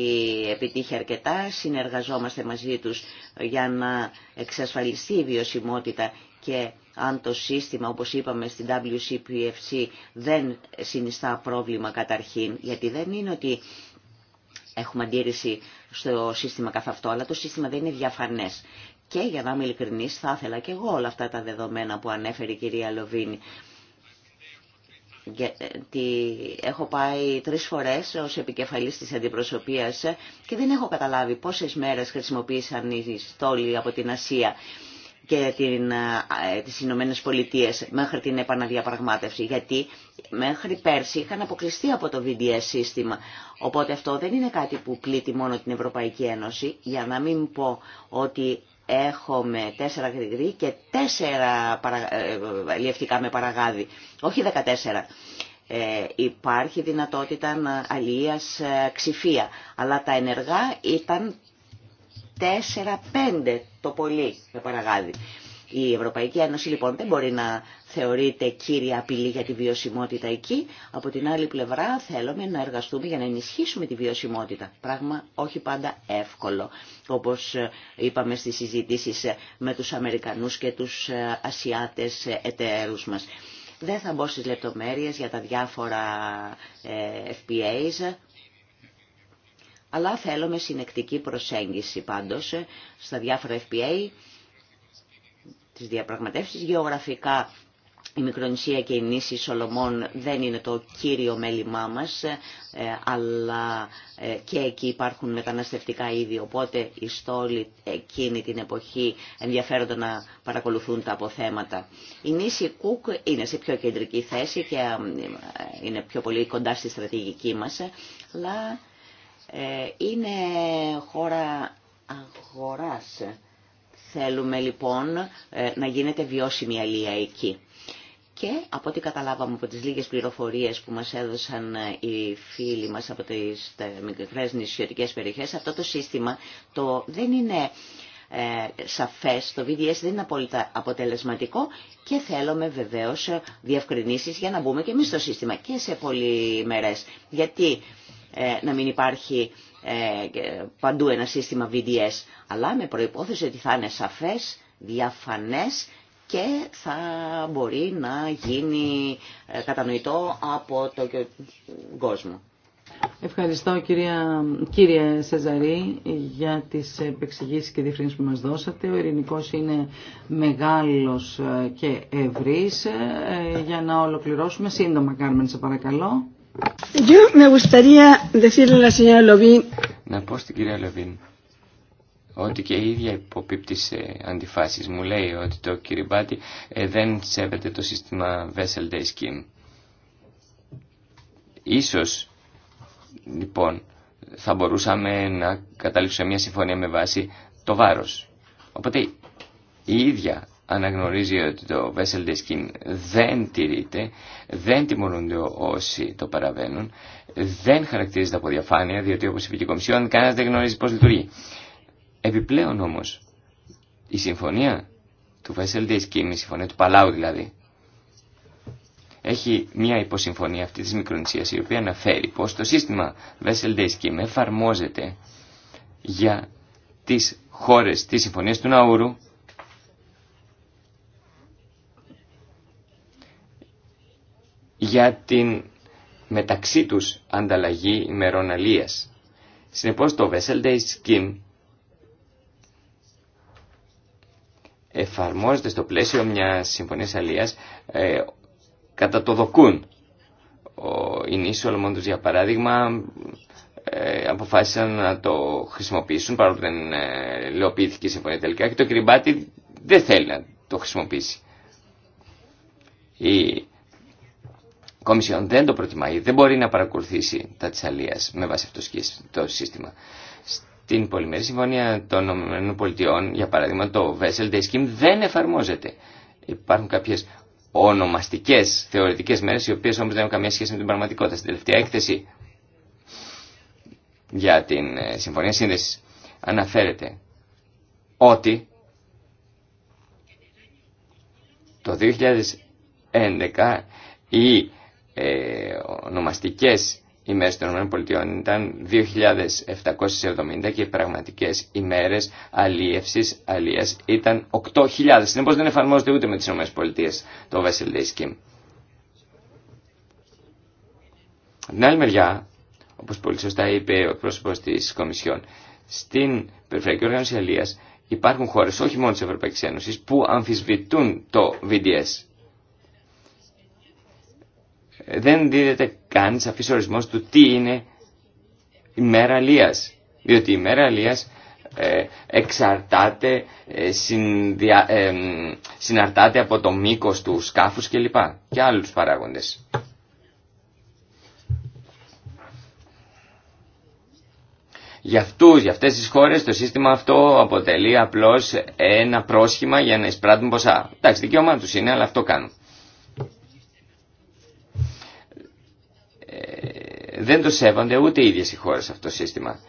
επιτύχει αρκετά, συνεργαζόμαστε μαζί τους για να εξασφαλιστεί η βιωσιμότητα και αν το σύστημα, όπως είπαμε στην WCPFC, δεν συνιστά πρόβλημα καταρχήν, γιατί δεν είναι ότι έχουμε αντίρρηση στο σύστημα καθ' αυτό, αλλά το σύστημα δεν είναι διαφανές. Και για να είμαι ειλικρινής, θα ήθελα και εγώ όλα αυτά τα δεδομένα που ανέφερε η κυρία Λοβίνη, γιατί έχω πάει τρεις φορές ως επικεφαλής της αντιπροσωπείας και δεν έχω καταλάβει πόσες μέρες χρησιμοποίησαν οι στόλοι από την Ασία και την, ε, τις Ηνωμένε Πολιτείε μέχρι την επαναδιαπραγμάτευση. Γιατί μέχρι πέρσι είχαν αποκλειστεί από το VDS σύστημα. Οπότε αυτό δεν είναι κάτι που πλήττει μόνο την Ευρωπαϊκή Ένωση, για να μην πω ότι Έχουμε τέσσερα γρηγρή και τέσσερα παρα... Ε, ε, λιευτικά με παραγάδι, όχι δεκατέσσερα. Ε, υπάρχει δυνατότητα αλληλείας ε, ξηφία, αλλά τα ενεργά ήταν τέσσερα-πέντε το πολύ με παραγάδι. Η Ευρωπαϊκή Ένωση λοιπόν δεν μπορεί να θεωρείται κύρια απειλή για τη βιωσιμότητα εκεί. Από την άλλη πλευρά θέλουμε να εργαστούμε για να ενισχύσουμε τη βιωσιμότητα. Πράγμα όχι πάντα εύκολο, όπως ε, είπαμε στις συζητήσεις ε, με τους Αμερικανούς και τους ε, Ασιάτες εταίρους μας. Δεν θα μπω στις λεπτομέρειες για τα διάφορα FPAs, αλλά θέλουμε συνεκτική προσέγγιση πάντως στα διάφορα FPA τις διαπραγματεύσεις. Γεωγραφικά η Μικρονησία και η νήσι Σολομών δεν είναι το κύριο μέλημά μας, ε, αλλά ε, και εκεί υπάρχουν μεταναστευτικά είδη, οπότε οι στόλοι εκείνη την εποχή ενδιαφέρονται να παρακολουθούν τα αποθέματα. Η νήσι Κουκ είναι σε πιο κεντρική θέση και ε, είναι πιο πολύ κοντά στη στρατηγική μας, αλλά είναι χώρα αγοράς Θέλουμε λοιπόν ε, να γίνεται βιώσιμη αλία εκεί. Και από ό,τι καταλάβαμε από τις λίγες πληροφορίες που μας έδωσαν ε, οι φίλοι μας από τις μικρές νησιωτικές περιοχές, αυτό το σύστημα το δεν είναι ε, σαφές, το VDS δεν είναι απόλυτα αποτελεσματικό και θέλουμε βεβαίως ε, διευκρινήσεις για να μπούμε και εμείς στο σύστημα και σε μέρες. Γιατί να μην υπάρχει ε, παντού ένα σύστημα VDS, αλλά με προϋπόθεση ότι θα είναι σαφές, διαφανές και θα μπορεί να γίνει ε, κατανοητό από τον κόσμο. Ευχαριστώ κυρία, κύριε Σεζαρή για τις επεξηγήσεις και διευθύνσεις που μας δώσατε. Ο ειρηνικός είναι μεγάλος ε, και ευρύς. Για να ολοκληρώσουμε, σύντομα Κάρμεν, σε παρακαλώ. Να πω στην κυρία Λοβίν ότι και η ίδια υποπίπτει σε αντιφάσεις. Μου λέει ότι το κυριμπάτι ε, δεν σέβεται το σύστημα Vessel Day Scheme. Ίσως, λοιπόν, θα μπορούσαμε να καταλήξουμε μια συμφωνία με βάση το βάρος. Οπότε η ίδια αναγνωρίζει ότι το vessel skin δεν τηρείται, δεν τιμωρούνται όσοι το παραβαίνουν, δεν χαρακτηρίζεται από διαφάνεια, διότι όπως είπε και η Κομισιόν, κανένας δεν γνωρίζει πώς λειτουργεί. Επιπλέον όμως, η συμφωνία του vessel skin, η συμφωνία του Παλάου δηλαδή, έχει μια υποσυμφωνία αυτή της μικρονησίας η οποία αναφέρει πως το σύστημα Vessel Day Scheme εφαρμόζεται για τις χώρες της συμφωνίας του Ναούρου για την μεταξύ τους ανταλλαγή ημερών αλίας. Συνεπώς το Vessel Day Scheme εφαρμόζεται στο πλαίσιο μιας συμφωνίας αλίας ε, κατά το δοκούν. Ο μόνο τους για παράδειγμα ε, αποφάσισαν να το χρησιμοποιήσουν που δεν ε, λεωποιήθηκε η συμφωνία τελικά και το κρυμπάτι δεν θέλει να το χρησιμοποιήσει. Κομισιόν δεν το προτιμάει, δεν μπορεί να παρακολουθήσει τα της αλίας με βάση αυτό το σύστημα. Στην Πολυμερή Συμφωνία των ΗΠΑ, για παράδειγμα, το Vessel Day Scheme δεν εφαρμόζεται. Υπάρχουν κάποιες ονομαστικές θεωρητικές μέρες, οι οποίες όμως δεν έχουν καμία σχέση με την πραγματικότητα. Στην τελευταία έκθεση για την ε, Συμφωνία Σύνδεσης αναφέρεται ότι το 2011 η ε, ονομαστικές ημέρες των ΗΠΑ ήταν 2.770 και οι πραγματικές ημέρες αλίευσης αλίας ήταν 8.000. Συνεπώς δεν εφαρμόζεται ούτε με τις ΗΠΑ το Vessel Day Scheme. Από την άλλη μεριά, όπως πολύ σωστά είπε ο πρόσωπος της Κομισιόν, στην Περιφερειακή Οργάνωση Αλίας υπάρχουν χώρες, όχι μόνο της Ευρωπαϊκής Ένωσης, που αμφισβητούν το VDS δεν δίδεται καν σαφής ορισμός του τι είναι η μέρα αλίας. Διότι η μέρα αλίας ε, εξαρτάται, ε, ε, συναρτάται από το μήκος του σκάφους κλπ. Και άλλους παράγοντες. Για αυτούς, για αυτές τις χώρες το σύστημα αυτό αποτελεί απλώς ένα πρόσχημα για να εισπράττουν ποσά. Εντάξει, δικαίωμά τους είναι, αλλά αυτό κάνουν. δεν το σέβονται ούτε οι ίδιες οι χώρες αυτό το σύστημα.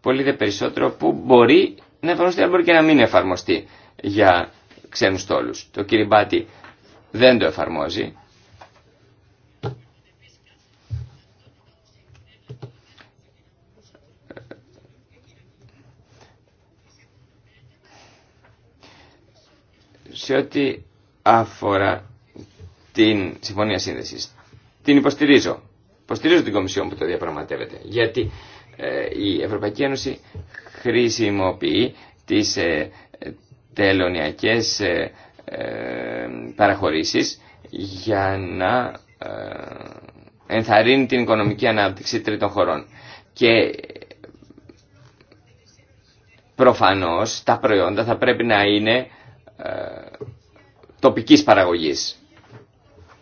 Πολύ δε περισσότερο που μπορεί να εφαρμοστεί, αλλά μπορεί και να μην εφαρμοστεί για ξένους τόλους. Το Κυριμπάτι δεν το εφαρμόζει. Σε ό,τι αφορά την Συμφωνία Σύνδεσης, την υποστηρίζω υποστηρίζω την Κομισιόν που το διαπραγματεύεται. Γιατί ε, η Ευρωπαϊκή Ένωση χρησιμοποιεί τις ε, τελωνιακές ε, ε, παραχωρήσεις για να ενθαρρύνει την οικονομική ανάπτυξη τρίτων χωρών. Και προφανώς τα προϊόντα θα πρέπει να είναι τοπικής παραγωγής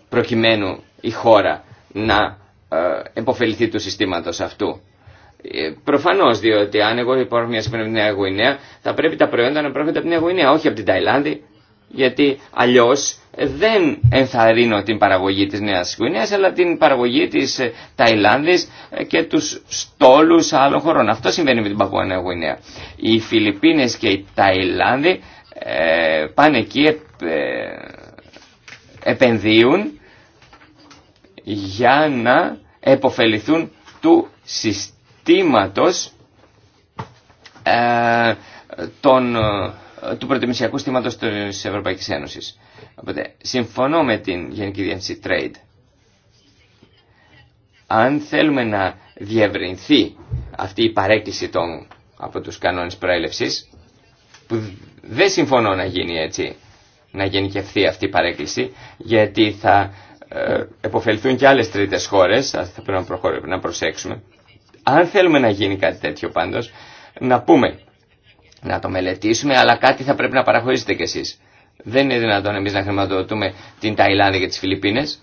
προκειμένου η χώρα να εποφεληθεί του συστήματο αυτού. Ε, Προφανώ, διότι αν εγώ υπάρχω μια σύμφωνα με την Νέα Γουινέα, θα πρέπει τα προϊόντα να προέρχονται από την Νέα Γουινέα, όχι από την Ταϊλάνδη, γιατί αλλιώ ε, δεν ενθαρρύνω την παραγωγή τη Νέα Γουινέα, αλλά την παραγωγή τη ε, Ταϊλάνδη και του στόλου άλλων χωρών. Αυτό συμβαίνει με την παγκόσμια Νέα Γουινέα. Οι Φιλιππίνε και η Ταϊλάνδη ε, πάνε εκεί, ε, ε, επενδύουν για να εποφεληθούν του συστήματος ε, των, ε, του πρωτομισιακού συστήματος της Ευρωπαϊκής Ένωσης. Οπότε, συμφωνώ με την Γενική Διεύθυνση Trade. Αν θέλουμε να διευρυνθεί αυτή η παρέκκληση των, από τους κανόνες προέλευσης, που δεν συμφωνώ να γίνει έτσι, να γενικευθεί αυτή η παρέκκληση, γιατί θα ε, εποφελθούν και άλλες τρίτες χώρες, θα πρέπει να, προχωρήσουμε, να προσέξουμε. Αν θέλουμε να γίνει κάτι τέτοιο πάντως, να πούμε, να το μελετήσουμε, αλλά κάτι θα πρέπει να παραχωρήσετε κι εσείς. Δεν είναι δυνατόν εμείς να χρηματοδοτούμε την Ταϊλάνδη και τις Φιλιππίνες.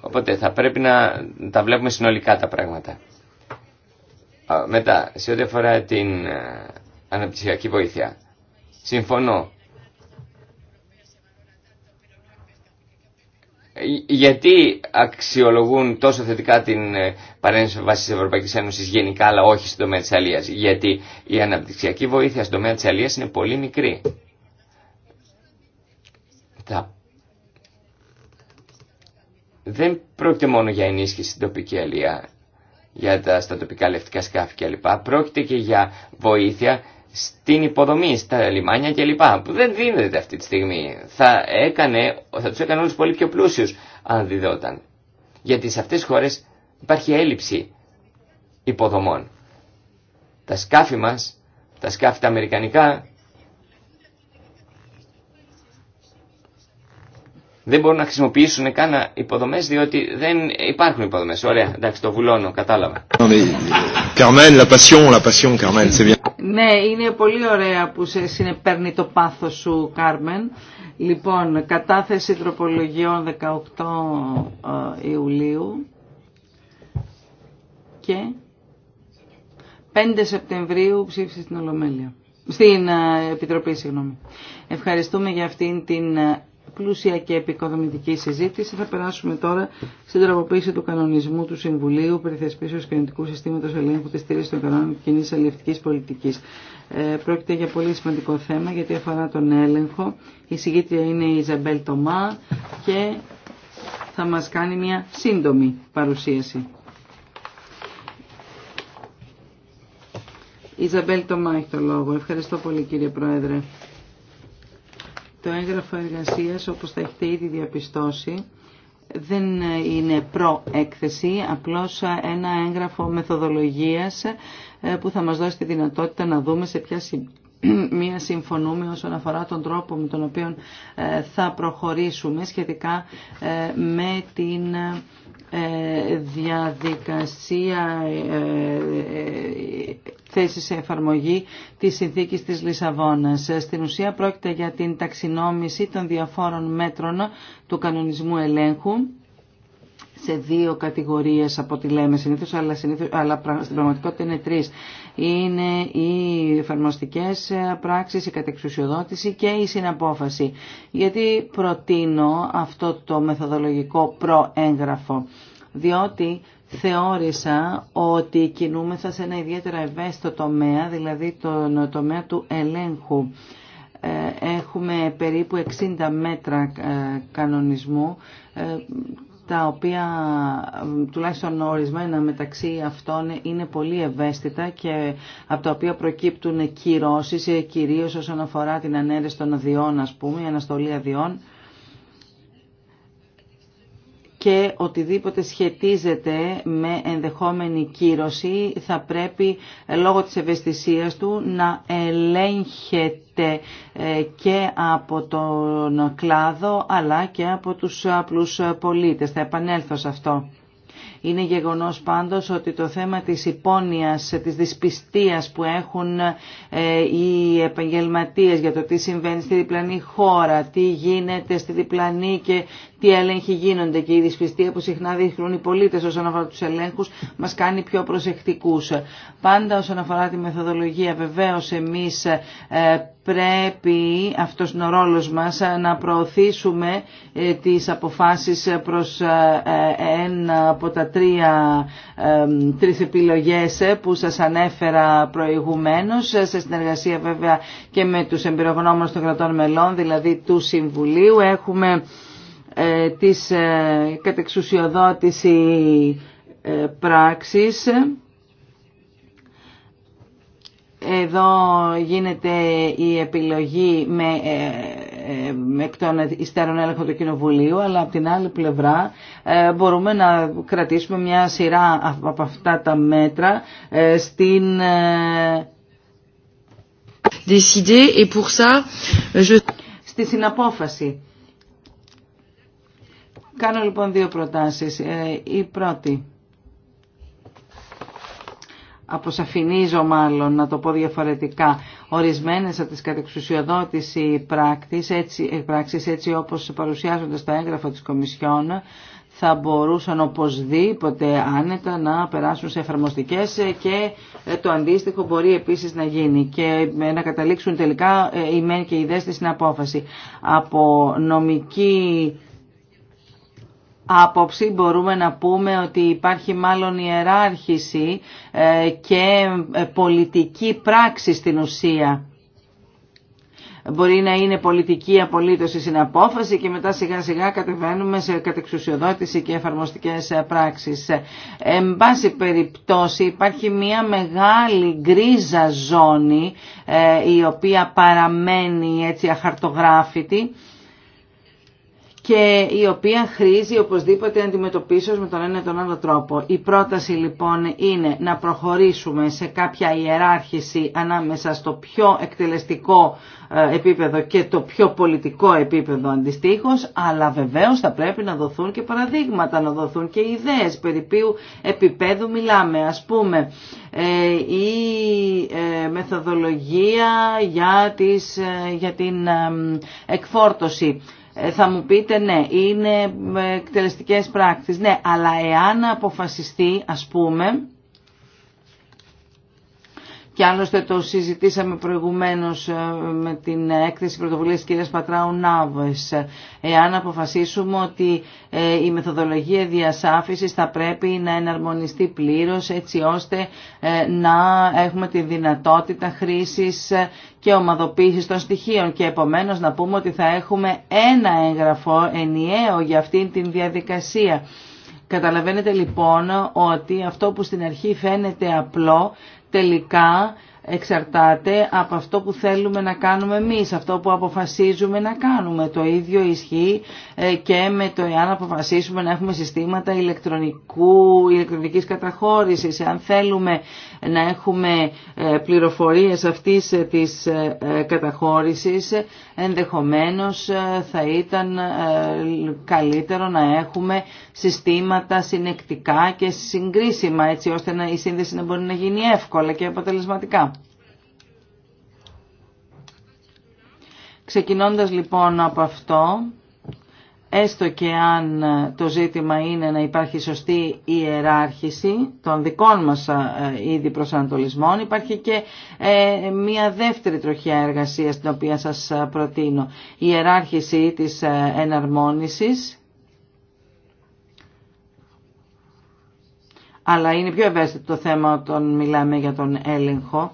Οπότε θα πρέπει να τα βλέπουμε συνολικά τα πράγματα. Μετά, σε ό,τι αφορά την ε, αναπτυξιακή βοήθεια. Συμφωνώ γιατί αξιολογούν τόσο θετικά την ε, παρέμβαση της Ευρωπαϊκής Ένωσης γενικά, αλλά όχι στην τομέα της Αλία. Γιατί η αναπτυξιακή βοήθεια στον τομέα της Αλία είναι πολύ μικρή. Δεν πρόκειται μόνο για ενίσχυση στην τοπική αλία, για τα, στα τοπικά λευτικά σκάφη κλπ. Πρόκειται και για βοήθεια στην υποδομή, στα λιμάνια κλπ. που δεν δίνεται αυτή τη στιγμή. Θα, έκανε, θα τους έκανε όλους πολύ πιο πλούσιους αν διδόταν. Γιατί σε αυτές τις χώρες υπάρχει έλλειψη υποδομών. Τα σκάφη μας, τα σκάφη τα αμερικανικά, δεν μπορούν να χρησιμοποιήσουν καν υποδομέ διότι δεν υπάρχουν υποδομέ. Ωραία, εντάξει, το βουλώνω, κατάλαβα. Ναι, είναι πολύ ωραία που σε συνεπέρνει το πάθο σου, Κάρμεν. Λοιπόν, κατάθεση τροπολογιών 18 ε, Ιουλίου και 5 Σεπτεμβρίου ψήφισε στην Ολομέλεια. Στην ε, Επιτροπή, συγγνώμη. Ευχαριστούμε για αυτήν την ε, πλούσια και επικοδομητική συζήτηση. Θα περάσουμε τώρα στην τροποποίηση του κανονισμού του Συμβουλίου περί θεσπίσεως κινητικού συστήματος ελέγχου τη στήριξης των κανόνων κοινή αλληλευτικής Πολιτική. Ε, πρόκειται για πολύ σημαντικό θέμα γιατί αφορά τον έλεγχο. Η συγγήτρια είναι η Ιζαμπέλ Τομά και θα μας κάνει μια σύντομη παρουσίαση. Ιζαμπέλ Τομά έχει το λόγο. Ευχαριστώ πολύ κύριε Πρόεδρε. Το έγγραφο εργασίας, όπως θα έχετε ήδη διαπιστώσει, δεν είναι προέκθεση, απλώς ένα έγγραφο μεθοδολογίας ε, που θα μας δώσει τη δυνατότητα να δούμε σε ποια μία συμφωνούμε όσον αφορά τον τρόπο με τον οποίο ε, θα προχωρήσουμε σχετικά ε, με την διαδικασία ε, ε, θέση σε εφαρμογή της συνθήκης της Λισαβόνας. Στην ουσία πρόκειται για την ταξινόμηση των διαφόρων μέτρων του κανονισμού ελέγχου σε δύο κατηγορίες από ό,τι λέμε συνήθως, αλλά, συνήθως, αλλά στην πραγματικότητα είναι τρεις είναι οι εφαρμοστικές πράξεις, η κατεξουσιοδότηση και η συναπόφαση. Γιατί προτείνω αυτό το μεθοδολογικό προέγγραφο, διότι θεώρησα ότι κινούμεθα σε ένα ιδιαίτερα ευαίσθητο τομέα, δηλαδή τον τομέα του ελέγχου. Ε, έχουμε περίπου 60 μέτρα ε, κανονισμού ε, τα οποία τουλάχιστον ορισμένα μεταξύ αυτών είναι πολύ ευαίσθητα και από τα οποία προκύπτουν κυρώσεις κυρίως όσον αφορά την ανέρεση των αδειών ας πούμε, η αναστολή αδειών και οτιδήποτε σχετίζεται με ενδεχόμενη κύρωση θα πρέπει ε, λόγω της ευαισθησίας του να ελέγχεται ε, και από τον κλάδο αλλά και από τους απλούς ε, πολίτες. Θα επανέλθω σε αυτό. Είναι γεγονός πάντως ότι το θέμα της υπόνοιας, της δυσπιστίας που έχουν ε, οι επαγγελματίες για το τι συμβαίνει στη διπλανή χώρα, τι γίνεται στη διπλανή και τι έλεγχοι γίνονται και η δυσπιστία που συχνά δείχνουν οι πολίτες όσον αφορά τους ελέγχους μας κάνει πιο προσεκτικούς. Πάντα όσον αφορά τη μεθοδολογία βεβαίως εμείς ε, πρέπει, αυτός είναι ο ρόλος μας, ε, να προωθήσουμε τις αποφάσεις προς ένα από τα τρία, τρεις επιλογές ε, που σας ανέφερα προηγουμένως ε, σε συνεργασία βέβαια και με τους εμπειρογνώμονες των κρατών μελών, δηλαδή του Συμβουλίου. Έχουμε ε, της ε, κατεξουσιοδότηση ε, πράξης. Εδώ γίνεται η επιλογή με ε, εκ των υστέρων έλεγχο του Κοινοβουλίου, αλλά από την άλλη πλευρά ε, μπορούμε να κρατήσουμε μια σειρά από αυτά τα μέτρα ε, στην στη συναπόφαση. Κάνω λοιπόν δύο προτάσεις. Η πρώτη αποσαφηνίζω μάλλον να το πω διαφορετικά ορισμένες από τις κατεξουσιοδότηση πράξεις έτσι, ε, πράξεις, έτσι όπως παρουσιάζονται στα έγγραφα της Κομισιόν θα μπορούσαν οπωσδήποτε άνετα να περάσουν σε εφαρμοστικές και ε, το αντίστοιχο μπορεί επίσης να γίνει και ε, να καταλήξουν τελικά οι μεν και οι δε στην απόφαση. Από νομική άποψη μπορούμε να πούμε ότι υπάρχει μάλλον ιεράρχηση ε, και ε, πολιτική πράξη στην ουσία. Μπορεί να είναι πολιτική απολύτωση στην απόφαση και μετά σιγά σιγά κατεβαίνουμε σε κατεξουσιοδότηση και εφαρμοστικές ε, πράξεις. Εν πάση περιπτώσει υπάρχει μια μεγάλη γκρίζα ζώνη η οποία παραμένει έτσι αχαρτογράφητη και η οποία χρήζει οπωσδήποτε αντιμετωπίσεως με τον ένα ή τον άλλο τρόπο. Η πρόταση λοιπόν είναι να προχωρήσουμε σε κάποια ιεράρχηση ανάμεσα στο πιο εκτελεστικό ε, επίπεδο και το πιο πολιτικό επίπεδο αντιστοίχως, αλλά βεβαίως θα πρέπει να δοθούν και παραδείγματα, να δοθούν και ιδέες περί ποιου επίπεδου μιλάμε. Ας πούμε, ε, η ε, μεθοδολογία για, τις, για την εκφόρτωση ε, θα μου πείτε ναι, είναι ε, εκτελεστικές πράξεις. Ναι, αλλά εάν αποφασιστεί, ας πούμε, και άλλωστε το συζητήσαμε προηγουμένως ε, με την έκθεση πρωτοβουλία της κυρίας Πατράου Νάβες. Εάν αποφασίσουμε ότι ε, η μεθοδολογία διασάφησης θα πρέπει να εναρμονιστεί πλήρως έτσι ώστε ε, να έχουμε τη δυνατότητα χρήσης και ομαδοποίησης των στοιχείων και επομένως να πούμε ότι θα έχουμε ένα έγγραφο ενιαίο για αυτήν την διαδικασία. Καταλαβαίνετε λοιπόν ότι αυτό που στην αρχή φαίνεται απλό τελικά εξαρτάται από αυτό που θέλουμε να κάνουμε εμείς, αυτό που αποφασίζουμε να κάνουμε. Το ίδιο ισχύει ε, και με το εάν αποφασίσουμε να έχουμε συστήματα ηλεκτρονικού, ηλεκτρονικής καταχώρησης, εάν θέλουμε να έχουμε ε, πληροφορίες αυτής ε, της καταχώρησης, ενδεχομένως θα ήταν καλύτερο να έχουμε συστήματα συνεκτικά και συγκρίσιμα, έτσι ώστε η σύνδεση να μπορεί να γίνει εύκολα και αποτελεσματικά. Ξεκινώντας λοιπόν από αυτό, έστω και αν το ζήτημα είναι να υπάρχει σωστή ιεράρχηση των δικών μας ε, είδη προσανατολισμών, υπάρχει και ε, μία δεύτερη τροχιά εργασίας την οποία σας προτείνω. Η ιεράρχηση της ε, εναρμόνισης, αλλά είναι πιο ευαίσθητο το θέμα όταν μιλάμε για τον έλεγχο,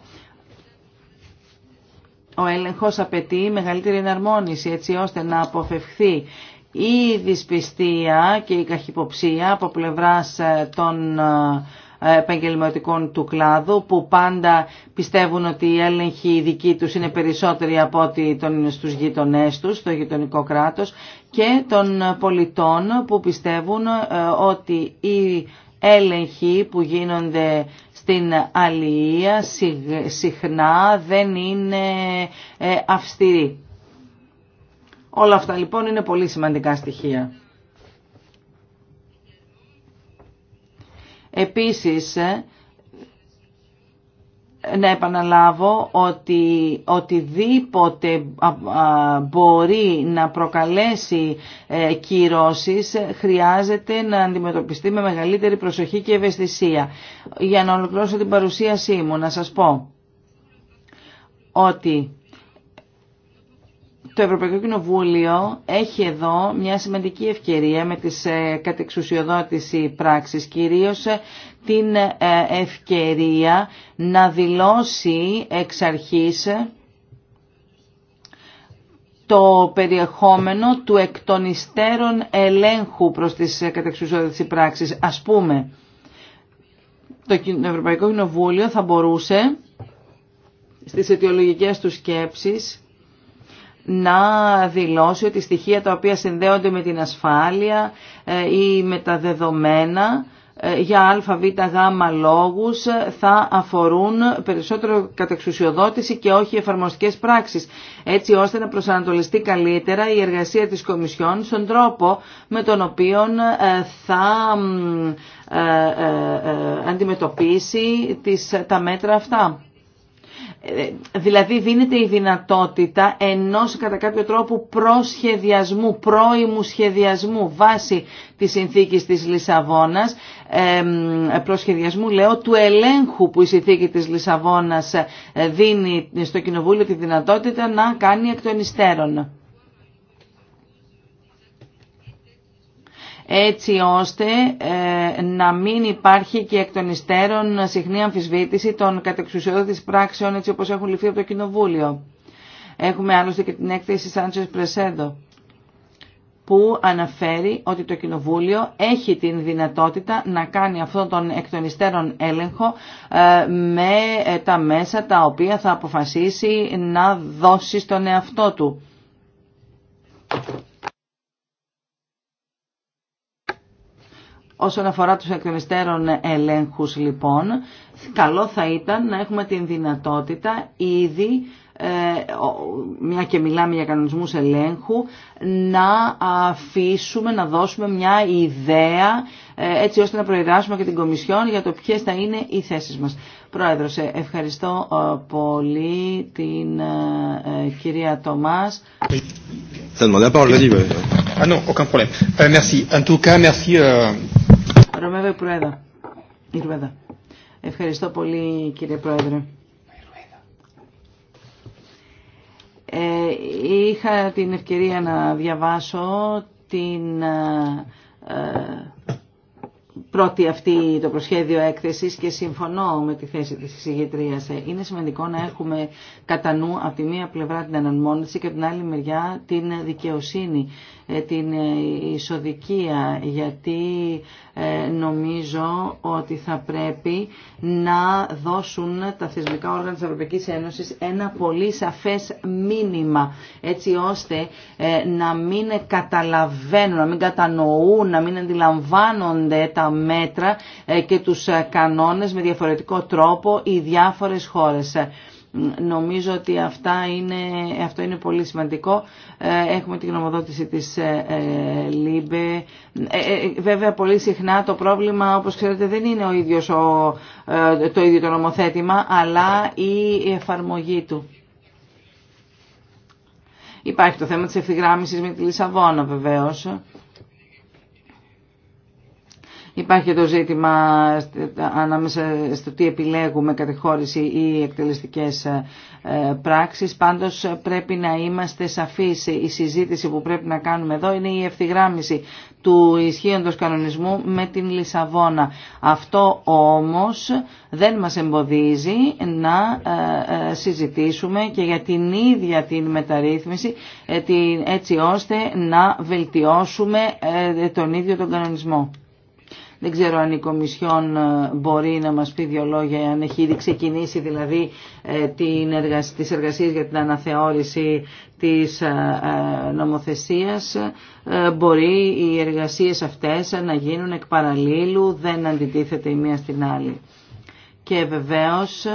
ο έλεγχος απαιτεί μεγαλύτερη εναρμόνιση έτσι ώστε να αποφευχθεί η δυσπιστία και η καχυποψία από πλευράς ε, των ε, επαγγελματικών του κλάδου που πάντα πιστεύουν ότι οι έλεγχοι δικοί τους είναι περισσότεροι από ότι τον, στους γειτονές τους, στο γειτονικό κράτος και των πολιτών που πιστεύουν ε, ότι οι έλεγχοι που γίνονται στην αλληλεία συχνά δεν είναι ε, αυστηρή. Όλα αυτά λοιπόν είναι πολύ σημαντικά στοιχεία. Επίσης, ε, να επαναλάβω ότι οτιδήποτε μπορεί να προκαλέσει ε, κυρώσεις χρειάζεται να αντιμετωπιστεί με μεγαλύτερη προσοχή και ευαισθησία. Για να ολοκληρώσω την παρουσίασή μου, να σας πω ότι το Ευρωπαϊκό Κοινοβούλιο έχει εδώ μια σημαντική ευκαιρία με τις ε, κατεξουσιοδότηση πράξεις, κυρίως ε, την ε, ευκαιρία να δηλώσει εξ αρχής το περιεχόμενο του εκτονιστέρων ελέγχου προς τις κατεξουσιώδες πράξεις. Ας πούμε, το Ευρωπαϊκό Κοινοβούλιο θα μπορούσε στις αιτιολογικές του σκέψεις να δηλώσει ότι στοιχεία τα οποία συνδέονται με την ασφάλεια ε, ή με τα δεδομένα ε, για α, β, γ λόγους ε, θα αφορούν περισσότερο κατεξουσιοδότηση και όχι εφαρμοστικές πράξεις, έτσι ώστε να προσανατολιστεί καλύτερα η εργασία της Κομισιόν στον τρόπο με τον οποίο ε, θα αντιμετωπίσει τις, τα μέτρα αυτά. Δηλαδή δίνεται η δυνατότητα ενός κατά κάποιο τρόπο προσχεδιασμού, πρώιμου σχεδιασμού βάσει της συνθήκης της Λισαβόνας προσχεδιασμού, λέω, του ελέγχου που η συνθήκη της Λισαβόνας ε, δίνει στο Κοινοβούλιο τη δυνατότητα να κάνει εκ των υστέρων. έτσι ώστε ε, να μην υπάρχει και εκ των υστέρων συχνή αμφισβήτηση των κατεξουσιώδης πράξεων έτσι όπως έχουν ληφθεί από το Κοινοβούλιο. Έχουμε άλλωστε και την έκθεση Σάντσες Πρεσέντο που αναφέρει ότι το Κοινοβούλιο έχει την δυνατότητα να κάνει αυτόν τον εκ των έλεγχο ε, με τα μέσα τα οποία θα αποφασίσει να δώσει στον εαυτό του. Όσον αφορά τους εκτονιστέρων ελέγχους λοιπόν, καλό θα ήταν να έχουμε την δυνατότητα ήδη ε, μια και μιλάμε για κανονισμούς ελέγχου, να αφήσουμε, να δώσουμε μια ιδέα ε, έτσι ώστε να προειδράσουμε και την Κομισιόν για το ποιες θα είναι οι θέσεις μας. Πρόεδρος, ε, ευχαριστώ πολύ την κυρία Τομάς. Ευχαριστώ πολύ κύριε Πρόεδρε. Ε, είχα την ευκαιρία να διαβάσω την ε, ε, πρώτη αυτή το προσχέδιο έκθεσης και συμφωνώ με τη θέση της εισηγητρίας. Είναι σημαντικό να έχουμε κατά νου από τη μία πλευρά την αναμόνηση και από την άλλη μεριά την δικαιοσύνη. Ε, την ε, ισοδικία γιατί ε, νομίζω ότι θα πρέπει να δώσουν τα θεσμικά όργανα της Ευρωπαϊκής Ένωσης ένα πολύ σαφές μήνυμα έτσι ώστε να μην καταλαβαίνουν, να μην κατανοούν, να μην αντιλαμβάνονται τα μέτρα και τους κανόνες με διαφορετικό τρόπο οι διάφορες χώρες. Νομίζω ότι αυτά είναι, αυτό είναι πολύ σημαντικό. Ε, έχουμε την γνωμοδότηση της ε, ε, ΛΥΜΠΕ. Βέβαια πολύ συχνά το πρόβλημα όπως ξέρετε δεν είναι ο ίδιος το ίδιο το νομοθέτημα αλλά η εφαρμογή του. Υπάρχει το θέμα της ευθυγράμμισης με τη Λισαβόνα βεβαίως Υπάρχει το ζήτημα ανάμεσα στο τι επιλέγουμε κατεχώρηση ή εκτελεστικές ε, πράξεις. Πάντως πρέπει να είμαστε σαφείς. Η συζήτηση που πρέπει να κάνουμε εδώ είναι η ευθυγράμμιση του ισχύοντος κανονισμού με την Λισαβόνα. Αυτό όμως δεν μας εμποδίζει να ε, ε, συζητήσουμε και για την ίδια την μεταρρύθμιση έτσι ώστε να βελτιώσουμε τον ίδιο τον κανονισμό. Δεν ξέρω αν η Κομισιόν ε, μπορεί να μας πει δύο λόγια, αν έχει ήδη ξεκινήσει δηλαδή ε, τις εργασίες για την αναθεώρηση της ε, νομοθεσίας. Μπορεί οι εργασίες αυτές να γίνουν εκ παραλίλου, δεν αντιτίθεται η μία στην άλλη. Και βεβαίως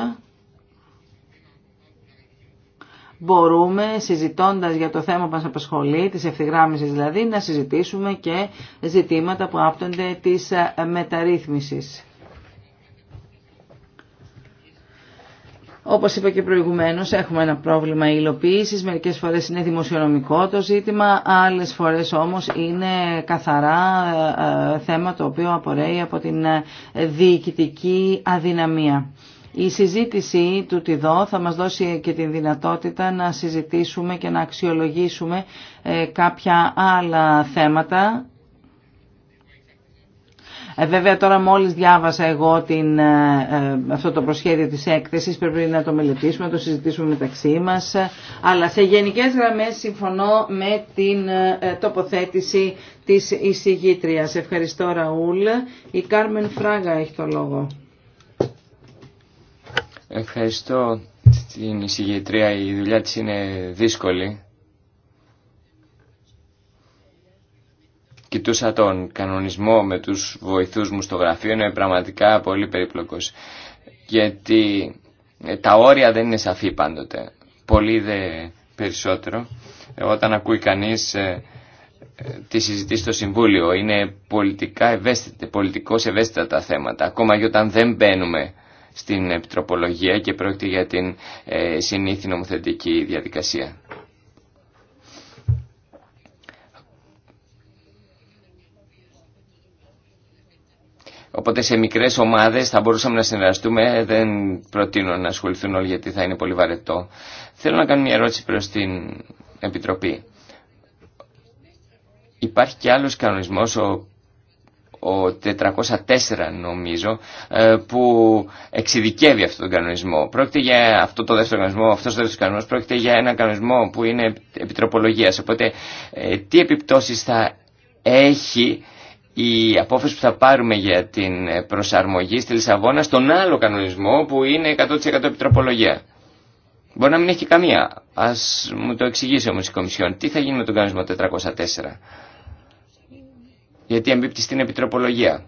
μπορούμε συζητώντας για το θέμα που μας απασχολεί, της ευθυγράμμισης δηλαδή, να συζητήσουμε και ζητήματα που άπτονται της ε, μεταρρύθμισης. Όπως είπα και προηγουμένως, έχουμε ένα πρόβλημα υλοποίηση. Μερικές φορές είναι δημοσιονομικό το ζήτημα, άλλες φορές όμως είναι καθαρά ε, ε, θέμα το οποίο απορρέει από την διοικητική αδυναμία. Η συζήτηση του ΤΙΔΟ θα μας δώσει και τη δυνατότητα να συζητήσουμε και να αξιολογήσουμε ε, κάποια άλλα θέματα. Ε, βέβαια τώρα μόλις διάβασα εγώ την, ε, ε, αυτό το προσχέδιο της έκθεσης, πρέπει να το μελετήσουμε, να το συζητήσουμε μεταξύ μας, αλλά σε γενικές γραμμές συμφωνώ με την τοποθέτηση της εισηγήτριας. Ευχαριστώ Ραούλ. Η Κάρμεν Φράγα έχει το λόγο. Ευχαριστώ την εισηγητρία. Η δουλειά της είναι δύσκολη. Κοιτούσα τον κανονισμό με τους βοηθούς μου στο γραφείο. Είναι πραγματικά πολύ περίπλοκος. Γιατί ε, τα όρια δεν είναι σαφή πάντοτε. Πολύ δε περισσότερο. Όταν ακούει κανείς ε, ε, τη συζητή στο Συμβούλιο. Είναι πολιτικά ευαίσθητα, πολιτικώς ευαίσθητα τα θέματα. Ακόμα και όταν δεν μπαίνουμε στην επιτροπολογία και πρόκειται για την ε, νομοθετική διαδικασία. Οπότε σε μικρέ ομάδε θα μπορούσαμε να συνεργαστούμε. Δεν προτείνω να ασχοληθούν όλοι γιατί θα είναι πολύ βαρετό. Θέλω να κάνω μια ερώτηση προ την Επιτροπή. Υπάρχει και άλλο κανονισμό, ο ο 404 νομίζω ε, που εξειδικεύει αυτόν τον κανονισμό. Πρόκειται για αυτό το δεύτερο κανονισμό, αυτός ο δεύτερος κανονισμός πρόκειται για ένα κανονισμό που είναι επιτροπολογίας. Οπότε ε, τι επιπτώσεις θα έχει η απόφαση που θα πάρουμε για την προσαρμογή στη Λισαβόνα στον άλλο κανονισμό που είναι 100% επιτροπολογία. Μπορεί να μην έχει καμία. Ας μου το εξηγήσει όμως η Κομισιόν. Τι θα γίνει με τον κανονισμό 404 γιατί εμπίπτει στην επιτροπολογία.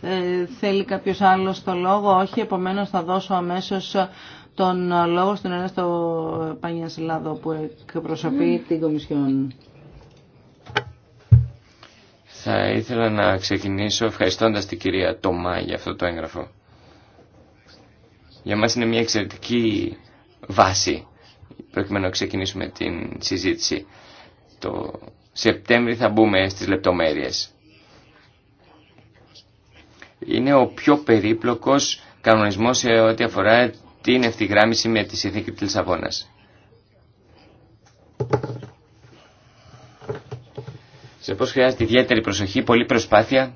Ε, θέλει κάποιος άλλος το λόγο, όχι, επομένως θα δώσω αμέσως τον λόγο στον Ενέστο Πάνια που εκπροσωπεί την Κομισιόν. Θα ήθελα να ξεκινήσω ευχαριστώντας την κυρία Τομά για αυτό το έγγραφο για μας είναι μια εξαιρετική βάση προκειμένου να ξεκινήσουμε την συζήτηση. Το Σεπτέμβρη θα μπούμε στις λεπτομέρειες. Είναι ο πιο περίπλοκος κανονισμός σε ό,τι αφορά την ευθυγράμμιση με τη συνθήκη της Λισαβόνας. Σε πώς χρειάζεται ιδιαίτερη προσοχή, πολλή προσπάθεια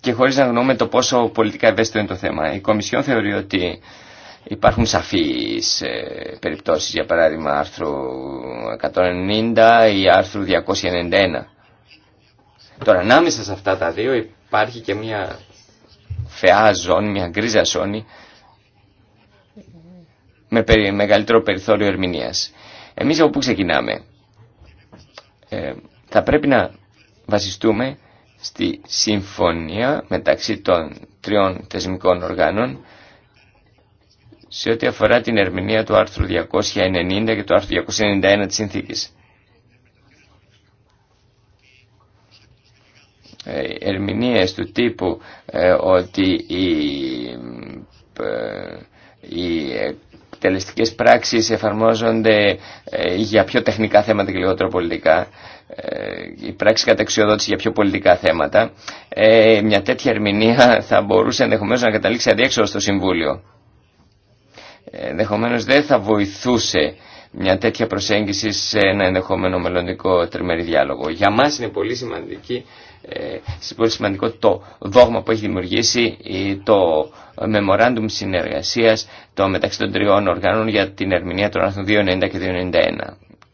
και χωρίς να γνωρούμε το πόσο πολιτικά ευαίσθητο είναι το θέμα. Η Κομισιόν θεωρεί ότι υπάρχουν σαφείς ε, περιπτώσεις, για παράδειγμα άρθρου 190 ή άρθρου 291. Τώρα ανάμεσα σε αυτά τα δύο υπάρχει και μια φαιά ζώνη, μια γκρίζα ζώνη με μεγαλύτερο περιθώριο ερμηνείας. Εμείς από πού ξεκινάμε. Ε, θα πρέπει να βασιστούμε στη συμφωνία μεταξύ των τριών θεσμικών οργάνων σε ό,τι αφορά την ερμηνεία του άρθρου 290 και του άρθρου 291 της συνθήκης. Ε, ερμηνείες του τύπου ε, ότι οι, ε, οι εκτελεστικές πράξεις εφαρμόζονται ε, για πιο τεχνικά θέματα και λιγότερο πολιτικά ε, η πράξη καταξιοδότηση για πιο πολιτικά θέματα, ε, μια τέτοια ερμηνεία θα μπορούσε ενδεχομένως να καταλήξει αδιέξοδο στο Συμβούλιο. Ε, Ενδεχομένω δεν θα βοηθούσε μια τέτοια προσέγγιση σε ένα ενδεχόμενο μελλοντικό τριμερή διάλογο. Για μας είναι πολύ σημαντική πολύ σημαντικό το δόγμα που έχει δημιουργήσει το Memorandum Συνεργασίας το μεταξύ των τριών οργάνων για την ερμηνεία των άρθρων 290 και 291.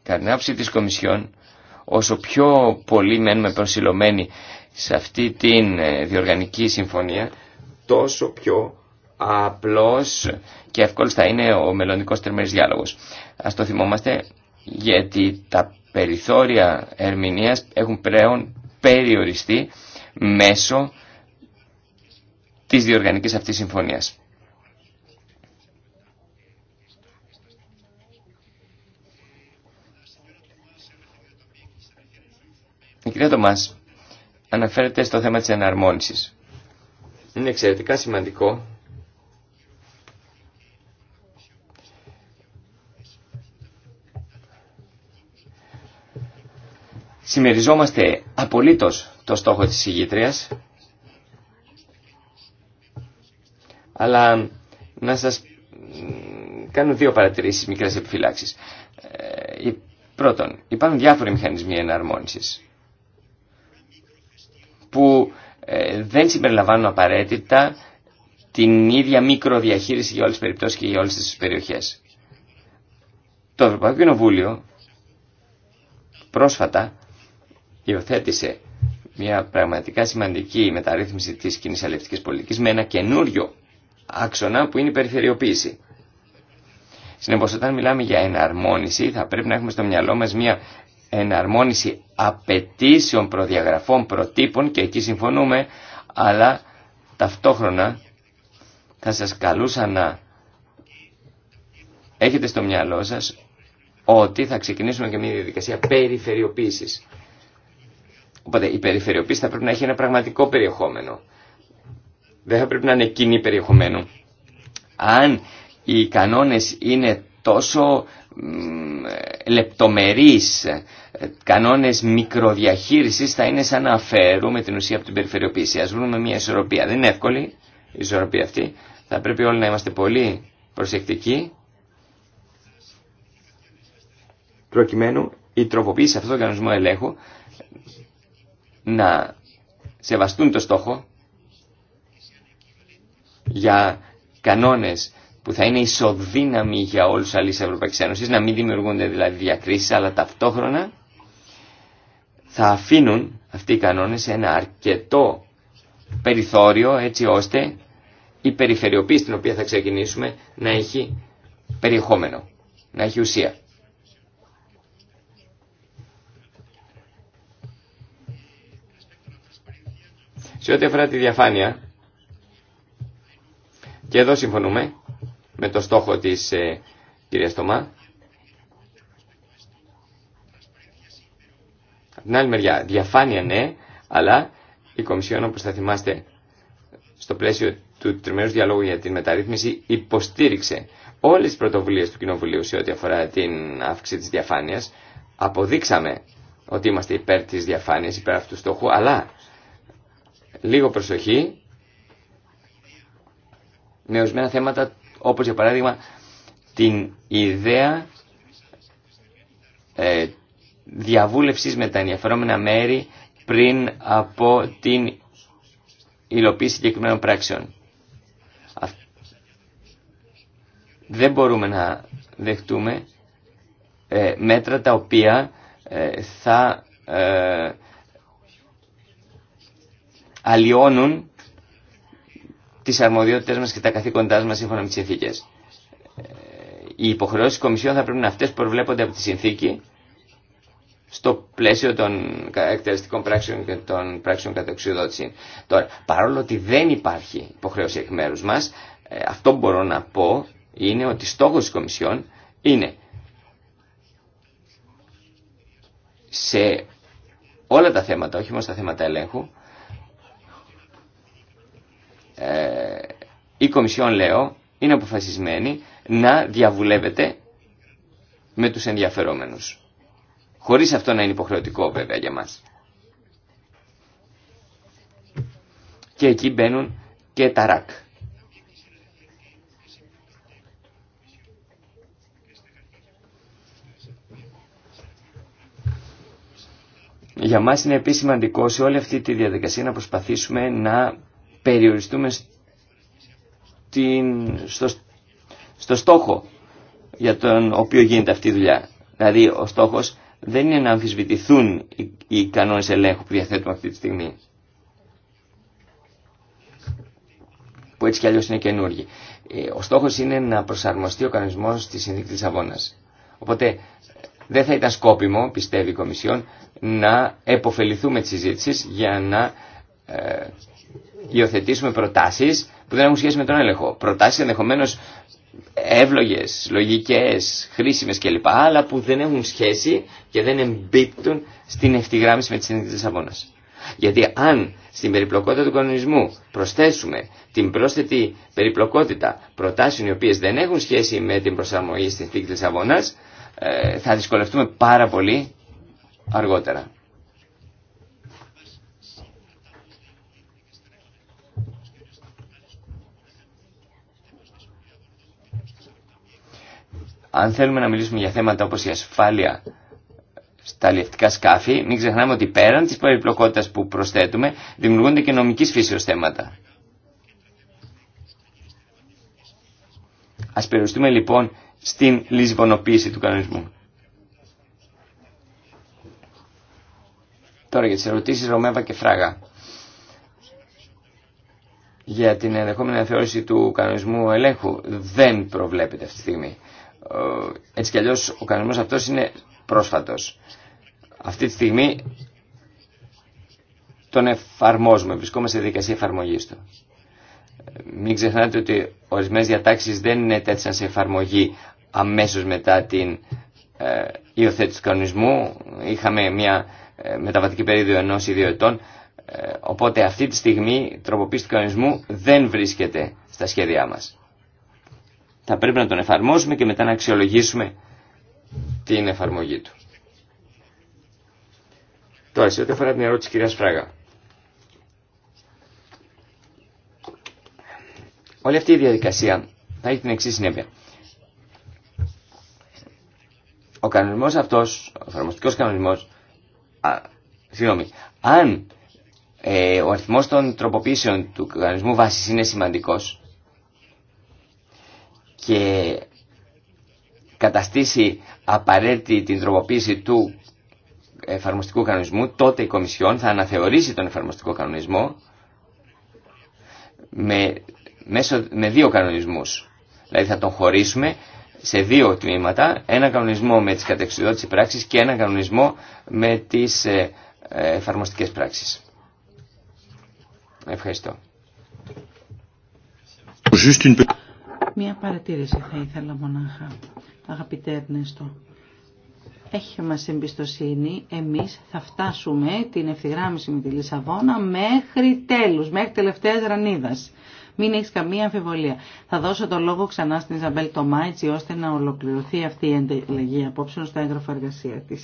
Κατά την άποψη της Κομισιόν όσο πιο πολύ μένουμε προσιλωμένοι σε αυτή την ε, διοργανική συμφωνία, τόσο πιο απλός και εύκολος θα είναι ο μελλοντικό τερμερής διάλογος. Ας το θυμόμαστε γιατί τα περιθώρια ερμηνείας έχουν πλέον περιοριστεί μέσω της διοργανικής αυτής συμφωνίας. Η κυρία Τομάς αναφέρεται στο θέμα της εναρμόνισης. Είναι εξαιρετικά σημαντικό Συμμεριζόμαστε απολύτως το στόχο της ηγήτριας, αλλά να σας κάνω δύο παρατηρήσεις, μικρές επιφυλάξεις. Ε, πρώτον, υπάρχουν διάφοροι μηχανισμοί εναρμόνισης. δεν συμπεριλαμβάνουν απαραίτητα την ίδια μικροδιαχείριση για όλες τις περιπτώσεις και για όλες τις περιοχές. Το Ευρωπαϊκό Κοινοβούλιο πρόσφατα υιοθέτησε μια πραγματικά σημαντική μεταρρύθμιση της κοινή αλληλευτικής πολιτικής με ένα καινούριο άξονα που είναι η περιφερειοποίηση. Συνεπώς όταν μιλάμε για εναρμόνιση θα πρέπει να έχουμε στο μυαλό μας μια εναρμόνιση απαιτήσεων προδιαγραφών προτύπων και εκεί συμφωνούμε αλλά ταυτόχρονα θα σας καλούσα να έχετε στο μυαλό σας ότι θα ξεκινήσουμε και μια διαδικασία περιφερειοποίησης. Οπότε η περιφερειοποίηση θα πρέπει να έχει ένα πραγματικό περιεχόμενο. Δεν θα πρέπει να είναι κοινή περιεχομένου. Αν οι κανόνες είναι τόσο ε, λεπτομερείς ε, κανόνες μικροδιαχείρισης θα είναι σαν να αφαιρούμε την ουσία από την περιφερειοποίηση. Ας βρούμε μια ισορροπία. Δεν είναι εύκολη η ισορροπία αυτή. Θα πρέπει όλοι να είμαστε πολύ προσεκτικοί προκειμένου η τροποποίηση αυτού τον κανονισμό ελέγχου να σεβαστούν το στόχο για κανόνες που θα είναι ισοδύναμη για όλους τους αλληλείς Ευρωπαϊκής Ένωσης, να μην δημιουργούνται δηλαδή διακρίσεις, αλλά ταυτόχρονα θα αφήνουν αυτοί οι κανόνες ένα αρκετό περιθώριο έτσι ώστε η περιφερειοποίηση την οποία θα ξεκινήσουμε να έχει περιεχόμενο, να έχει ουσία. Σε ό,τι αφορά τη διαφάνεια, και εδώ συμφωνούμε, με το στόχο της ε, κυρίας Από την άλλη μεριά, διαφάνεια ναι, αλλά η Κομισιόν, όπως θα θυμάστε, στο πλαίσιο του τριμερούς διαλόγου για την μεταρρύθμιση, υποστήριξε όλες τις πρωτοβουλίες του Κοινοβουλίου σε ό,τι αφορά την αύξηση της διαφάνειας. Αποδείξαμε ότι είμαστε υπέρ της διαφάνειας, υπέρ αυτού του στόχου, αλλά λίγο προσοχή με ορισμένα θέματα όπως για παράδειγμα την ιδέα ε, διαβούλευσης με τα ενδιαφερόμενα μέρη πριν από την υλοποίηση συγκεκριμένων πράξεων. Δεν μπορούμε να δεχτούμε ε, μέτρα τα οποία ε, θα ε, αλλοιώνουν τι αρμοδιότητε μα και τα καθήκοντά μα σύμφωνα με τι συνθήκε. Ε, οι υποχρεώσει της Κομισιόν θα πρέπει να αυτέ που προβλέπονται από τη συνθήκη στο πλαίσιο των εκτελεστικών πράξεων και των πράξεων κατά Τώρα, παρόλο ότι δεν υπάρχει υποχρέωση εκ μέρους μας, ε, αυτό που μπορώ να πω είναι ότι στόχο τη Κομισιόν είναι σε όλα τα θέματα, όχι μόνο στα θέματα ελέγχου, ε, η Κομισιόν, λέω, είναι αποφασισμένη να διαβουλεύεται με τους ενδιαφερόμενους. Χωρίς αυτό να είναι υποχρεωτικό βέβαια για μας. Και εκεί μπαίνουν και τα ΡΑΚ. Για μας είναι επίσημα σημαντικό σε όλη αυτή τη διαδικασία να προσπαθήσουμε να περιοριστούμε στην, στο, στόχο για τον οποίο γίνεται αυτή η δουλειά. Δηλαδή ο στόχος δεν είναι να αμφισβητηθούν οι, οι κανόνες ελέγχου που διαθέτουμε αυτή τη στιγμή. Που έτσι κι αλλιώς είναι καινούργοι. Ε, ο στόχος είναι να προσαρμοστεί ο κανονισμός της συνθήκη της Αβώνας. Οπότε δεν θα ήταν σκόπιμο, πιστεύει η Κομισιόν, να επωφεληθούμε τη συζήτηση για να ε, υιοθετήσουμε προτάσεις που δεν έχουν σχέση με τον έλεγχο. Προτάσεις ενδεχομένω εύλογε, λογικές, χρήσιμες κλπ. Αλλά που δεν έχουν σχέση και δεν εμπίπτουν στην ευθυγράμμιση με τη συνθήκη τη Λισαβόνα. Γιατί αν στην περιπλοκότητα του κανονισμού προσθέσουμε την πρόσθετη περιπλοκότητα προτάσεων οι οποίε δεν έχουν σχέση με την προσαρμογή στην θήκη της Λισαβόνα, ε, θα δυσκολευτούμε πάρα πολύ αργότερα. Αν θέλουμε να μιλήσουμε για θέματα όπως η ασφάλεια στα λιευτικά σκάφη, μην ξεχνάμε ότι πέραν της περιπλοκότητας που προσθέτουμε, δημιουργούνται και νομικής φύσεως θέματα. Ας περιοριστούμε λοιπόν στην λησβονοποίηση του κανονισμού. Τώρα για τις ερωτήσεις Ρωμέβα και Φράγα. Για την ενδεχόμενη αναθεώρηση του κανονισμού ελέγχου δεν προβλέπεται αυτή τη στιγμή. Ε, έτσι κι αλλιώς ο κανονισμός αυτός είναι πρόσφατος. Αυτή τη στιγμή τον εφαρμόζουμε, βρισκόμαστε σε δικασία εφαρμογής του. Μην ξεχνάτε ότι ορισμένες διατάξεις δεν ετέθησαν σε εφαρμογή αμέσως μετά την ε, υιοθέτηση του κανονισμού. Είχαμε μια ε, μεταβατική περίοδο ενός ή δύο ετών, ε, οπότε αυτή τη στιγμή η δυο ετων οποτε αυτη τη στιγμη η τροποποιηση του κανονισμού δεν βρίσκεται στα σχέδιά μας. Θα πρέπει να τον εφαρμόσουμε και μετά να αξιολογήσουμε την εφαρμογή του. Τώρα, σε ό,τι αφορά την ερώτηση της κυρίας Φράγα. Όλη αυτή η διαδικασία θα έχει την εξή συνέπεια. Ο κανονισμός αυτός, ο εφαρμοστικός κανονισμός, α, αν ε, ο αριθμός των τροποποίησεων του κανονισμού βάσης είναι σημαντικός, και καταστήσει απαραίτητη την τροποποίηση του εφαρμοστικού κανονισμού, τότε η Κομισιόν θα αναθεωρήσει τον εφαρμοστικό κανονισμό με, μέσω, με δύο κανονισμούς. Δηλαδή θα τον χωρίσουμε σε δύο τμήματα, ένα κανονισμό με τις κατεξιδότητες πράξεις και ένα κανονισμό με τις ε, ε, εφαρμοστικές πράξεις. Ευχαριστώ. Μία παρατήρηση θα ήθελα μονάχα, αγαπητέ Έρνεστο. Έχει μας εμπιστοσύνη, εμείς θα φτάσουμε την ευθυγράμμιση με τη Λισαβόνα μέχρι τέλους, μέχρι τελευταίας ρανίδας. Μην έχει καμία αμφιβολία. Θα δώσω το λόγο ξανά στην Ιζαμπέλ Τομά, ώστε να ολοκληρωθεί αυτή η εντελεγή απόψεων στα έγγραφο εργασία τη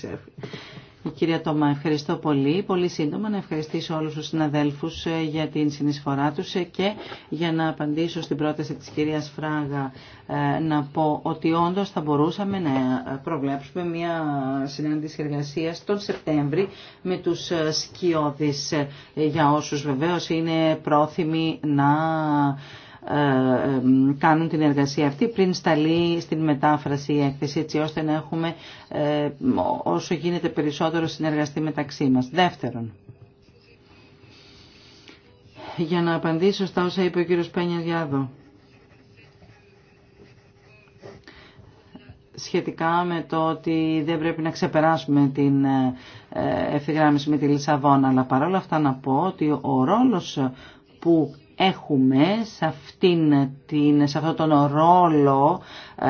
η κυρία Τόμα, ευχαριστώ πολύ. Πολύ σύντομα να ευχαριστήσω όλους τους συναδέλφους ε, για την συνεισφορά τους ε, και για να απαντήσω στην πρόταση της κυρίας Φράγα ε, να πω ότι όντως θα μπορούσαμε να προβλέψουμε μια συνάντηση εργασία τον Σεπτέμβρη με τους σκιώδεις για όσους βεβαίως είναι πρόθυμοι να ε, ε, κάνουν την εργασία αυτή πριν σταλεί στην μετάφραση η έκθεση έτσι ώστε να έχουμε ε, όσο γίνεται περισσότερο συνεργαστεί μεταξύ μας. Δεύτερον, για να απαντήσω στα όσα είπε ο κύριος Πένια Διάδο. σχετικά με το ότι δεν πρέπει να ξεπεράσουμε την ευθυγράμμιση με τη Λισαβόνα. Αλλά παρόλα αυτά να πω ότι ο ρόλος που έχουμε σε, αυτήν την, σε αυτόν τον ρόλο ε,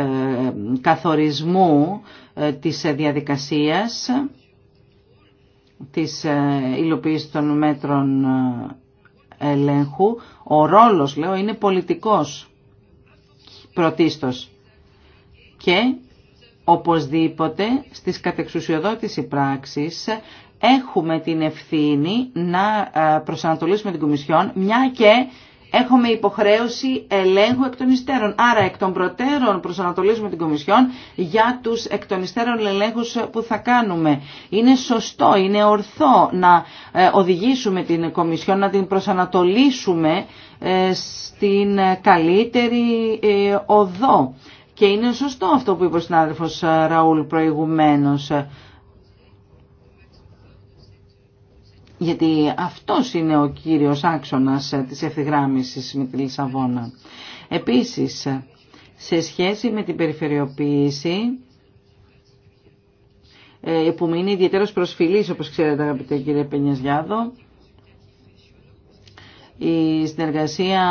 ε, καθορισμού ε, της διαδικασίας της υλοποίησης των μέτρων ελέγχου. Ο ρόλος, λέω, είναι πολιτικός πρωτίστως και οπωσδήποτε στις κατεξουσιοδότηση πράξεις έχουμε την ευθύνη να ε, προσανατολίσουμε την Κομισιόν, μια και έχουμε υποχρέωση ελέγχου εκ των υστέρων. Άρα εκ των προτέρων προσανατολίσουμε την Κομισιόν για τους εκ των υστέρων ελέγχους που θα κάνουμε. Είναι σωστό, είναι ορθό να ε, οδηγήσουμε την Κομισιόν, να την προσανατολίσουμε ε, στην καλύτερη οδό. Και είναι σωστό αυτό που είπε ο συνάδελφος Ραούλ προηγουμένως. γιατί αυτός είναι ο κύριος άξονας ε, της ευθυγράμμισης με τη Λισαβόνα. Επίσης, σε σχέση με την περιφερειοποίηση, ε, που είναι ιδιαίτερος προσφυλής, όπως ξέρετε αγαπητέ κύριε Πενιαζιάδο, η συνεργασία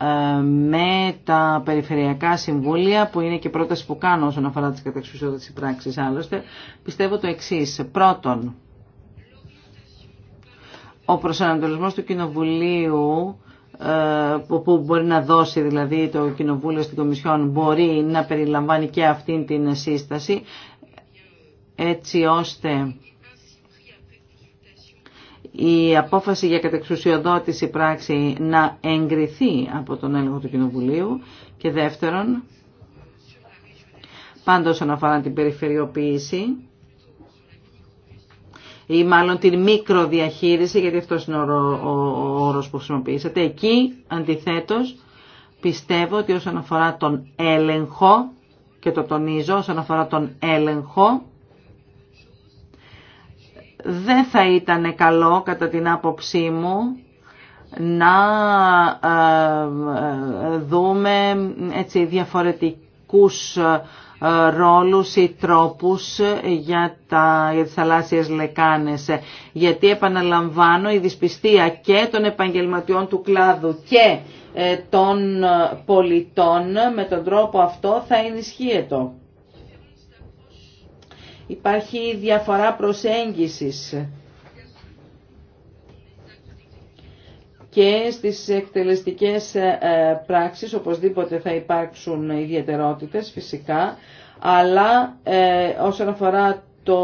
ε, με τα περιφερειακά συμβούλια που είναι και πρόταση που κάνω όσον αφορά τις της πράξεις άλλωστε πιστεύω το εξής πρώτον ο προσανατολισμός του Κοινοβουλίου ε, που μπορεί να δώσει δηλαδή το Κοινοβούλιο στην Κομισιόν μπορεί να περιλαμβάνει και αυτήν την σύσταση έτσι ώστε η απόφαση για κατεξουσιοδότηση πράξη να εγκριθεί από τον έλεγχο του Κοινοβουλίου και δεύτερον πάντως αναφορά την περιφερειοποίηση ή μάλλον την μικροδιαχείριση, γιατί αυτός είναι ο όρος που χρησιμοποιήσατε. Εκεί, αντιθέτως, πιστεύω ότι όσον αφορά τον έλεγχο, και το τονίζω, όσον αφορά τον έλεγχο, δεν θα ήταν καλό, κατά την άποψή μου, να ε, ε, δούμε έτσι διαφορετικά ειδικούς ε, ε, ρόλους ή τρόπους ε, για, τα, για τις θαλάσσιες λεκάνες. Γιατί επαναλαμβάνω η δυσπιστία και των επαγγελματιών του κλάδου και των πολιτών με τον τρόπο αυτό θα ενισχύεται. Υπάρχει διαφορά προσέγγισης και στις εκτελεστικές ε, ε, πράξεις οπωσδήποτε θα υπάρξουν ιδιαιτερότητες φυσικά, αλλά ε, όσον αφορά το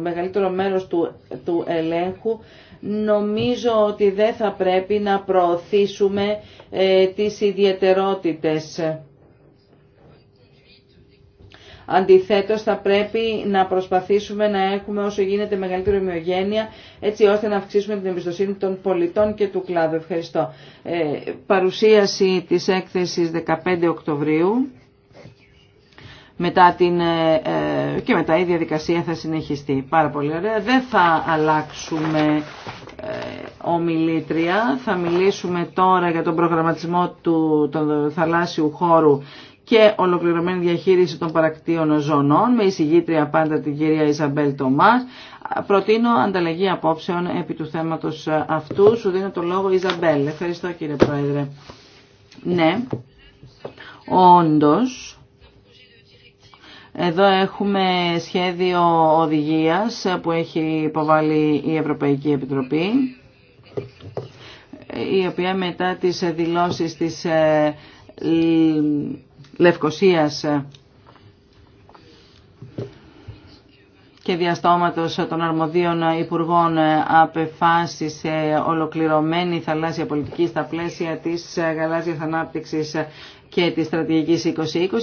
μεγαλύτερο μέρος του, του ελέγχου νομίζω ότι δεν θα πρέπει να προωθήσουμε τις ιδιαιτερότητες. Αντιθέτως θα πρέπει να προσπαθήσουμε να έχουμε όσο γίνεται μεγαλύτερη ομοιογένεια έτσι ώστε να αυξήσουμε την εμπιστοσύνη των πολιτών και του κλάδου. Ευχαριστώ. Ε, παρουσίαση της έκθεσης 15 Οκτωβρίου. Μετά την, ε, ε, και μετά η διαδικασία θα συνεχιστεί. Πάρα πολύ ωραία. Δεν θα αλλάξουμε ε, ομιλήτρια. Θα μιλήσουμε τώρα για τον προγραμματισμό του, του θαλάσσιου χώρου και ολοκληρωμένη διαχείριση των παρακτήων ζωνών με εισηγήτρια πάντα την κυρία Ιζαμπέλ Τομάς. Προτείνω ανταλλαγή απόψεων επί του θέματος αυτού. Σου δίνω το λόγο Ιζαμπέλ. Ευχαριστώ κύριε Πρόεδρε. Ναι, Όντω. Εδώ έχουμε σχέδιο οδηγίας που έχει υποβάλει η Ευρωπαϊκή Επιτροπή η οποία μετά τις δηλώσεις της ε, Λευκοσίας ε, και διαστόματος των αρμοδίων υπουργών ε, απεφάσισε ολοκληρωμένη θαλάσσια πολιτική στα πλαίσια της ε, γαλάζιας ανάπτυξης και της στρατηγικής 2020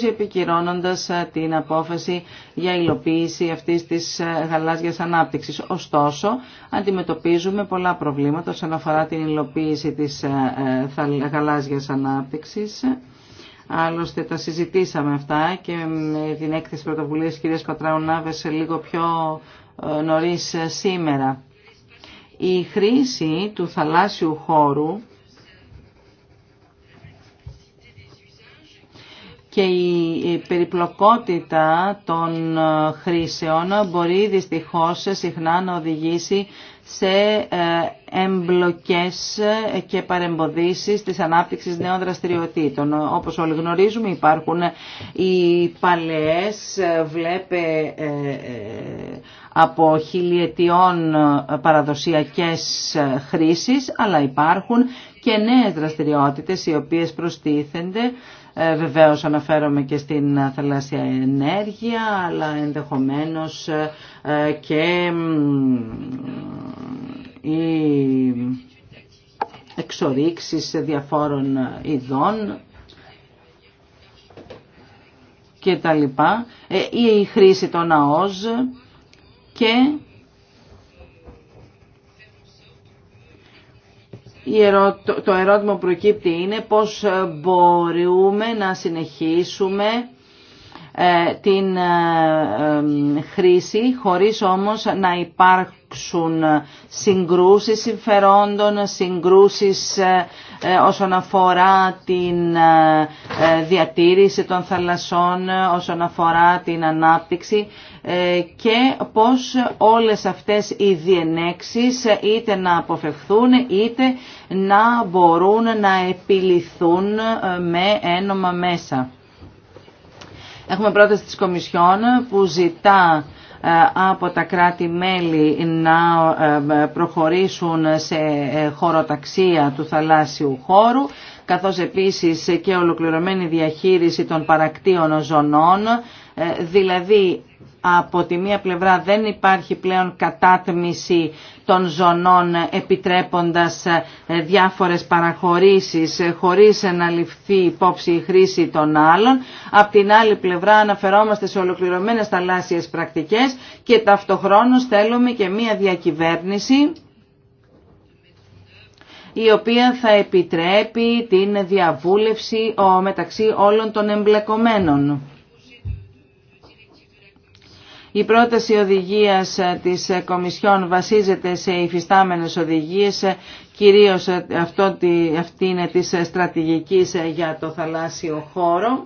επικυρώνοντας την απόφαση για υλοποίηση αυτής της γαλάζιας ανάπτυξης. Ωστόσο, αντιμετωπίζουμε πολλά προβλήματα όσον αφορά την υλοποίηση της γαλάζιας ανάπτυξης. Άλλωστε τα συζητήσαμε αυτά και με την έκθεση πρωτοβουλίας κυρίας Πατράου Νάβες λίγο πιο ε, νωρίς ε, σήμερα. Η χρήση του θαλάσσιου χώρου και η περιπλοκότητα των ε, χρήσεων μπορεί δυστυχώς συχνά να οδηγήσει σε ε, εμπλοκές και παρεμποδίσεις της ανάπτυξης νέων δραστηριοτήτων. Όπως όλοι γνωρίζουμε υπάρχουν οι παλαιές βλέπε ε, ε, από χιλιετιών παραδοσιακές χρήσεις, αλλά υπάρχουν και νέες δραστηριότητες οι οποίες προστίθενται Βεβαίως αναφέρομαι και στην θαλάσσια ενέργεια, αλλά ενδεχομένως και οι εξορίξεις διαφόρων ειδών και τα λοιπά, ή ε, η χρήση των ΑΟΖ και το ερώτημα που προκύπτει είναι πώς ε, μπορούμε να συνεχίσουμε ε, την ε, ε, χρήση χωρίς όμως να υπάρξουν συγκρούσεις συμφερόντων, συγκρούσεις όσον αφορά την διατήρηση των θαλασσών, όσον αφορά την ανάπτυξη και πώς όλες αυτές οι διενέξεις είτε να αποφευθούν είτε να μπορούν να επιληθούν με ένομα μέσα. Έχουμε πρόταση της Κομισιόν που ζητά ε, από τα κράτη-μέλη να ε, προχωρήσουν σε ε, χωροταξία του θαλάσσιου χώρου, καθώς επίσης και ολοκληρωμένη διαχείριση των παρακτήων ζωνών, ε, δηλαδή από τη μία πλευρά δεν υπάρχει πλέον κατάτμιση των ζωνών επιτρέποντας ε, διάφορες παραχωρήσεις ε, χωρίς να ληφθεί υπόψη η χρήση των άλλων. Από την άλλη πλευρά αναφερόμαστε σε ολοκληρωμένες θαλάσσιες πρακτικές και ταυτοχρόνως θέλουμε και μία διακυβέρνηση η οποία θα επιτρέπει την διαβούλευση μεταξύ όλων των εμπλεκομένων. Η πρόταση οδηγίας ε, της ε, Κομισιόν βασίζεται σε υφιστάμενες οδηγίες, ε, κυρίως αυτό, αυτή είναι της στρατηγικής για το θαλάσσιο χώρο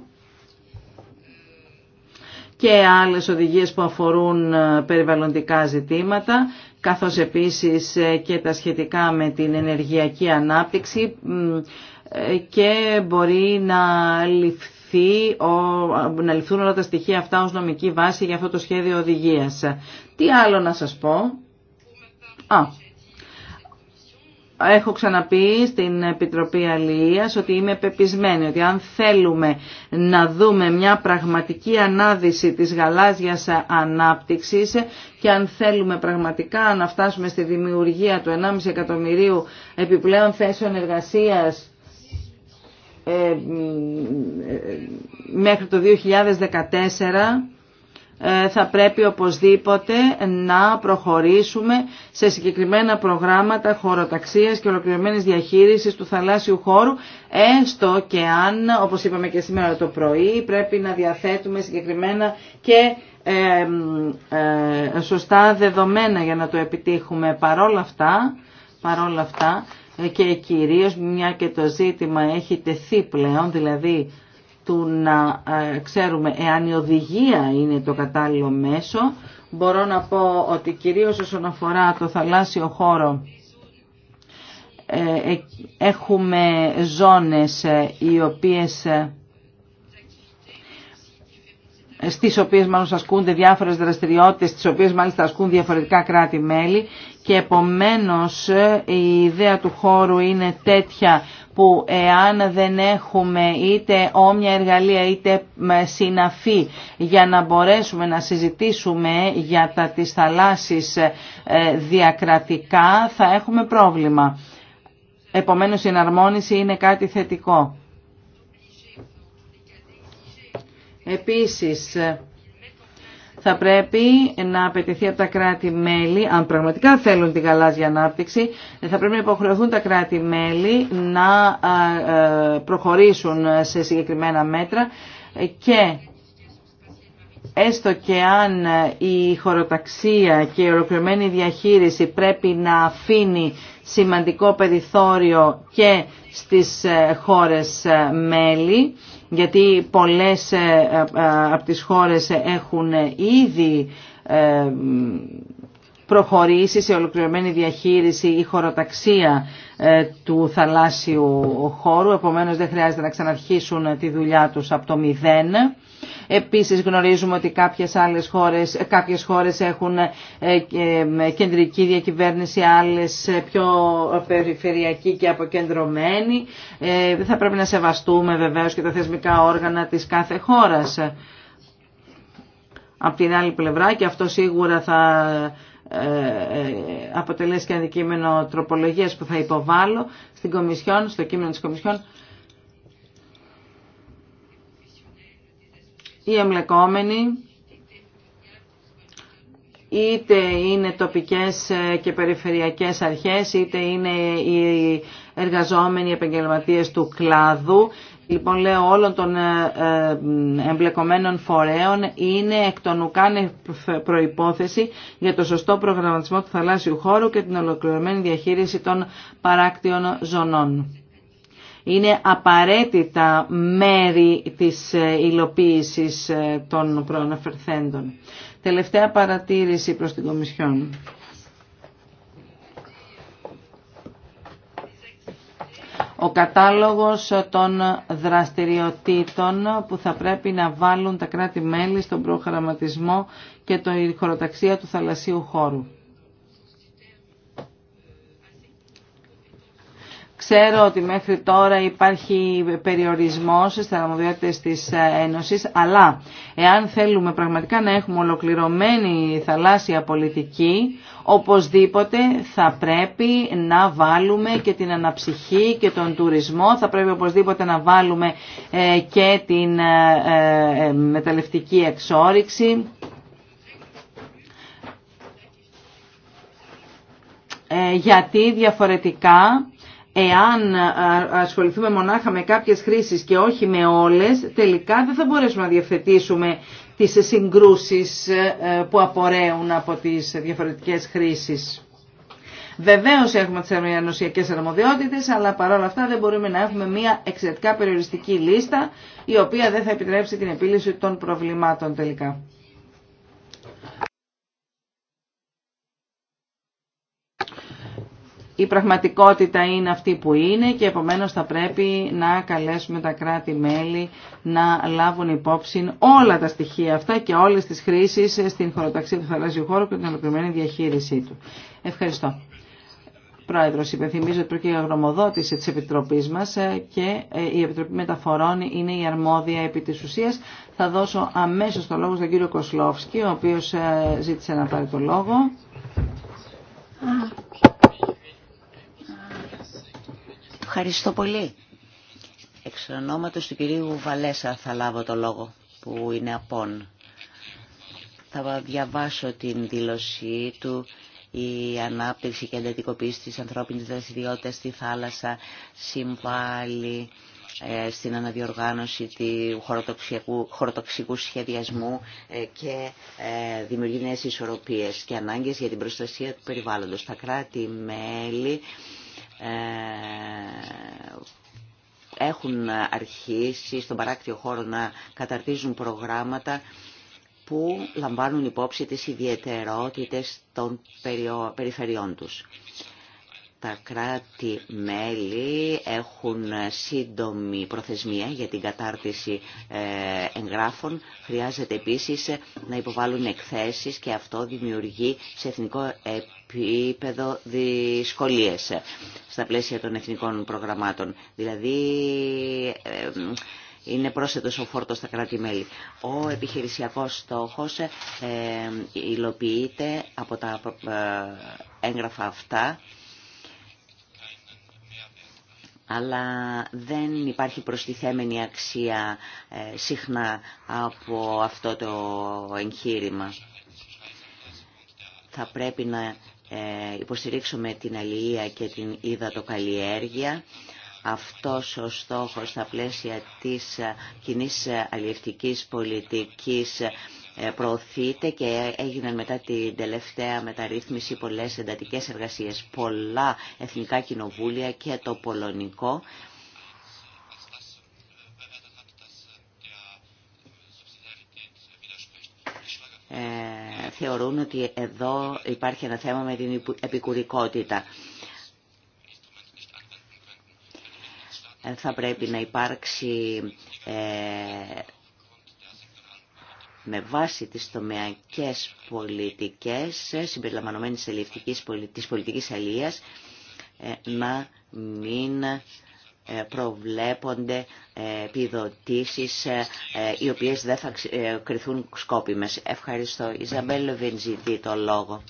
και άλλες οδηγίες που αφορούν περιβαλλοντικά ζητήματα, καθώς επίσης και τα σχετικά με την ενεργειακή ανάπτυξη και μπορεί να ληφθεί ληφθεί, να ληφθούν όλα τα στοιχεία αυτά ως νομική βάση για αυτό το σχέδιο οδηγίας. Τι άλλο να σας πω. Α, έχω ξαναπεί στην Επιτροπή Αλληλείας ότι είμαι πεπισμένη ότι αν θέλουμε να δούμε μια πραγματική ανάδυση της γαλάζιας ανάπτυξης και αν θέλουμε πραγματικά να φτάσουμε στη δημιουργία του 1,5 εκατομμυρίου επιπλέον θέσεων εργασίας ε, ε, μέχρι το 2014 ε, θα πρέπει οπωσδήποτε να προχωρήσουμε σε συγκεκριμένα προγράμματα χωροταξίας και ολοκληρωμένης διαχείρισης του θαλάσσιου χώρου, έστω και αν, όπως είπαμε και σήμερα το πρωί, πρέπει να διαθέτουμε συγκεκριμένα και σωστά δεδομένα για να το επιτύχουμε. Παρόλα αυτά, παρόλα αυτά και κυρίως μια και το ζήτημα έχει τεθεί πλέον, δηλαδή του να ε, ξέρουμε εάν η οδηγία είναι το κατάλληλο μέσο. Μπορώ να πω ότι κυρίως όσον αφορά το θαλάσσιο χώρο ε, ε, έχουμε ζώνες οι οποίες στις οποίες μάλλον ασκούνται διάφορες δραστηριότητες, στις οποίες μάλιστα ασκούν διαφορετικά κράτη-μέλη και επομένως η ιδέα του χώρου είναι τέτοια που εάν δεν έχουμε είτε όμοια εργαλεία είτε συναφή για να μπορέσουμε να συζητήσουμε για τα της θαλάσσης ε, διακρατικά θα έχουμε πρόβλημα. Επομένως η εναρμόνιση είναι κάτι θετικό. Επίσης, θα πρέπει να απαιτηθεί από τα κράτη-μέλη, αν πραγματικά θέλουν τη γαλάζια ανάπτυξη, θα πρέπει να υποχρεωθούν τα κράτη-μέλη να προχωρήσουν σε συγκεκριμένα μέτρα και έστω και αν η χωροταξία και η ολοκληρωμένη διαχείριση πρέπει να αφήνει σημαντικό περιθώριο και στις ε, χώρες ε, μέλη, γιατί πολλές ε, ε, από τις χώρες έχουν ε, ήδη προχωρήσει σε ολοκληρωμένη διαχείριση ή χωροταξία ε, του θαλάσσιου χώρου, επομένως δεν χρειάζεται να ξαναρχίσουν τη δουλειά τους από το μηδέν. Επίσης γνωρίζουμε ότι κάποιες, άλλες χώρες, κάποιες χώρες έχουν ε, κεντρική διακυβέρνηση, άλλες πιο περιφερειακή και αποκεντρωμένη. Ε, θα πρέπει να σεβαστούμε βεβαίως και τα θεσμικά όργανα της κάθε χώρας. Από την άλλη πλευρά και αυτό σίγουρα θα ε, ε, αποτελέσει και αντικείμενο τροπολογίας που θα υποβάλω στην Κομισιόν, στο κείμενο της Κομισιόν. Οι εμπλεκόμενοι είτε είναι τοπικές και περιφερειακές αρχές, είτε είναι οι εργαζόμενοι επαγγελματίες του κλάδου, λοιπόν λέω όλων των ε, ε, εμπλεκομένων φορέων είναι εκ των ουκάνε προϋπόθεση για το σωστό προγραμματισμό του θαλάσσιου χώρου και την ολοκληρωμένη διαχείριση των παράκτιων ζωνών. Είναι απαραίτητα μέρη της ε, υλοποίησης των προαναφερθέντων. Τελευταία παρατήρηση προς την Κομισιόν. ο κατάλογος των δραστηριοτήτων που θα πρέπει να βάλουν τα κράτη-μέλη στον προγραμματισμό και το χωροταξία του θαλασσίου χώρου. Ξέρω ότι μέχρι τώρα υπάρχει περιορισμός στις θαλαμοδιότητες της ε, Ένωσης, αλλά εάν θέλουμε πραγματικά να έχουμε ολοκληρωμένη θαλάσσια πολιτική, οπωσδήποτε θα πρέπει να βάλουμε και την αναψυχή και τον τουρισμό, θα πρέπει οπωσδήποτε να βάλουμε ε, και την ε, μεταλλευτική εξόριξη. γιατί διαφορετικά εάν ασχοληθούμε μονάχα με κάποιες χρήσεις και όχι με όλες, τελικά δεν θα μπορέσουμε να διευθετήσουμε τις συγκρούσεις ε, που απορρέουν από τις διαφορετικές χρήσεις. Βεβαίω έχουμε τι ανοσιακέ αρμοδιότητε, αλλά παρόλα αυτά δεν μπορούμε να έχουμε μια εξαιρετικά περιοριστική λίστα, η οποία δεν θα επιτρέψει την επίλυση των προβλημάτων τελικά. η πραγματικότητα είναι αυτή που είναι και επομένως θα πρέπει να καλέσουμε τα κράτη-μέλη να λάβουν υπόψη όλα τα στοιχεία αυτά και όλες τις χρήσεις στην χωροταξία του θαλάσσιου χώρου και την ολοκληρωμένη διαχείρισή του. Ευχαριστώ. Πρόεδρος, υπενθυμίζω ότι πρόκειται για γνωμοδότηση της Επιτροπής μας ε, και ε, η Επιτροπή Μεταφορών είναι η αρμόδια επί της ουσίας. Θα δώσω αμέσως το λόγο στον κύριο Κοσλόφσκι, ο οποίος ε, ζήτησε να πάρει το λόγο. Ευχαριστώ πολύ. Εξ ονόματος του κυρίου Βαλέσα θα λάβω το λόγο που είναι απόν. Θα διαβάσω την δήλωσή του η ανάπτυξη και εντατικοποίηση της ανθρώπινης δραστηριότητα στη θάλασσα συμβάλλει ε, στην αναδιοργάνωση του χωροτοξικού, χωροτοξικού σχεδιασμού ε, και ε, δημιουργεί νέες ισορροπίες και ανάγκες για την προστασία του περιβάλλοντος. Τα κράτη-μέλη ε, έχουν αρχίσει στον παράκτιο χώρο να καταρτίζουν προγράμματα που λαμβάνουν υπόψη τις ιδιαιτερότητες των περιφερειών τους τα κράτη-μέλη έχουν σύντομη προθεσμία για την κατάρτιση ε, εγγράφων. Χρειάζεται επίσης να υποβάλουν εκθέσεις και αυτό δημιουργεί σε εθνικό επίπεδο δυσκολίες στα πλαίσια των εθνικών προγραμμάτων. Δηλαδή ε, είναι πρόσθετος ο φόρτος στα κράτη-μέλη. Ο επιχειρησιακός στόχος ε, υλοποιείται από τα έγγραφα αυτά αλλά δεν υπάρχει προστιθέμενη αξία ε, συχνά από αυτό το εγχείρημα. Θα πρέπει να ε, υποστηρίξουμε την αλληλεία και την υδατοκαλλιέργεια. Αυτός ο στόχος στα πλαίσια της ε, κοινής αλληλευτικής πολιτικής ε, προωθείται και έγιναν μετά την τελευταία μεταρρύθμιση πολλές εντατικές εργασίες. Πολλά εθνικά κοινοβούλια και το πολωνικό ε, θεωρούν ότι εδώ υπάρχει ένα θέμα με την επικουρικότητα. Ε, θα πρέπει να υπάρξει με βάση τις τομεακές πολιτικές ε, συμπεριλαμβανομένης της πολιτικής αλίας ε, να μην ε, προβλέπονται επιδοτήσεις οι οποίες δεν θα κρυθούν σκόπιμες. Ευχαριστώ. Ιζαμπέλ Βενζιδί, το λόγο.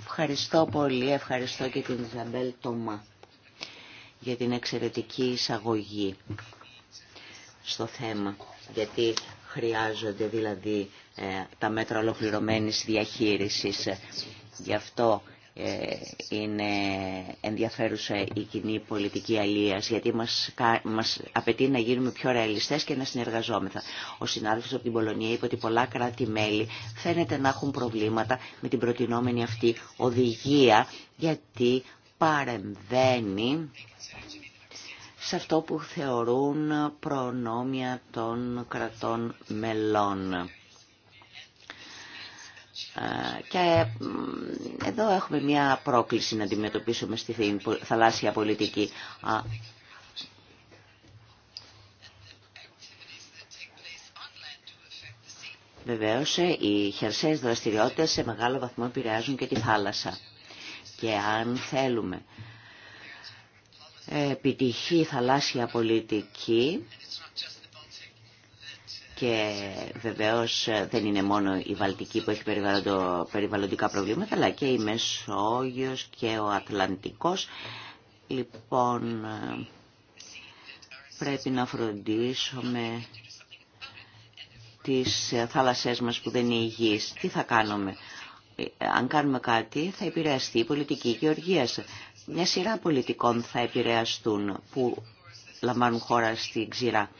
Ευχαριστώ πολύ. Ευχαριστώ και την Ιζαμπέλ Τομά για την εξαιρετική εισαγωγή στο θέμα. Γιατί χρειάζονται δηλαδή ε, τα μέτρα ολοκληρωμένης διαχείρισης. Γι' αυτό ε, είναι ενδιαφέρουσα η κοινή πολιτική αλίας, γιατί μας, μας απαιτεί να γίνουμε πιο ρεαλιστές και να συνεργαζόμεθα. Ο συνάδελφος από την Πολωνία είπε ότι πολλά κράτη-μέλη φαίνεται να έχουν προβλήματα με την προτινόμενη αυτή οδηγία, γιατί παρεμβαίνει σε αυτό που θεωρούν προνόμια των κρατών μελών. Ε, και εδώ έχουμε μια πρόκληση να αντιμετωπίσουμε στη θαλάσσια πολιτική. Βεβαίως, ε, οι χερσαίες δραστηριότητες σε μεγάλο βαθμό επηρεάζουν και τη θάλασσα και αν θέλουμε επιτυχή θαλάσσια πολιτική και βεβαίως δεν είναι μόνο η Βαλτική που έχει περιβαλλοντικά προβλήματα αλλά και η Μεσόγειος και ο Ατλαντικός λοιπόν πρέπει να φροντίσουμε τις θάλασσές μας που δεν είναι υγιείς τι θα κάνουμε αν κάνουμε κάτι θα επηρεαστεί η πολιτική γεωργία. Μια σειρά πολιτικών θα επηρεαστούν που λαμβάνουν χώρα στην ξηρά.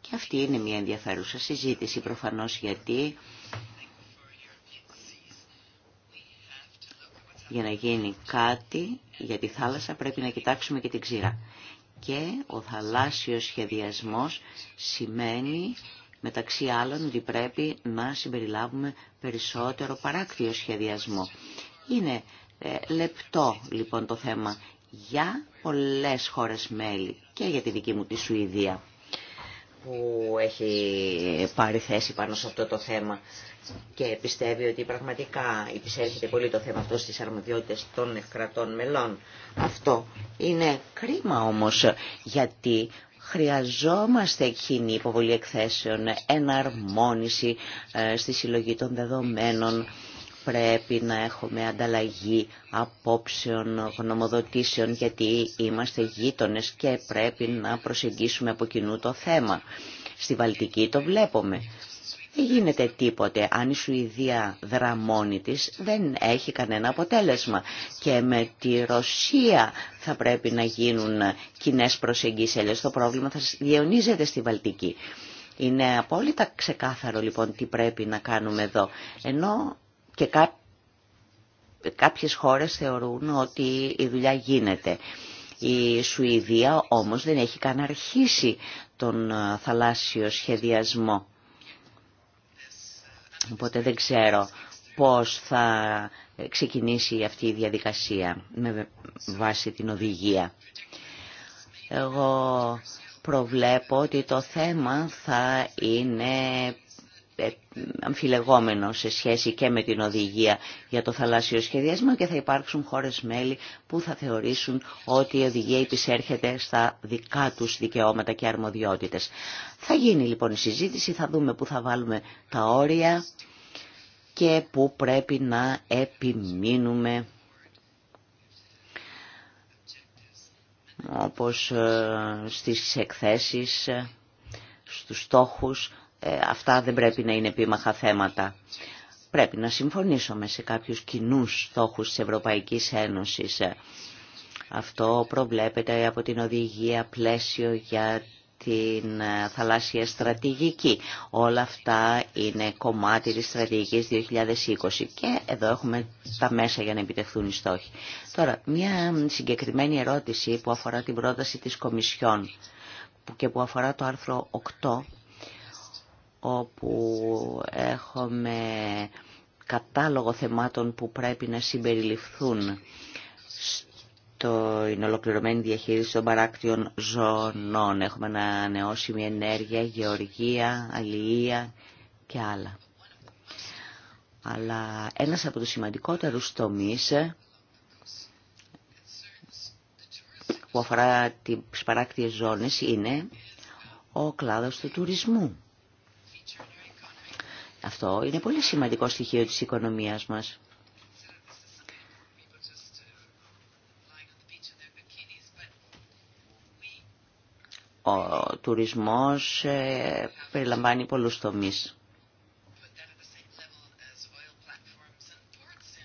Και αυτή είναι μια ενδιαφέρουσα συζήτηση προφανώς γιατί για να γίνει κάτι για τη θάλασσα πρέπει να κοιτάξουμε και την ξηρά. Και ο θαλάσσιος σχεδιασμός σημαίνει μεταξύ άλλων ότι πρέπει να συμπεριλάβουμε περισσότερο παράκτιο σχεδιασμό. Είναι ε, λεπτό λοιπόν το θέμα για πολλές χώρες μέλη και για τη δική μου τη Σουηδία που έχει πάρει θέση πάνω σε αυτό το θέμα και πιστεύει ότι πραγματικά υπησέρχεται πολύ το θέμα αυτό στις αρμοδιότητες των κρατών μελών. Αυτό είναι κρίμα όμως γιατί Χρειαζόμαστε κοινή υποβολή εκθέσεων, εναρμόνιση ε, στη συλλογή των δεδομένων. Πρέπει να έχουμε ανταλλαγή απόψεων, γνωμοδοτήσεων, γιατί είμαστε γείτονες και πρέπει να προσεγγίσουμε από κοινού το θέμα. Στη Βαλτική το βλέπουμε. Δεν γίνεται τίποτε αν η Σουηδία δραμώνει δεν έχει κανένα αποτέλεσμα. Και με τη Ρωσία θα πρέπει να γίνουν κοινές προσεγγίσεις, το πρόβλημα θα διαιωνίζεται στη Βαλτική. Είναι απόλυτα ξεκάθαρο λοιπόν τι πρέπει να κάνουμε εδώ. Ενώ και κά... κάποιες χώρες θεωρούν ότι η δουλειά γίνεται. Η Σουηδία όμως δεν έχει καν αρχίσει τον ε, θαλάσσιο σχεδιασμό. Οπότε δεν ξέρω πώς θα ξεκινήσει αυτή η διαδικασία με βάση την οδηγία. Εγώ προβλέπω ότι το θέμα θα είναι ε, αμφιλεγόμενο σε σχέση και με την οδηγία για το θαλάσσιο σχεδιασμό και θα υπάρξουν χώρες μέλη που θα θεωρήσουν ότι η οδηγία επισέρχεται στα δικά τους δικαιώματα και αρμοδιότητες. Θα γίνει λοιπόν η συζήτηση, θα δούμε πού θα βάλουμε τα όρια και πού πρέπει να επιμείνουμε όπως ε, στις εκθέσεις, ε, στους στόχους ε, αυτά δεν πρέπει να είναι επίμαχα θέματα. Πρέπει να συμφωνήσουμε σε κάποιους κοινού στόχους της Ευρωπαϊκής Ένωσης. Ε, αυτό προβλέπεται από την οδηγία πλαίσιο για την ε, θαλάσσια στρατηγική. Όλα αυτά είναι κομμάτι της στρατηγικής 2020 και εδώ έχουμε τα μέσα για να επιτευχθούν οι στόχοι. Τώρα, μια συγκεκριμένη ερώτηση που αφορά την πρόταση της Κομισιόν και που αφορά το άρθρο 8 όπου έχουμε κατάλογο θεμάτων που πρέπει να συμπεριληφθούν στο ολοκληρωμένη διαχείριση των παράκτιων ζωνών. Έχουμε ανανεώσιμη ενέργεια, γεωργία, αλληλεία και άλλα. Αλλά ένας από τους σημαντικότερους τομείς που αφορά τις παράκτιες ζώνες είναι ο κλάδος του τουρισμού. Αυτό είναι πολύ σημαντικό στοιχείο της οικονομίας μας. Ο τουρισμός ε, περιλαμβάνει πολλούς τομείς.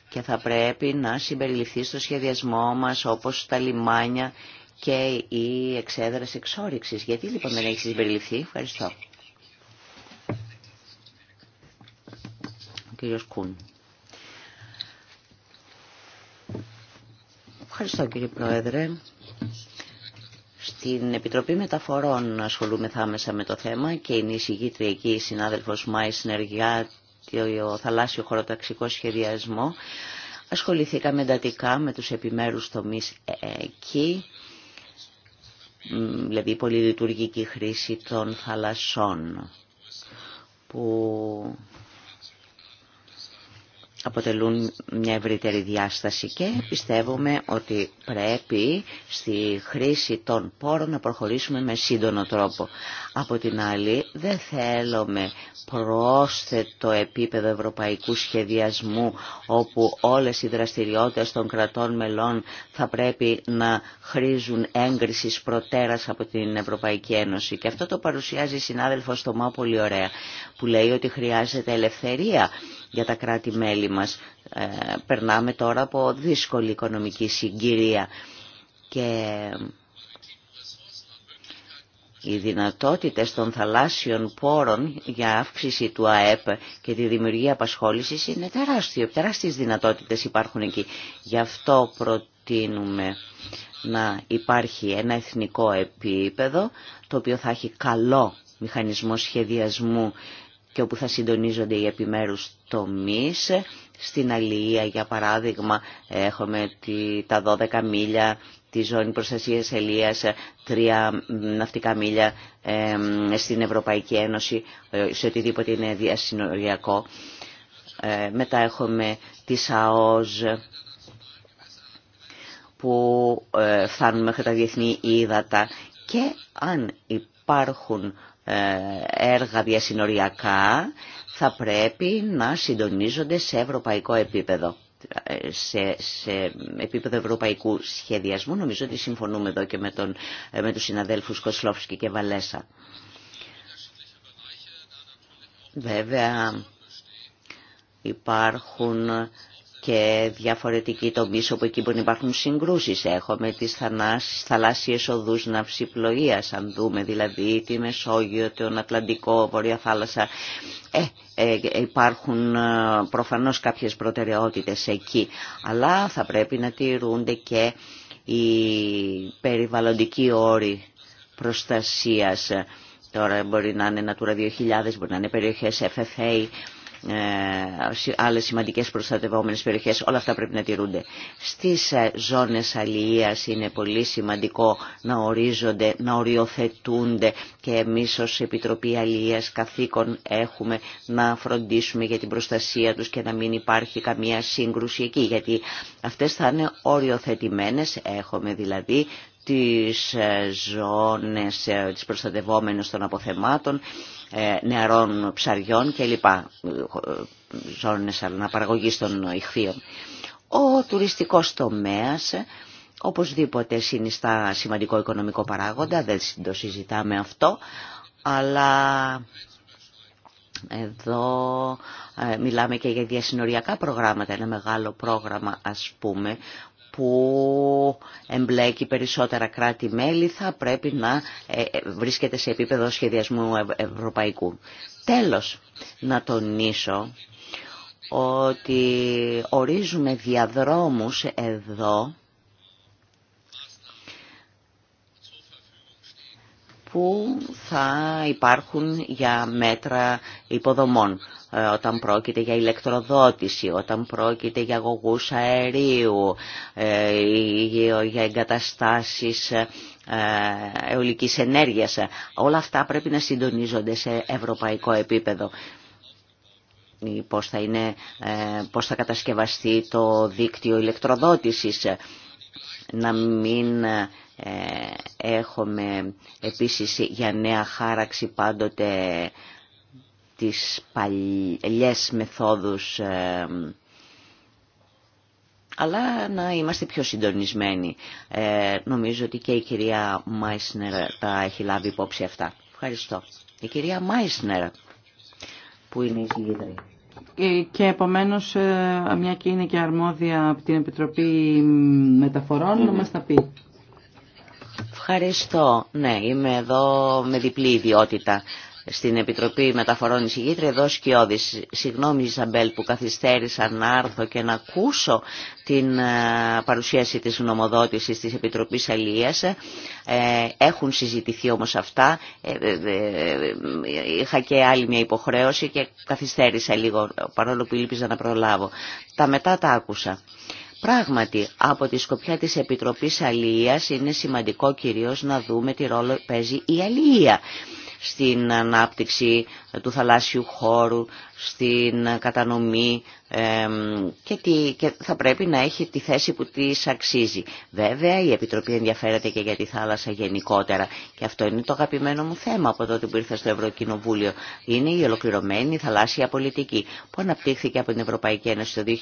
Και θα πρέπει να συμπεριληφθεί στο σχεδιασμό μας όπως τα λιμάνια και η εξέδραση εξόριξης. Γιατί λοιπόν δεν έχει συμπεριληφθεί. Ευχαριστώ. Κούν. Ευχαριστώ κύριε Πρόεδρε. Στην Επιτροπή Μεταφορών ασχολούμεθα άμεσα με το θέμα και είναι η συγγήτρια εκεί η συνάδελφος Μάη Συνεργιά το θαλάσσιο χωροταξικό σχεδιασμό. Ασχοληθήκαμε εντατικά με τους επιμέρους τομείς εκεί, δηλαδή η πολυλειτουργική χρήση των θαλασσών που αποτελούν μια ευρύτερη διάσταση και πιστεύουμε ότι πρέπει στη χρήση των πόρων να προχωρήσουμε με σύντονο τρόπο. Από την άλλη δεν θέλουμε πρόσθετο επίπεδο ευρωπαϊκού σχεδιασμού όπου όλες οι δραστηριότητες των κρατών μελών θα πρέπει να χρήζουν έγκριση προτέρας από την Ευρωπαϊκή Ένωση. Και αυτό το παρουσιάζει η συνάδελφος Τωμά πολύ ωραία που λέει ότι χρειάζεται ελευθερία για τα κράτη-μέλη μας. Ε, περνάμε τώρα από δύσκολη οικονομική συγκυρία και οι δυνατότητες των θαλάσσιων πόρων για αύξηση του ΑΕΠ και τη δημιουργία απασχόλησης είναι τεράστιο. Τεράστιες δυνατότητες υπάρχουν εκεί. Γι' αυτό προτείνουμε να υπάρχει ένα εθνικό επίπεδο το οποίο θα έχει καλό μηχανισμό σχεδιασμού και όπου θα συντονίζονται οι επιμέρους τομείς. Στην Αλία, για παράδειγμα, έχουμε τα 12 μίλια τη ζώνη προστασίας ελίας, τρία ναυτικά μίλια στην Ευρωπαϊκή Ένωση, ε, σε οτιδήποτε είναι διασυνοριακό. Ε, μετά έχουμε τις ΑΟΖ, που ε, φτάνουν μέχρι τα διεθνή ύδατα και αν υπάρχουν ε, έργα διασυνοριακά θα πρέπει να συντονίζονται σε ευρωπαϊκό επίπεδο. Ε, σε, επίπεδο ευρωπαϊκού σχεδιασμού νομίζω ότι συμφωνούμε εδώ και με, τον, ε, με τους συναδέλφους Κοσλόφσκι και Βαλέσα. Βέβαια υπάρχουν και διαφορετικοί τομείς όπου εκεί μπορεί να υπάρχουν συγκρούσεις. Έχουμε τις θαλάσσιες οδούς ναυσιπλοείας, αν δούμε δηλαδή τη Μεσόγειο, τον Ατλαντικό, Βορεια Θάλασσα. Ε, ε υπάρχουν ε, προφανώς κάποιες προτεραιότητες εκεί, αλλά θα πρέπει να τηρούνται και οι περιβαλλοντικοί όροι προστασίας. Τώρα μπορεί να είναι Natura 2000, μπορεί να είναι περιοχές FFA, ε, άλλες σημαντικές προστατευόμενες περιοχές, όλα αυτά πρέπει να τηρούνται. Στις ε, ζώνες αλληλείας είναι πολύ σημαντικό να ορίζονται, να οριοθετούνται και εμείς ως Επιτροπή Αλληλείας καθήκον έχουμε να φροντίσουμε για την προστασία τους και να μην υπάρχει καμία σύγκρουση εκεί, γιατί αυτές θα είναι οριοθετημένες, έχουμε δηλαδή τις ε, ζώνες, τις προστατευόμενες των αποθεμάτων, ε, νεαρών ψαριών και κλπ. Ε, ζώνες αναπαραγωγής των ηχθείων. Ο τουριστικός τομέας οπωσδήποτε συνιστά σημαντικό οικονομικό παράγοντα, δεν το συζητάμε αυτό, αλλά εδώ ε, μιλάμε και για διασυνοριακά προγράμματα, ένα μεγάλο πρόγραμμα ας πούμε που εμπλέκει περισσότερα κράτη-μέλη θα πρέπει να ε, ε, βρίσκεται σε επίπεδο σχεδιασμού ευρωπαϊκού. Τέλος, να τονίσω ότι ορίζουμε διαδρόμους εδώ που θα υπάρχουν για μέτρα υποδομών. Ε, όταν πρόκειται για ηλεκτροδότηση, όταν πρόκειται για αγωγούς αερίου, ε, ε, για εγκαταστάσεις αιωλικής ενέργειας. Όλα αυτά πρέπει να συντονίζονται σε ευρωπαϊκό επίπεδο πώς θα, είναι, πώς θα κατασκευαστεί το δίκτυο ηλεκτροδότησης, να μην έχουμε επίσης για νέα χάραξη πάντοτε τις παλιές μεθόδους αλλά να είμαστε πιο συντονισμένοι. Ε, νομίζω ότι και η κυρία Μάισνερ τα έχει λάβει υπόψη αυτά. Ευχαριστώ. Η κυρία Μάισνερ που είναι η συγκεκριμένη. Ε, και επομένως, ε, μια και είναι και αρμόδια από την Επιτροπή Μεταφορών, να μας τα πει. Ευχαριστώ. Ναι, είμαι εδώ με διπλή ιδιότητα στην Επιτροπή Μεταφορών Εισηγήτρια, εδώ σκιώδης. Συγγνώμη Ιζαμπέλ που καθυστέρησα να έρθω και να ακούσω την ε, παρουσίαση της γνωμοδότησης της Επιτροπής Αλίας. Ε, έχουν συζητηθεί όμως αυτά. Ε, είχα και άλλη μια υποχρέωση και καθυστέρησα λίγο παρόλο που ήλπιζα να προλάβω. Τα μετά τα άκουσα. Πράγματι, από τη σκοπιά της Επιτροπής Αλίας είναι σημαντικό κυρίως να δούμε τι ρόλο παίζει η Αλία στην ανάπτυξη ε, του θαλάσσιου χώρου, στην κατανομή και, τι, θα πρέπει να έχει τη θέση που της αξίζει. Βέβαια η Επιτροπή ενδιαφέρεται και για τη θάλασσα γενικότερα και αυτό είναι το αγαπημένο μου θέμα από τότε που ήρθα στο Ευρωκοινοβούλιο. Είναι η ολοκληρωμένη θαλάσσια πολιτική που αναπτύχθηκε από την Ευρωπαϊκή Ένωση το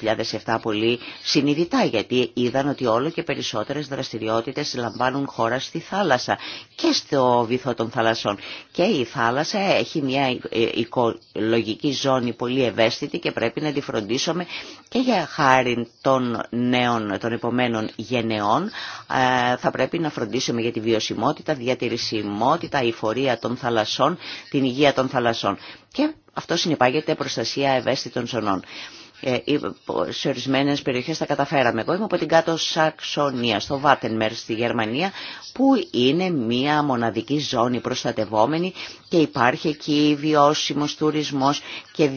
2007 πολύ συνειδητά γιατί είδαν ότι όλο και περισσότερες δραστηριότητες λαμβάνουν χώρα στη θάλασσα και στο βυθό των θαλασσών. Και η θάλασσα έχει μια οικολογική ζώνη πολύ ευαίσθητη και πρέπει να τη φροντίσουμε και για χάρη των νέων, των επομένων γενεών ε, θα πρέπει να φροντίσουμε για τη βιωσιμότητα, διατηρησιμότητα, η φορεία των θαλασσών, την υγεία των θαλασσών. Και αυτό συνεπάγεται προστασία ευαίσθητων ζωνών. Ε, σε ορισμένε περιοχέ τα καταφέραμε. Εγώ είμαι από την κάτω Σαξονία, στο Βάτενμερ στη Γερμανία, που είναι μια μοναδική ζώνη προστατευόμενη και υπάρχει εκεί βιώσιμο τουρισμό και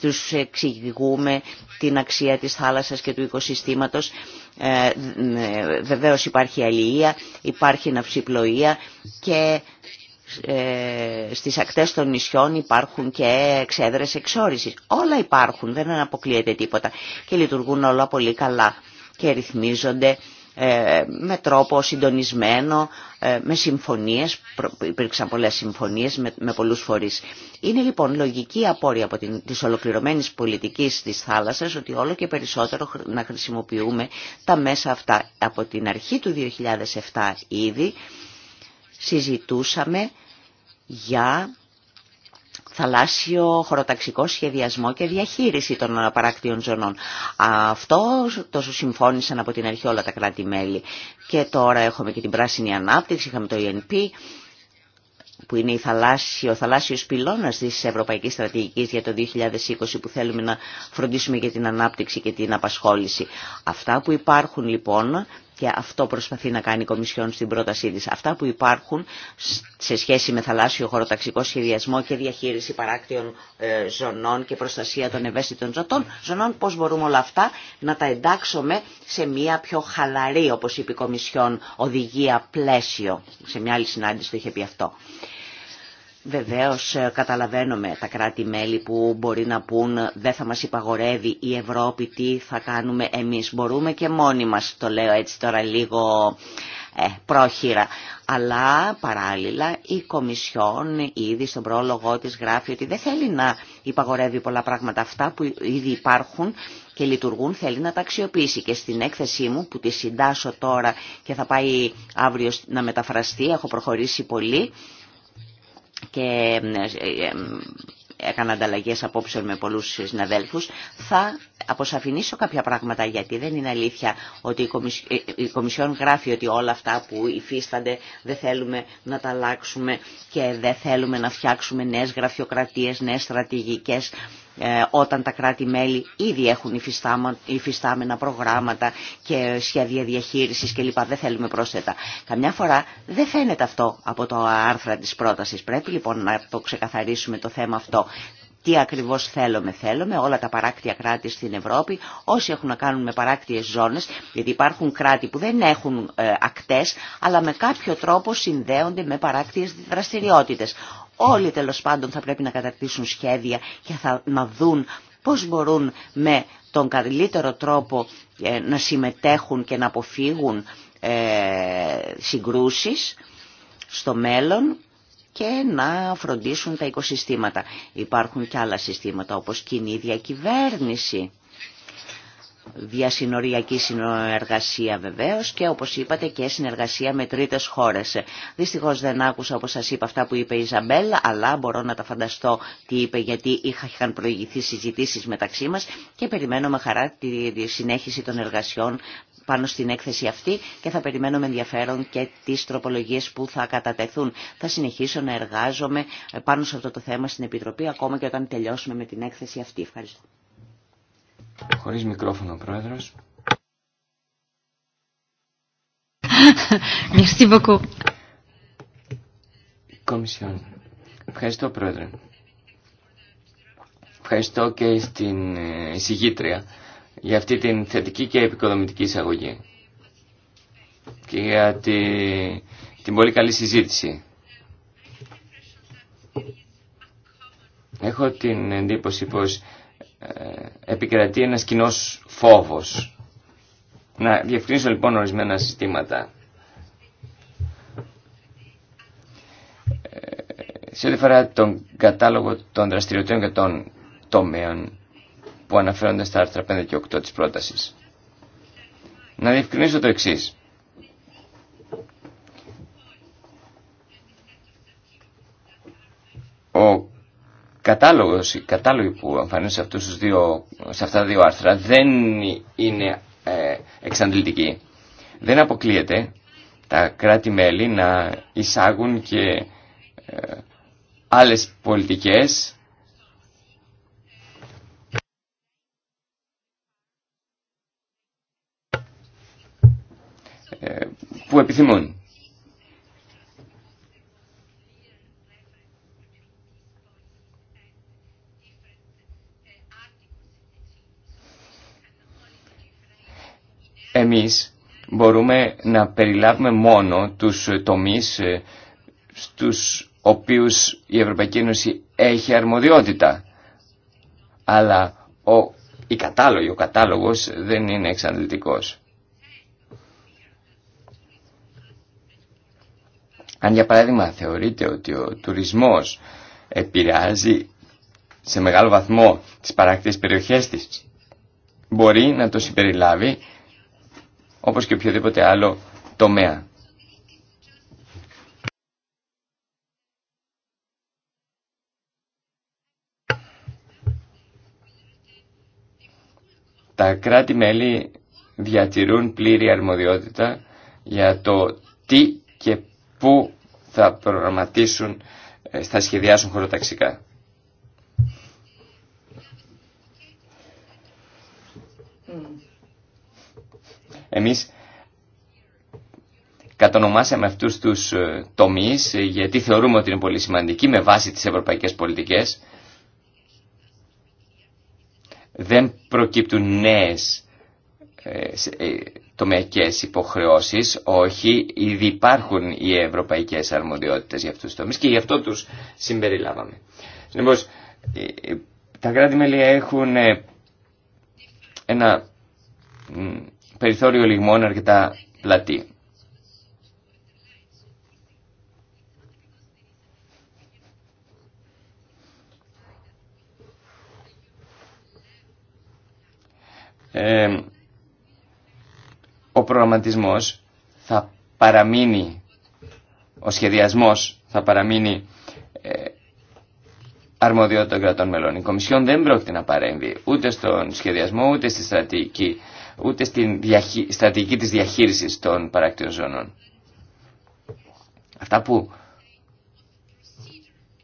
τους εξηγούμε την αξία της θάλασσα και του οικοσυστήματος. Ε, ε, βεβαίως υπάρχει αλληλεία, υπάρχει ναυσιπλοεία και ε, στις ακτές των νησιών υπάρχουν και εξέδρες εξόρισης. Όλα υπάρχουν, δεν αναποκλείεται τίποτα και λειτουργούν όλα πολύ καλά και ρυθμίζονται ε, με τρόπο συντονισμένο, ε, με συμφωνίες, υπήρξαν πολλές συμφωνίες με, με πολλούς φορείς. Είναι λοιπόν λογική απόρρια από την, της ολοκληρωμένης πολιτικής της θάλασσας ότι όλο και περισσότερο να χρησιμοποιούμε τα μέσα αυτά. Από την αρχή του 2007 ήδη συζητούσαμε για θαλάσσιο χωροταξικό σχεδιασμό και διαχείριση των παράκτιων ζωνών. Αυτό το συμφώνησαν από την αρχή όλα τα κράτη-μέλη. Και τώρα έχουμε και την πράσινη ανάπτυξη, είχαμε το ENP, που είναι η θαλάσσιο, ο θαλάσσιος πυλώνας της Ευρωπαϊκής Στρατηγικής για το 2020 που θέλουμε να φροντίσουμε για την ανάπτυξη και την απασχόληση. Αυτά που υπάρχουν λοιπόν και αυτό προσπαθεί να κάνει η Κομισιόν στην πρότασή της. Αυτά που υπάρχουν σε σχέση με θαλάσσιο χωροταξικό σχεδιασμό και διαχείριση παράκτιων ε, ζωνών και προστασία των ευαίσθητων ζωτών, ζωνών, πώς μπορούμε όλα αυτά να τα εντάξουμε σε μια πιο χαλαρή, όπως είπε η Κομισιόν, οδηγία πλαίσιο. Σε μια άλλη συνάντηση το είχε πει αυτό. Βεβαίως ε, καταλαβαίνουμε τα κράτη-μέλη που μπορεί να πούν δεν θα μας υπαγορεύει η Ευρώπη τι θα κάνουμε εμείς. Μπορούμε και μόνοι μας, το λέω έτσι τώρα λίγο ε, πρόχειρα. Αλλά παράλληλα η Κομισιόν ήδη στον πρόλογο της γράφει ότι δεν θέλει να υπαγορεύει πολλά πράγματα αυτά που ήδη υπάρχουν και λειτουργούν, θέλει να τα αξιοποιήσει. Και στην έκθεσή μου που τη συντάσω τώρα και θα πάει αύριο να μεταφραστεί, έχω προχωρήσει πολύ, και ε, έκανα ανταλλαγέ απόψεων με πολλού συναδέλφου. Θα αποσαφηνίσω κάποια πράγματα γιατί δεν είναι αλήθεια ότι ε, ε, η Κομισιόν γράφει ότι όλα αυτά που υφίστανται δεν θέλουμε να τα αλλάξουμε και δεν θέλουμε να φτιάξουμε νέε γραφειοκρατίε, νέε στρατηγικέ. Ε, όταν τα κράτη-μέλη ήδη έχουν υφιστάμενα προγράμματα και σχέδια διαχείρισης κλπ. Δεν θέλουμε πρόσθετα. Καμιά φορά δεν φαίνεται αυτό από το άρθρα της πρότασης. Πρέπει λοιπόν να το ξεκαθαρίσουμε το θέμα αυτό. Τι ακριβώς θέλουμε. Θέλουμε όλα τα παράκτια κράτη στην Ευρώπη, όσοι έχουν να κάνουν με παράκτιες ζώνες, γιατί υπάρχουν κράτη που δεν έχουν ε, ακτές, αλλά με κάποιο τρόπο συνδέονται με παράκτιες δραστηριότητες. Όλοι τέλο πάντων θα πρέπει να κατακτήσουν σχέδια και θα να δουν πώς μπορούν με τον καλύτερο τρόπο ε, να συμμετέχουν και να αποφύγουν ε, συγκρούσεις στο μέλλον και να φροντίσουν τα οικοσυστήματα. Υπάρχουν και άλλα συστήματα όπως κοινή διακυβέρνηση διασυνοριακή συνεργασία βεβαίως και όπως είπατε και συνεργασία με τρίτες χώρες. Δυστυχώς δεν άκουσα όπως σας είπα αυτά που είπε η Ζαμπέλ, αλλά μπορώ να τα φανταστώ τι είπε γιατί είχαν προηγηθεί συζητήσεις μεταξύ μας και περιμένω με χαρά τη συνέχιση των εργασιών πάνω στην έκθεση αυτή και θα περιμένω με ενδιαφέρον και τις τροπολογίες που θα κατατεθούν. Θα συνεχίσω να εργάζομαι πάνω σε αυτό το θέμα στην Επιτροπή ακόμα και όταν τελειώσουμε με την έκθεση αυτή. Ευχαριστώ. Χωρίς μικρόφωνο, Πρόεδρος. Κομισιόν. Ευχαριστώ, Πρόεδρε. Ευχαριστώ και στην ε, εισηγήτρια για αυτή την θετική και επικοδομητική εισαγωγή και για τη, την πολύ καλή συζήτηση. Έχω την εντύπωση πως ε, επικρατεί ένας κοινό φόβος. Να διευκρινίσω λοιπόν ορισμένα συστήματα. Ε, σε ό,τι αφορά τον κατάλογο των δραστηριοτήτων και των τομέων που αναφέρονται στα άρθρα 5 και 8 της πρότασης. Να διευκρινίσω το εξής. Ο κατάλογος, οι που εμφανίζουν σε, αυτούς τους δύο, σε αυτά τα δύο άρθρα δεν είναι ε, εξαντλητικοί. Δεν αποκλείεται τα κράτη-μέλη να εισάγουν και ε, άλλες πολιτικές ε, που επιθυμούν. Εμείς μπορούμε να περιλάβουμε μόνο τους τομείς ε, στους οποίους η Ευρωπαϊκή Ένωση έχει αρμοδιότητα. Αλλά ο, η ο κατάλογος δεν είναι εξαντλητικός. Αν για παράδειγμα θεωρείτε ότι ο τουρισμός επηρεάζει σε μεγάλο βαθμό τις παράκτητες περιοχές της, μπορεί να το συμπεριλάβει όπως και οποιοδήποτε άλλο τομέα. Τα κράτη-μέλη διατηρούν πλήρη αρμοδιότητα για το τι και πού θα προγραμματίσουν, ε, θα σχεδιάσουν χωροταξικά. Εμείς κατονομάσαμε αυτούς τους ε, τομείς ε, γιατί θεωρούμε ότι είναι πολύ σημαντικοί με βάση τις ευρωπαϊκές πολιτικές. Δεν προκύπτουν νέες ε, τομεακές υποχρεώσεις, όχι, ήδη υπάρχουν οι ευρωπαϊκές αρμοδιότητες για αυτούς τους τομείς και γι' αυτό τους συμπεριλάβαμε. Λοιπόν, τα κράτη-μέλη έχουν ένα περιθώριο λιγμών αρκετά πλατή. ο προγραμματισμός θα παραμείνει, ο σχεδιασμός θα παραμείνει ε, αρμοδιότητα των κρατών μελών. Η Κομισιόν δεν πρόκειται να παρέμβει ούτε στον σχεδιασμό ούτε στη στρατηγική ούτε στη στρατηγική της διαχείρισης των παράκτιων ζώνων. Αυτά που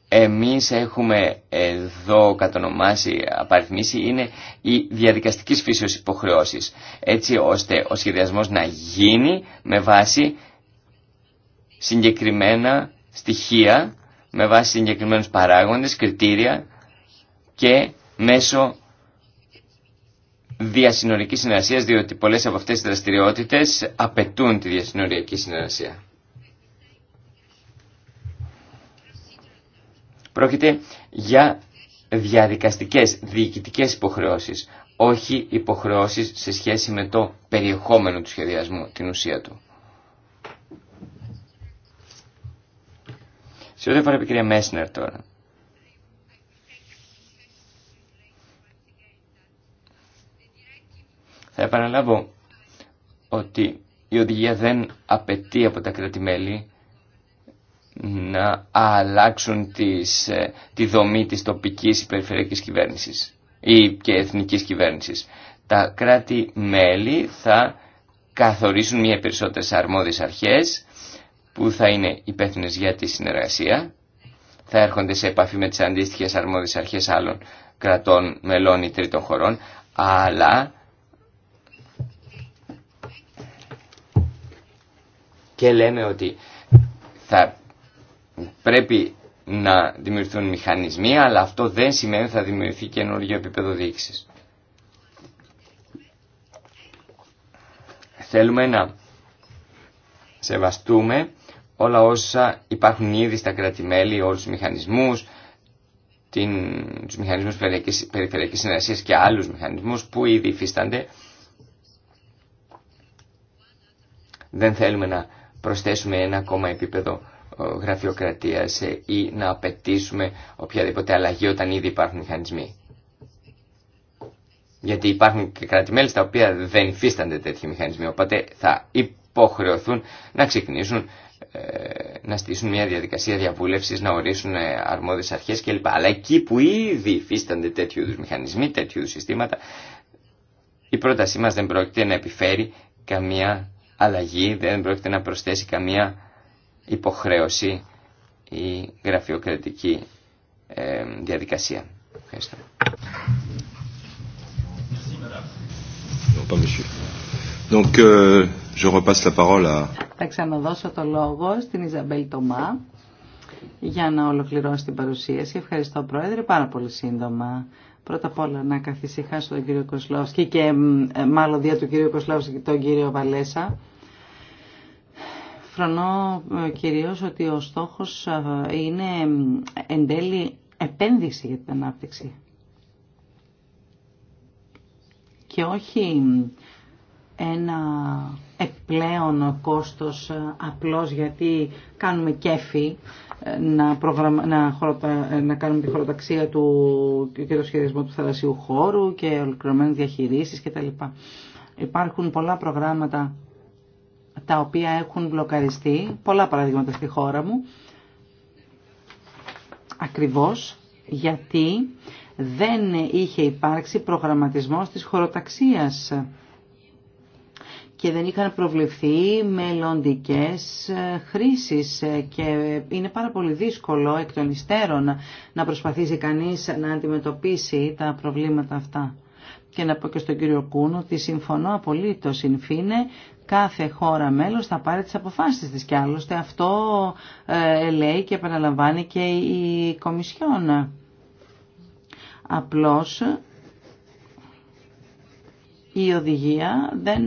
εμείς έχουμε εδώ κατονομάσει, απαριθμίσει, είναι οι διαδικαστικής φύσεως υποχρεώσεις, έτσι ώστε ο σχεδιασμός να γίνει με βάση συγκεκριμένα στοιχεία, με βάση συγκεκριμένους παράγοντες, κριτήρια και μέσω διασυνορική συνεργασία, διότι πολλέ από αυτέ τι δραστηριότητε απαιτούν τη διασυνοριακή συνεργασία. Πρόκειται για διαδικαστικές διοικητικές υποχρεώσεις, όχι υποχρεώσεις σε σχέση με το περιεχόμενο του σχεδιασμού, την ουσία του. Σε ό,τι αφορά την κυρία Μέσνερ τώρα. Θα επαναλάβω ότι η οδηγία δεν απαιτεί από τα κράτη-μέλη να αλλάξουν τις, ε, τη δομή της τοπικής ή κυβέρνησης ή και εθνικής κυβέρνησης. Τα κράτη-μέλη θα καθορίσουν μία περισσότερες αρμόδιες αρχές που θα είναι υπεύθυνε για τη συνεργασία, θα έρχονται σε επαφή με τις αντίστοιχες αρμόδιες αρχές άλλων κρατών, μελών ή τρίτων χωρών, αλλά και λέμε ότι θα πρέπει να δημιουργηθούν μηχανισμοί, αλλά αυτό δεν σημαίνει ότι θα δημιουργηθεί καινούργιο επίπεδο διοίκησης. Θέλουμε να σεβαστούμε όλα όσα υπάρχουν ήδη στα κράτη-μέλη, όλους τους μηχανισμούς, την, τους μηχανισμούς περιφερειακής και άλλους μηχανισμούς που ήδη υφίστανται. Δεν θέλουμε να προσθέσουμε ένα ακόμα επίπεδο ε, γραφειοκρατίας ε, ή να απαιτήσουμε οποιαδήποτε αλλαγή όταν ήδη υπάρχουν μηχανισμοί. Γιατί υπάρχουν και κράτη-μέλη στα οποία δεν υφίστανται τέτοιοι μηχανισμοί, οπότε θα υποχρεωθούν να ξεκινήσουν ε, να στήσουν μια διαδικασία διαβούλευσης, να ορίσουν αρμόδιες αρχές κλπ. Αλλά εκεί που ήδη υφίστανται τέτοιου είδους μηχανισμοί, τέτοιου είδους συστήματα, η πρότασή μας δεν πρόκειται να επιφέρει καμία αλλαγή, δεν πρόκειται να προσθέσει καμία υποχρέωση ή γραφειοκρατική ε, διαδικασία. Ευχαριστώ. Θα ξαναδώσω το λόγο στην Ιζαμπέλ Τομά για να ολοκληρώσει την παρουσίαση. Ευχαριστώ Πρόεδρε, πάρα πολύ σύντομα. Πρώτα απ' όλα να καθησυχάσω τον κύριο Κοσλόφσκι και ε, μάλλον δια του κύριου Κοσλόφσκι τον κύριο Βαλέσα. Φρονώ ε, κυρίως ότι ο στόχος είναι εν τέλει επένδυση για την ανάπτυξη. Και όχι ένα επιπλέον κόστος ε, απλώς γιατί κάνουμε κέφι να, προγραμμα... να, χωροτα... να κάνουμε τη χωροταξία του... και το σχεδιασμό του θαλασσίου χώρου και ολοκληρωμένες διαχειρήσεις κτλ. Υπάρχουν πολλά προγράμματα τα οποία έχουν μπλοκαριστεί, πολλά παραδείγματα στη χώρα μου, ακριβώς γιατί δεν είχε υπάρξει προγραμματισμός της χωροταξίας και δεν είχαν προβληθεί μελλοντικέ ε, χρήσεις ε, και είναι πάρα πολύ δύσκολο εκ των υστέρων να προσπαθήσει κανείς να αντιμετωπίσει τα προβλήματα αυτά. Και να πω και στον κύριο Κούνο ότι συμφωνώ απολύτως συμφίνε κάθε χώρα μέλος θα πάρει τι αποφάσεις της και άλλωστε αυτό ε, λέει και επαναλαμβάνει και η Κομισιόν. Απλώς η οδηγία δεν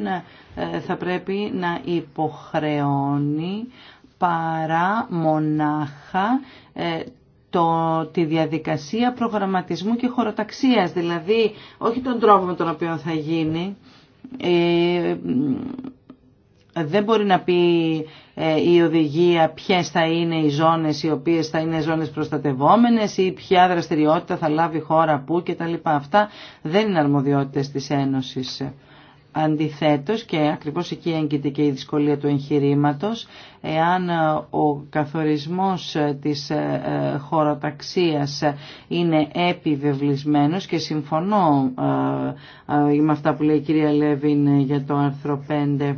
ε, θα πρέπει να υποχρεώνει παρά μονάχα ε, το, τη διαδικασία προγραμματισμού και χωροταξίας, δηλαδή όχι τον τρόπο με τον οποίο θα γίνει. Ε, δεν μπορεί να πει η οδηγία ποιες θα είναι οι ζώνες οι οποίες θα είναι ζώνες προστατευόμενες ή ποια δραστηριότητα θα λάβει χώρα που κτλ. Αυτά δεν είναι αρμοδιότητες της Ένωσης. Αντιθέτως, και ακριβώς εκεί έγκυται και η δυσκολία του εγχειρήματο, εάν ο καθορισμός της ε, χωροταξίας είναι επιβεβλισμένος και συμφωνώ ε, ε, με αυτά που λέει η κυρία Λέβιν για το άρθρο 5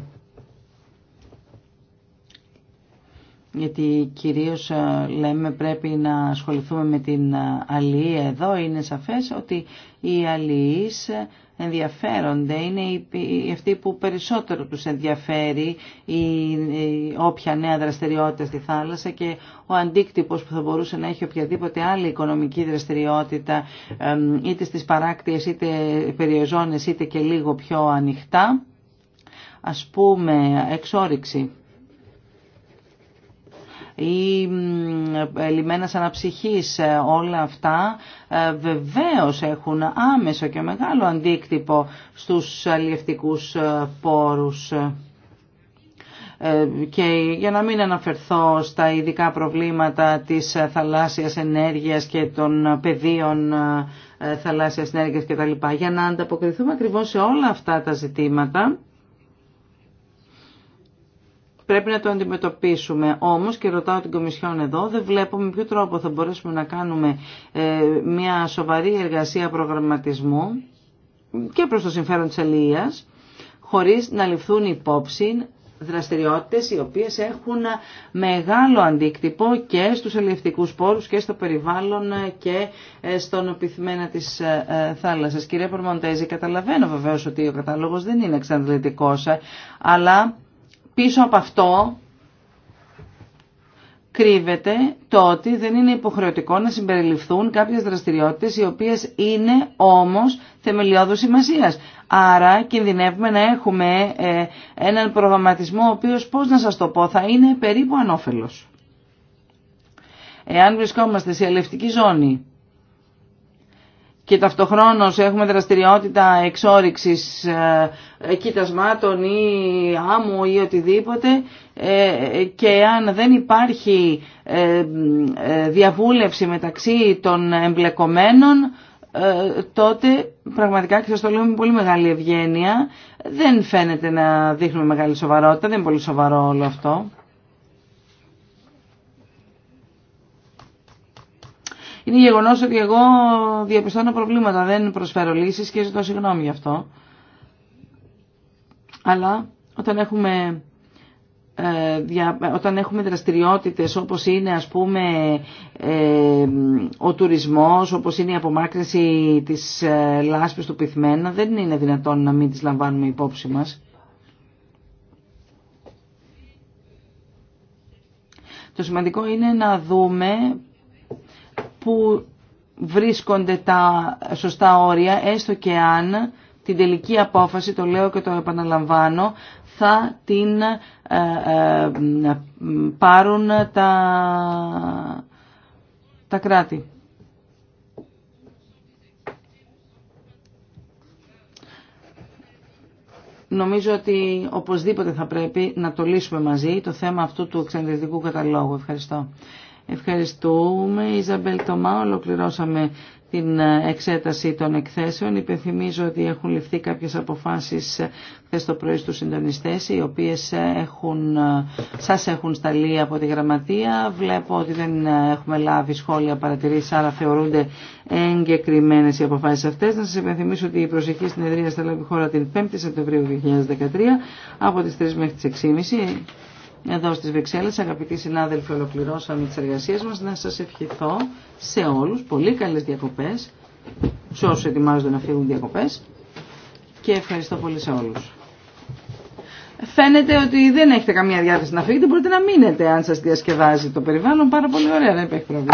γιατί κυρίως λέμε πρέπει να ασχοληθούμε με την αλληλεία εδώ, είναι σαφές ότι οι αλληλείς ενδιαφέρονται, είναι αυτοί που περισσότερο τους ενδιαφέρει η, η, όποια νέα δραστηριότητα στη θάλασσα και ο αντίκτυπος που θα μπορούσε να έχει οποιαδήποτε άλλη οικονομική δραστηριότητα είτε στις παράκτιες είτε περιοζώνες είτε και λίγο πιο ανοιχτά ας πούμε εξόριξη ή ε, λιμένας αναψυχής, ε, όλα αυτά ε, βεβαίως έχουν άμεσο και μεγάλο αντίκτυπο στους αλλιευτικούς πόρους και για να μην αναφερθώ στα ειδικά προβλήματα της θαλάσσιας ενέργειας και των πεδίων θαλάσσιας ενέργειας κτλ. Για να ανταποκριθούμε ακριβώς σε όλα αυτά τα ζητήματα, πρέπει να το αντιμετωπίσουμε. Όμως και ρωτάω την Κομισιόν εδώ, δεν βλέπουμε με ποιο τρόπο θα μπορέσουμε να κάνουμε ε, μια σοβαρή εργασία προγραμματισμού και προς το συμφέρον της αλληλείας, χωρίς να ληφθούν υπόψη δραστηριότητες οι οποίες έχουν μεγάλο αντίκτυπο και στους ελευθερικούς πόρους και στο περιβάλλον και ε, στον οπιθμένα της ε, θάλασσας. Κύριε Πορμοντέζη, καταλαβαίνω βεβαίως ότι ο κατάλογος δεν είναι εξαντλητικός, αλλά πίσω από αυτό κρύβεται το ότι δεν είναι υποχρεωτικό να συμπεριληφθούν κάποιες δραστηριότητες οι οποίες είναι όμως θεμελιώδους σημασίας. Άρα κινδυνεύουμε να έχουμε ε, έναν προγραμματισμό ο οποίος, πώς να σας το πω, θα είναι περίπου ανώφελος. Εάν βρισκόμαστε σε αλευτική ζώνη και ταυτοχρόνως έχουμε δραστηριότητα εξόριξης ε, ε, κοίτασμάτων ή άμμου ή οτιδήποτε ε, και αν δεν υπάρχει διαβούλευση μεταξύ των εμπλεκομένων τότε πραγματικά και σας το λέω με πολύ μεγάλη ευγένεια δεν φαίνεται να δείχνουμε μεγάλη σοβαρότητα, δεν είναι πολύ σοβαρό όλο αυτό. είναι γεγονό ότι εγώ διαπιστώνω προβλήματα, δεν προσφέρω λύσει και ζητώ συγγνώμη γι' αυτό. Αλλά όταν έχουμε ε, όταν έχουμε δραστηριότητες όπως είναι ας πούμε ε, ο τουρισμός, όπως είναι η απομάκρυνση της ε, λάσπης του πυθμένα, δεν είναι δυνατόν να μην τις λαμβάνουμε υπόψη μας. Το σημαντικό είναι να δούμε που βρίσκονται τα σωστά όρια, έστω και αν την τελική απόφαση, το λέω και το επαναλαμβάνω, θα την ε, ε, πάρουν τα, τα κράτη. Νομίζω ότι οπωσδήποτε θα πρέπει να το λύσουμε μαζί το θέμα αυτού του εξαντλητικού καταλόγου. Ευχαριστώ. Ευχαριστούμε. Ιζαμπέλ Τωμά, ολοκληρώσαμε την ε, εξέταση των εκθέσεων. Υπενθυμίζω ότι έχουν ληφθεί κάποιες αποφάσεις ε, χθε το πρωί στους συντονιστές, οι οποίες ε, έχουν, σας έχουν σταλεί από τη γραμματεία. Βλέπω ότι δεν έχουμε λάβει σχόλια παρατηρήσεις, άρα θεωρούνται εγκεκριμένες οι αποφάσεις αυτές. Να σας υπενθυμίσω ότι η προσεχή εδρία θα λάβει χώρα την 5η Σεπτεμβρίου 2013 από τις 3 μέχρι τις 6.30 εδώ στις Βεξέλλες. Αγαπητοί συνάδελφοι, ολοκληρώσαμε τις εργασίες μας. Να σας ευχηθώ σε όλους πολύ καλές διακοπές, σε όσους ετοιμάζονται να φύγουν διακοπές και ευχαριστώ πολύ σε όλους. Φαίνεται ότι δεν έχετε καμία διάθεση να φύγετε, μπορείτε να μείνετε αν σας διασκεδάζει το περιβάλλον πάρα πολύ ωραία, να υπάρχει πρόβλημα.